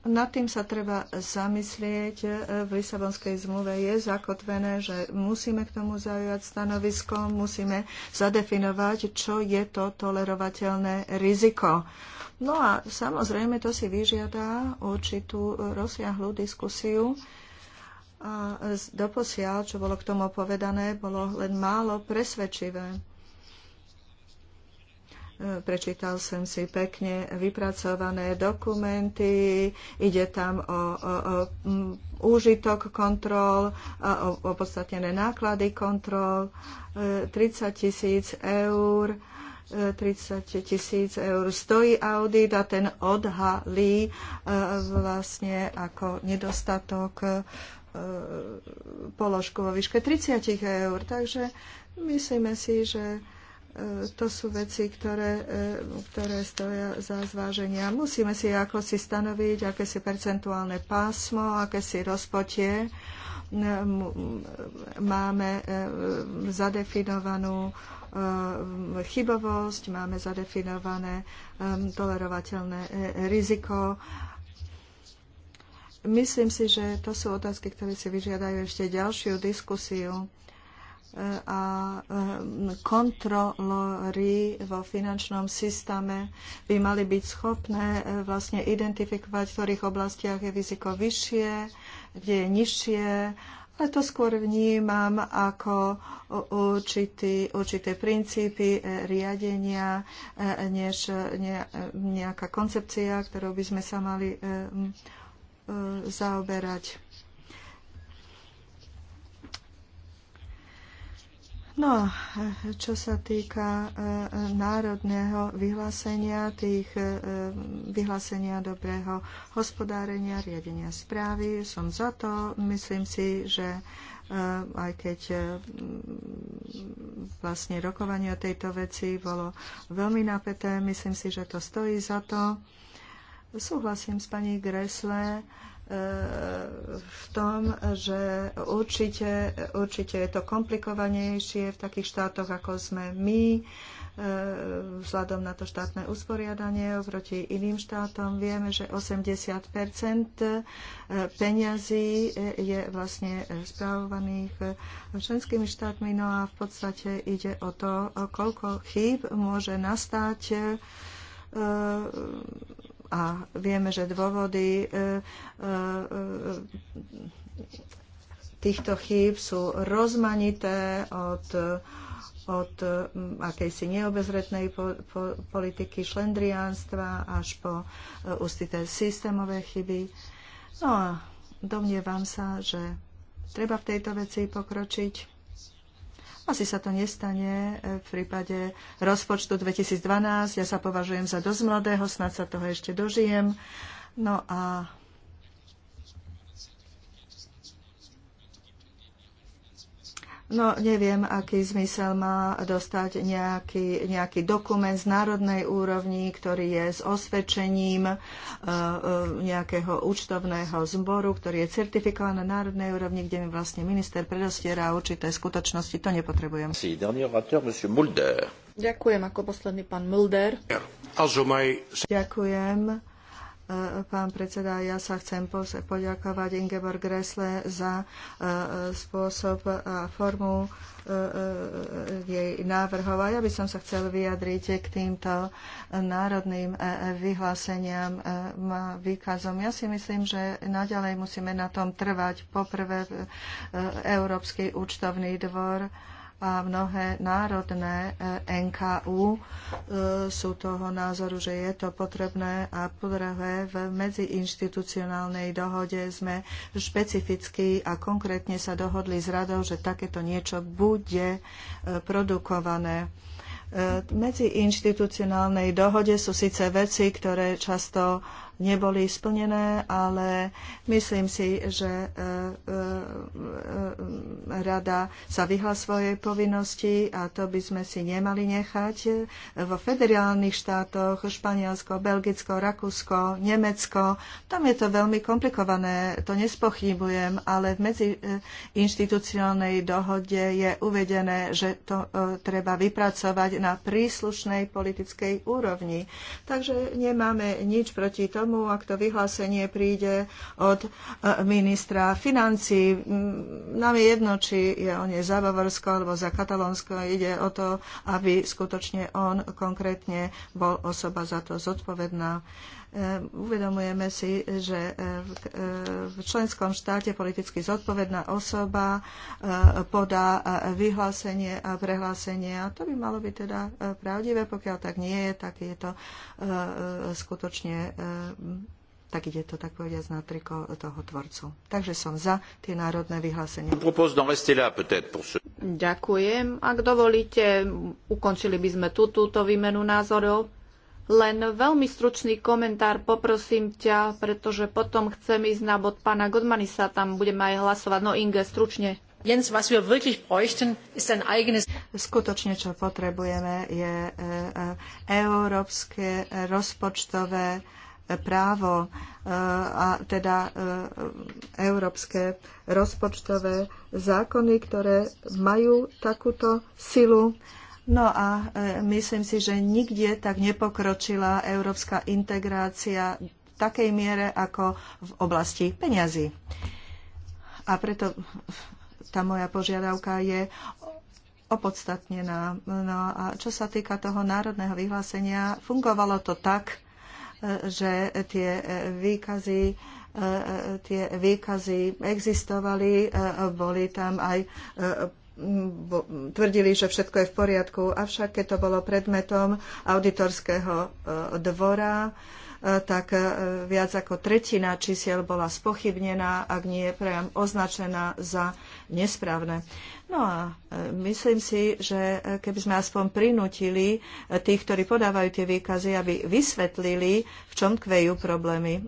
nad tým sa treba zamyslieť. E, v Lisabonskej zmluve je zakotvené, že musíme k tomu zaujať stanovisko, musíme zadefinovať, čo je to tolerovateľné riziko. No a samozrejme to si vyžiada určitú rozsiahlú diskusiu a doposiaľ, čo bolo k tomu povedané, bolo len málo presvedčivé. E, prečítal som si pekne vypracované dokumenty, ide tam o, o, o úžitok kontrol, o opodstatnené náklady kontrol, 30 e, tisíc eur, 30 e, tisíc eur stojí audit a ten odhalí vlastne ako nedostatok E, položku vo výške 30 eur. Takže myslíme si, že e, to sú veci, ktoré, e, ktoré stoja za zváženia. Musíme si ako si stanoviť, aké si percentuálne pásmo, aké si rozpotie máme zadefinovanú chybovosť, máme zadefinované tolerovateľné riziko Myslím si, že to sú otázky, ktoré si vyžiadajú ešte ďalšiu diskusiu e, a e, kontrolory vo finančnom systéme by mali byť schopné e, vlastne identifikovať, v ktorých oblastiach je riziko vyššie, kde je nižšie, ale to skôr vnímam ako určitý, určité princípy riadenia, než nejaká koncepcia, ktorou by sme sa mali E, zaoberať. No, čo sa týka e, národného vyhlásenia, tých e, vyhlásenia dobrého hospodárenia, riadenia správy, som za to. Myslím si, že aj keď vlastne rokovanie o tejto veci bolo veľmi napäté, myslím si, že to stojí za to. Súhlasím s pani Gresle e, v tom, že určite, určite je to komplikovanejšie v takých štátoch, ako sme my, e, vzhľadom na to štátne usporiadanie oproti iným štátom. Vieme, že 80 e, peňazí je vlastne spravovaných členskými štátmi, no a v podstate ide o to, koľko chýb môže nastať a vieme, že dôvody e, e, e, týchto chýb sú rozmanité od, od akejsi neobezretnej po, po, politiky šlendriánstva až po určité systémové chyby. No a domnievam sa, že treba v tejto veci pokročiť. Asi sa to nestane e, v prípade rozpočtu 2012. Ja sa považujem za dosť mladého, snad sa toho ešte dožijem. No a No neviem, aký zmysel má dostať nejaký, nejaký dokument z národnej úrovni, ktorý je s osvedčením e, e, nejakého účtovného zboru, ktorý je certifikovaný na národnej úrovni, kde mi vlastne minister predostiera určité skutočnosti. To nepotrebujem. Ďakujem ako posledný pán Mulder. Ďakujem. E, pán predseda, ja sa chcem poďakovať Ingeborg Gresle za e, e, spôsob a formu jej návrhov. A ja by som sa chcel vyjadriť k týmto národným vyhláseniam a výkazom. Ja si myslím, že naďalej musíme na tom trvať. Poprvé Európsky účtovný dvor a mnohé národné eh, NKU eh, sú toho názoru, že je to potrebné a podrahé v medziinštitucionálnej dohode sme špecificky a konkrétne sa dohodli s radou, že takéto niečo bude eh, produkované medziinštitucionálnej dohode sú síce veci, ktoré často neboli splnené, ale myslím si, že e, e, e, rada sa vyhla svojej povinnosti a to by sme si nemali nechať. Vo federálnych štátoch Španielsko, Belgicko, Rakúsko, Nemecko, tam je to veľmi komplikované, to nespochybujem, ale v medziinstitucionálnej dohode je uvedené, že to treba vypracovať na príslušnej politickej úrovni. Takže nemáme nič proti tomu, tomu, ak to vyhlásenie príde od e, ministra financí. Mm, nám je jedno, či je on je za Bavorsko alebo za Katalónsko. Ide o to, aby skutočne on konkrétne bol osoba za to zodpovedná. Eh, uvedomujeme si, že eh, eh, v členskom štáte politicky zodpovedná osoba podá vyhlásenie a prehlásenie. A to by malo byť teda pravdivé. Pokiaľ tak nie je, tak je to skutočne tak ide to, tak povediať, na triko toho tvorcu. Takže som za tie národné vyhlásenia. Ďakujem. Ak dovolíte, ukončili by sme tú, túto výmenu názorov. Len veľmi stručný komentár poprosím ťa, pretože potom chcem ísť na bod pána Godmanisa, tam budeme aj hlasovať. No Inge, stručne. Jens, was wir wirklich bräuchten, ist ein eigenes... Skutočne, čo potrebujeme, je e, e, európske rozpočtové e, právo e, a teda e, európske rozpočtové zákony, ktoré majú takúto silu No a e, myslím si, že nikde tak nepokročila európska integrácia v takej miere ako v oblasti peňazí. A preto tá moja požiadavka je opodstatnená. No a čo sa týka toho národného vyhlásenia, fungovalo to tak, e, že tie e, výkazy tie výkazy existovali, boli tam aj tvrdili, že všetko je v poriadku, avšak keď to bolo predmetom auditorského e, dvora, e, tak e, viac ako tretina čísiel bola spochybnená, ak nie je priam označená za nesprávne. No a myslím si, že keby sme aspoň prinútili tých, ktorí podávajú tie výkazy, aby vysvetlili, v čom kvejú problémy.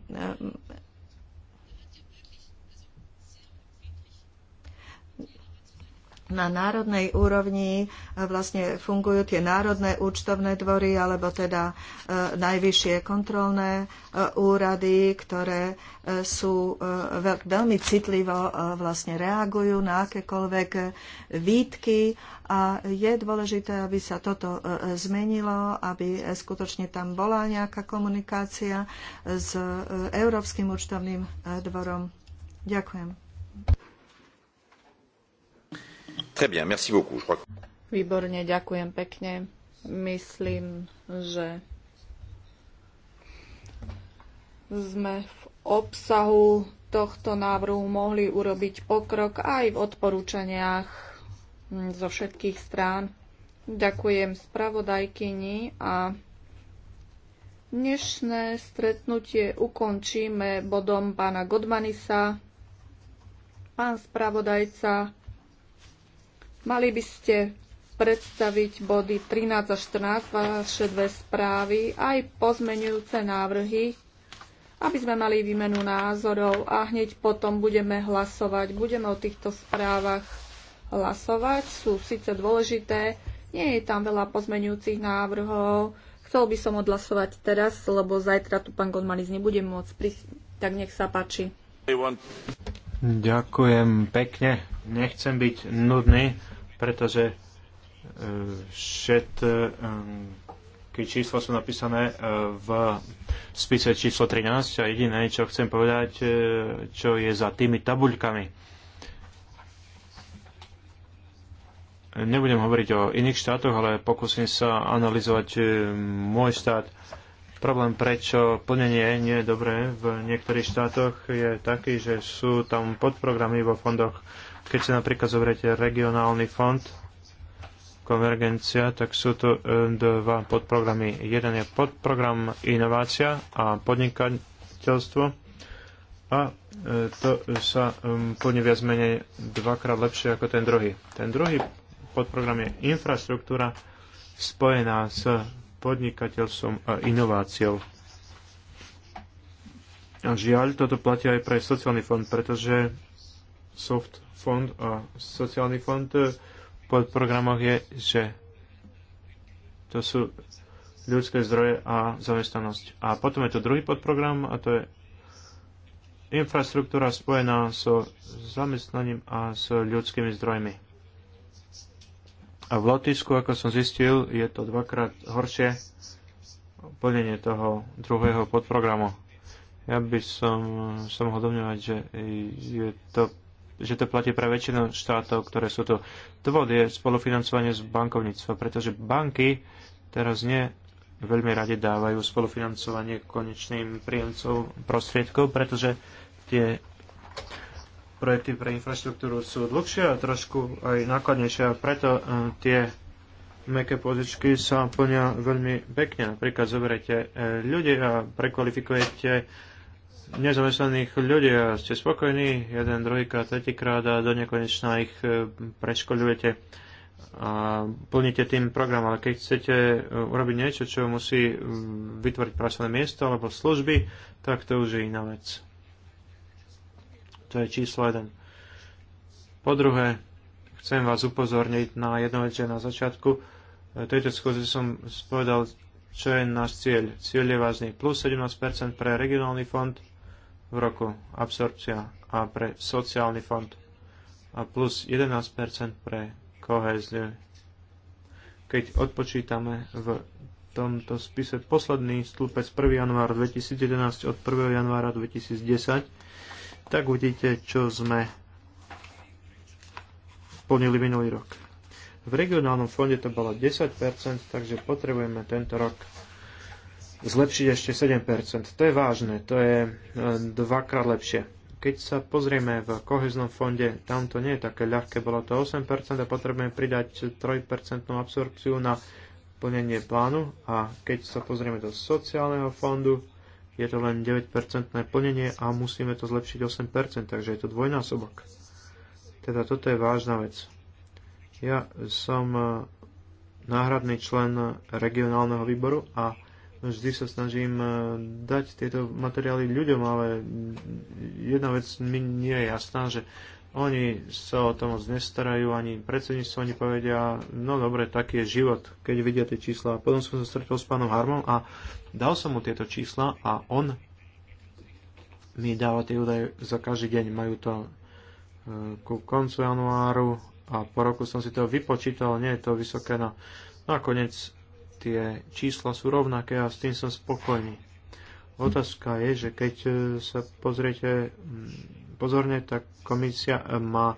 na národnej úrovni e, vlastne fungujú tie národné účtovné dvory alebo teda e, najvyššie kontrolné e, úrady, ktoré sú veľmi citlivo vlastne reagujú na akékoľvek výtky a je dôležité, aby sa toto zmenilo, aby skutočne tam bola nejaká komunikácia s Európskym účtovným dvorom. Ďakujem. Très bien, merci beaucoup. Je crois... Výborne, ďakujem pekne. Myslím, že sme v obsahu tohto návrhu mohli urobiť pokrok aj v odporúčaniach zo všetkých strán. Ďakujem spravodajkyni a dnešné stretnutie ukončíme bodom pána Godmanisa. Pán spravodajca Mali by ste predstaviť body 13 a 14 vaše dve správy, aj pozmenujúce návrhy, aby sme mali výmenu názorov a hneď potom budeme hlasovať. Budeme o týchto správach hlasovať. Sú síce dôležité, nie je tam veľa pozmenujúcich návrhov. Chcel by som odhlasovať teraz, lebo zajtra tu pán Godmanis nebude môcť prísť. Tak nech sa páči. Ďakujem pekne. Nechcem byť nudný pretože e, e, všetky čísla sú napísané e, v spise číslo 13 a jediné, čo chcem povedať, čo je za tými tabuľkami. Nebudem hovoriť o iných štátoch, ale pokúsim sa analyzovať môj štát. Problém, prečo plnenie nie je dobré v niektorých štátoch, je taký, že sú tam podprogramy vo fondoch keď si napríklad zoberiete regionálny fond, konvergencia, tak sú tu e, dva podprogramy. Jeden je podprogram inovácia a podnikateľstvo a e, to sa plne viac menej dvakrát lepšie ako ten druhý. Ten druhý podprogram je infraštruktúra spojená s podnikateľstvom a inováciou. A žiaľ, toto platí aj pre sociálny fond, pretože soft fond a sociálny fond e, pod programoch je, že to sú ľudské zdroje a zamestnanosť. A potom je to druhý podprogram a to je infraštruktúra spojená so zamestnaním a s ľudskými zdrojmi. A v Lotisku, ako som zistil, je to dvakrát horšie plnenie toho druhého podprogramu. Ja by som sa mohol domňovať, že je to že to platí pre väčšinu štátov, ktoré sú tu. Dôvod je spolufinancovanie z bankovníctva, pretože banky teraz nie veľmi radi dávajú spolufinancovanie konečným príjemcom prostriedkov, pretože tie projekty pre infraštruktúru sú dlhšie a trošku aj nákladnejšie a preto e, tie meké požičky sa plnia veľmi pekne. Napríklad zoberete e, ľudí a prekvalifikujete nezamestnaných ľudí a ste spokojní jeden, druhýkrát, tretíkrát a do nekonečna ich e, preškoľujete a plníte tým program, ale keď chcete e, urobiť niečo, čo musí vytvoriť pracovné miesto alebo služby, tak to už je iná vec. To je číslo 1. Po druhé, chcem vás upozorniť na jednu vec, že na začiatku e, tejto skúze som spovedal, čo je náš cieľ. Cieľ je vážny plus 17% pre regionálny fond, v roku absorpcia a pre sociálny fond a plus 11% pre kohéziu. Keď odpočítame v tomto spise posledný stĺpec 1. január 2011 od 1. januára 2010, tak uvidíte, čo sme plnili minulý rok. V regionálnom fonde to bolo 10%, takže potrebujeme tento rok zlepšiť ešte 7%. To je vážne, to je e, dvakrát lepšie. Keď sa pozrieme v koheznom fonde, tam to nie je také ľahké, bolo to 8% a potrebujeme pridať 3% absorpciu na plnenie plánu a keď sa pozrieme do sociálneho fondu, je to len 9% plnenie a musíme to zlepšiť 8%, takže je to dvojnásobok. Teda toto je vážna vec. Ja som e, náhradný člen regionálneho výboru a vždy sa snažím e, dať tieto materiály ľuďom, ale jedna vec mi nie je jasná, že oni sa o tom moc nestarajú, ani predsedníctvo povedia, no dobre, taký je život, keď vidia tie čísla. Potom som sa stretol s pánom Harmom a dal som mu tieto čísla a on mi dáva tie údaje za každý deň. Majú to e, ku koncu januáru a po roku som si to vypočítal, nie je to vysoké na... Nakoniec tie čísla sú rovnaké a s tým som spokojný. Otázka je, že keď e, sa pozriete mm, pozorne, tak komisia e, má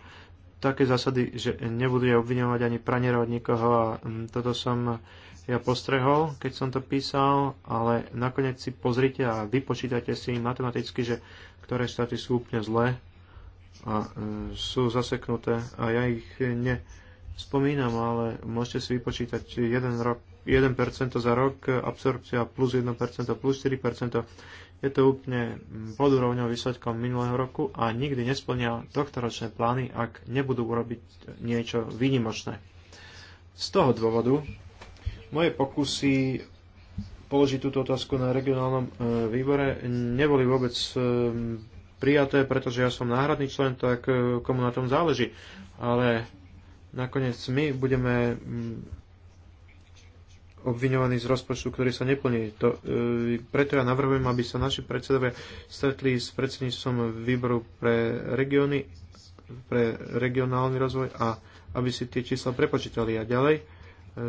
také zásady, že nebudú obviňovať ani pranierovať nikoho a mm, toto som ja postrehol, keď som to písal, ale nakoniec si pozrite a vypočítate si matematicky, že ktoré štáty sú úplne zlé a e, sú zaseknuté a ja ich ne, spomínam, ale môžete si vypočítať 1, rok, 1% za rok, absorpcia plus 1%, plus 4%. Je to úplne pod úrovňou výsledkom minulého roku a nikdy nesplnia tohtoročné plány, ak nebudú urobiť niečo výnimočné. Z toho dôvodu moje pokusy položiť túto otázku na regionálnom e, výbore neboli vôbec e, prijaté, pretože ja som náhradný člen, tak e, komu na tom záleží. Ale nakoniec my budeme mm, obviňovaní z rozpočtu, ktorý sa neplní. To, e, preto ja navrhujem, aby sa naši predsedovia stretli s predsedníctvom výboru pre regióny, pre regionálny rozvoj a aby si tie čísla prepočítali. A ďalej e,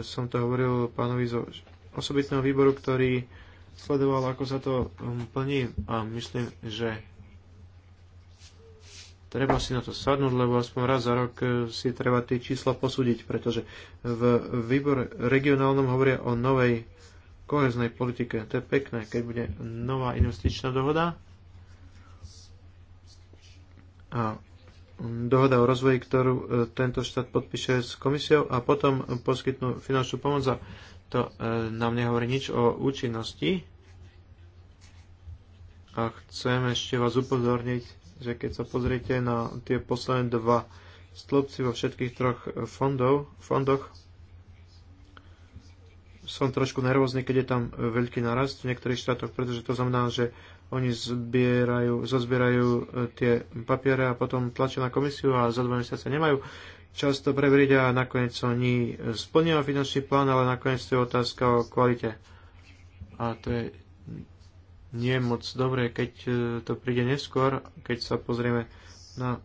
som to hovoril pánovi zo osobitného výboru, ktorý sledoval, ako sa to mm, plní a myslím, že treba si na to sadnúť, lebo aspoň raz za rok e, si treba tie čísla posúdiť, pretože v výbore regionálnom hovoria o novej koheznej politike. To je pekné, keď bude nová investičná dohoda a dohoda o rozvoji, ktorú e, tento štát podpíše s komisiou a potom poskytnú finančnú pomoc a to e, nám nehovorí nič o účinnosti. A chcem ešte vás upozorniť že keď sa pozriete na tie posledné dva stĺpci vo všetkých troch fondov, fondoch, som trošku nervózny, keď je tam veľký narast v niektorých štátoch, pretože to znamená, že oni zbierajú, zozbierajú e, tie papiere a potom tlačia na komisiu a za dva mesiace nemajú často preveriť a nakoniec oni splnia finančný plán, ale nakoniec to je otázka o kvalite. A to je nie je moc dobré, keď e, to príde neskôr, keď sa pozrieme na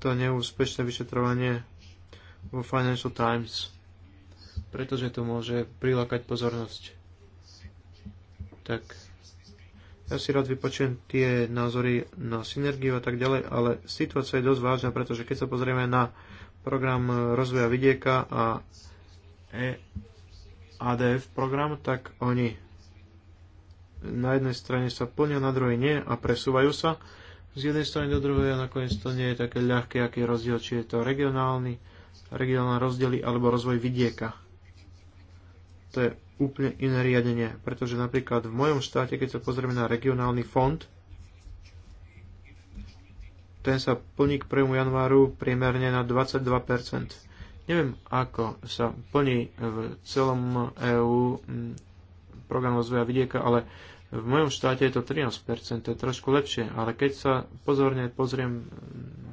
to neúspešné vyšetrovanie vo Financial Times, pretože to môže prilákať pozornosť. Tak ja si rád vypočujem tie názory na synergiu a tak ďalej, ale situácia je dosť vážna, pretože keď sa pozrieme na program rozvoja vidieka a e ADF program, tak oni na jednej strane sa plnia, na druhej nie a presúvajú sa z jednej strany do druhej a nakoniec to nie je také ľahké, aký je rozdiel, či je to regionálny, regionálne rozdiely alebo rozvoj vidieka. To je úplne iné riadenie, pretože napríklad v mojom štáte, keď sa pozrieme na regionálny fond, ten sa plní k 1. januáru priemerne na 22%. Neviem, ako sa plní v celom EÚ mm, program rozvoja vidieka, ale v mojom štáte je to 13%, to je trošku lepšie, ale keď sa pozorne pozriem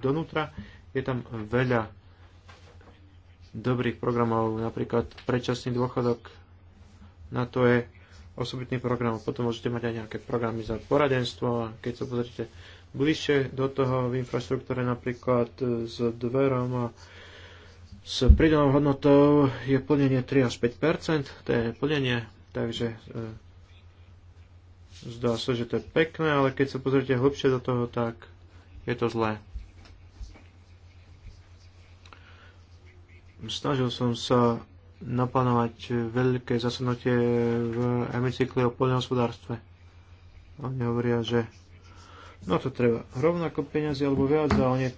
donútra, je tam veľa dobrých programov, napríklad predčasný dôchodok, na to je osobitný program, potom môžete mať aj nejaké programy za poradenstvo a keď sa pozrite bližšie do toho v infraštruktúre napríklad e, s dverom a s pridanou hodnotou je plnenie 3 až 5 to je plnenie, takže e, Zdá sa, že to je pekné, ale keď sa pozrite hlbšie do toho, tak je to zlé. Snažil som sa naplánovať veľké zasadnutie v hemicykle o poľnohospodárstve. Oni hovoria, že No to treba rovnako peniaze alebo viac a oni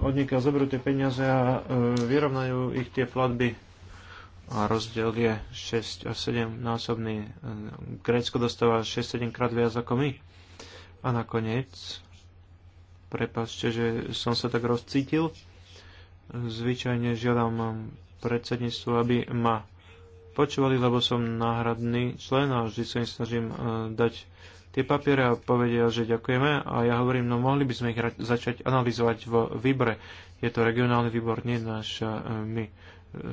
mm, od zoberú tie peniaze a e, vyrovnajú ich tie platby a rozdiel je 6 a 7 násobný. Grécko dostáva 6-7 krát viac ako my. A nakoniec, prepáčte, že som sa tak rozcítil, zvyčajne žiadam predsedníctvo, aby ma počúvali, lebo som náhradný člen a vždy sa im snažím e, dať tie papiere a povedia, že ďakujeme a ja hovorím, no mohli by sme ich začať analyzovať v výbore. Je to regionálny výbor, nie náš e, my E,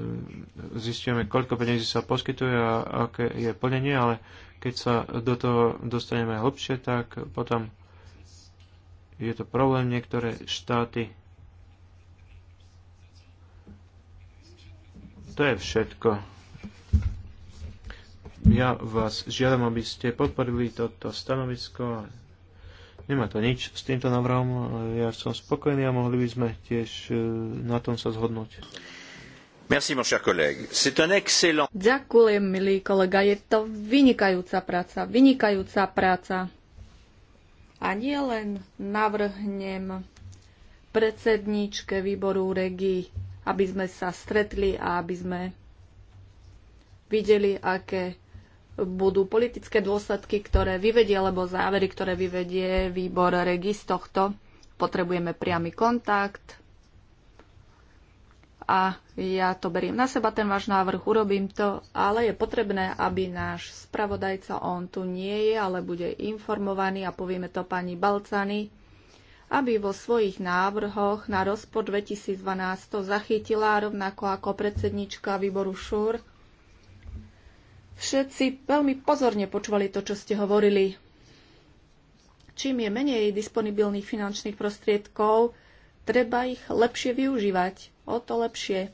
zistíme, koľko peniazy sa poskytuje a aké je plnenie, ale keď sa do toho dostaneme hlbšie, tak potom je to problém. Niektoré štáty. To je všetko. Ja vás žiadam, aby ste podporili toto stanovisko. Nemá to nič s týmto návrhom, ja som spokojný a mohli by sme tiež e, na tom sa zhodnúť. Merci, mon cher collègue. C'est un excellent... Ďakujem, milý kolega. Je to vynikajúca práca. Vynikajúca práca. A nielen navrhnem predsedníčke výboru Regi, aby sme sa stretli a aby sme videli, aké budú politické dôsledky, ktoré vyvedie, alebo závery, ktoré vyvedie výbor Regi z tohto. Potrebujeme priamy kontakt a ja to beriem na seba, ten váš návrh, urobím to, ale je potrebné, aby náš spravodajca, on tu nie je, ale bude informovaný a povieme to pani Balcany, aby vo svojich návrhoch na rozpor 2012 to zachytila rovnako ako predsednička výboru ŠUR. Všetci veľmi pozorne počúvali to, čo ste hovorili. Čím je menej disponibilných finančných prostriedkov, Treba ich lepšie využívať, o to lepšie.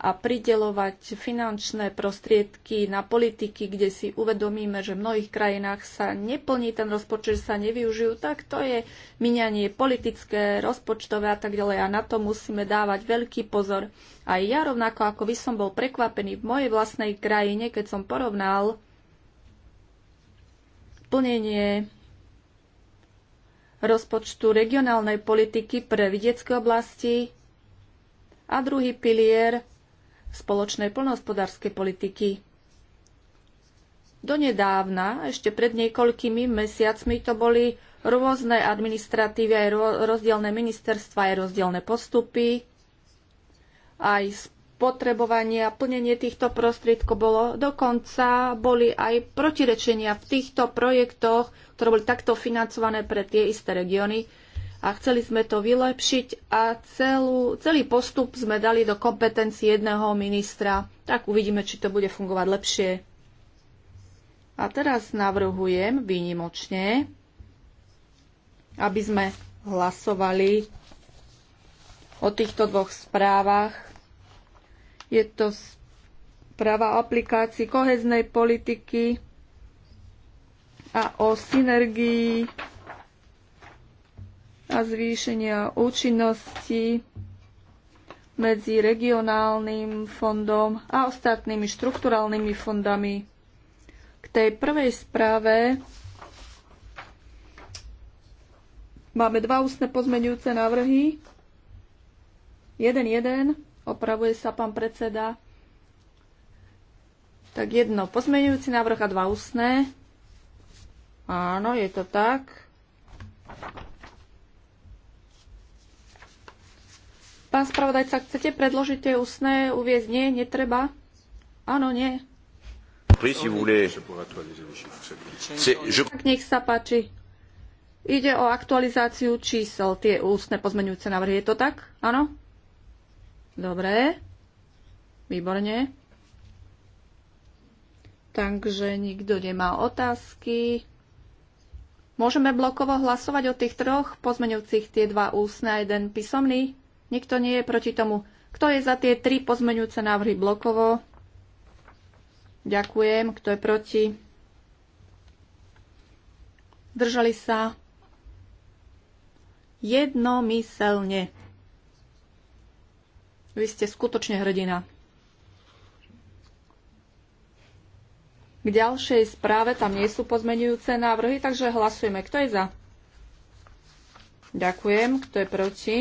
A pridelovať finančné prostriedky na politiky, kde si uvedomíme, že v mnohých krajinách sa neplní ten rozpočet, že sa nevyužijú, tak to je minianie politické, rozpočtové a tak ďalej. A na to musíme dávať veľký pozor. A ja rovnako, ako by som bol prekvapený v mojej vlastnej krajine, keď som porovnal plnenie rozpočtu regionálnej politiky pre vidiecké oblasti a druhý pilier spoločnej plnohospodárskej politiky. Donedávna, ešte pred niekoľkými mesiacmi, to boli rôzne administratívy, aj rozdielne ministerstva, aj rozdielne postupy, aj potrebovanie a plnenie týchto prostriedkov bolo. Dokonca boli aj protirečenia v týchto projektoch, ktoré boli takto financované pre tie isté regióny a chceli sme to vylepšiť a celú, celý postup sme dali do kompetencií jedného ministra. Tak uvidíme, či to bude fungovať lepšie. A teraz navrhujem výnimočne, aby sme hlasovali o týchto dvoch správach je to správa o aplikácii koheznej politiky a o synergii a zvýšenia účinnosti medzi regionálnym fondom a ostatnými štrukturálnymi fondami. K tej prvej správe máme dva ústne pozmeňujúce návrhy. 1.1 Opravuje sa pán predseda. Tak jedno pozmeňujúci návrh a dva ústne. Áno, je to tak. Pán spravodajca, chcete predložiť tie ústne uviezť? Nie, netreba? Áno, nie. Tak nech sa páči. Ide o aktualizáciu čísel, tie ústne pozmeňujúce návrhy. Je to tak? Áno? Dobre. Výborne. Takže nikto nemá otázky. Môžeme blokovo hlasovať o tých troch pozmeňujúcich tie dva ústne a jeden písomný? Nikto nie je proti tomu. Kto je za tie tri pozmeňujúce návrhy blokovo? Ďakujem. Kto je proti? Držali sa jednomyselne. Vy ste skutočne hrdina. K ďalšej správe tam nie sú pozmenujúce návrhy, takže hlasujeme. Kto je za? Ďakujem. Kto je proti?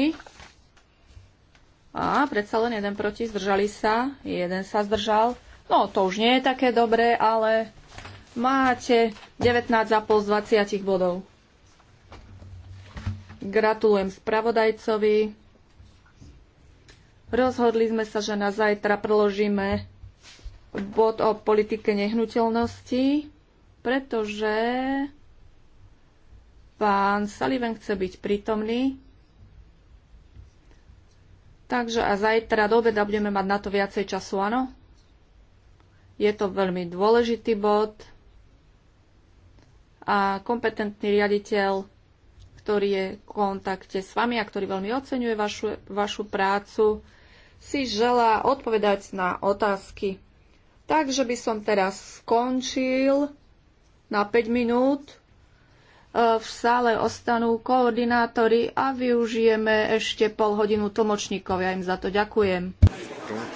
A predsa len jeden proti, zdržali sa, jeden sa zdržal. No, to už nie je také dobré, ale máte 19 za pol z 20 bodov. Gratulujem spravodajcovi. Rozhodli sme sa, že na zajtra preložíme bod o politike nehnuteľnosti, pretože pán Sullivan chce byť prítomný. Takže a zajtra do obeda budeme mať na to viacej času, áno? Je to veľmi dôležitý bod a kompetentný riaditeľ, ktorý je v kontakte s vami a ktorý veľmi oceňuje vašu, vašu prácu, si želá odpovedať na otázky. Takže by som teraz skončil na 5 minút. E, v sále ostanú koordinátori a využijeme ešte pol hodinu tlmočníkov. Ja im za to ďakujem.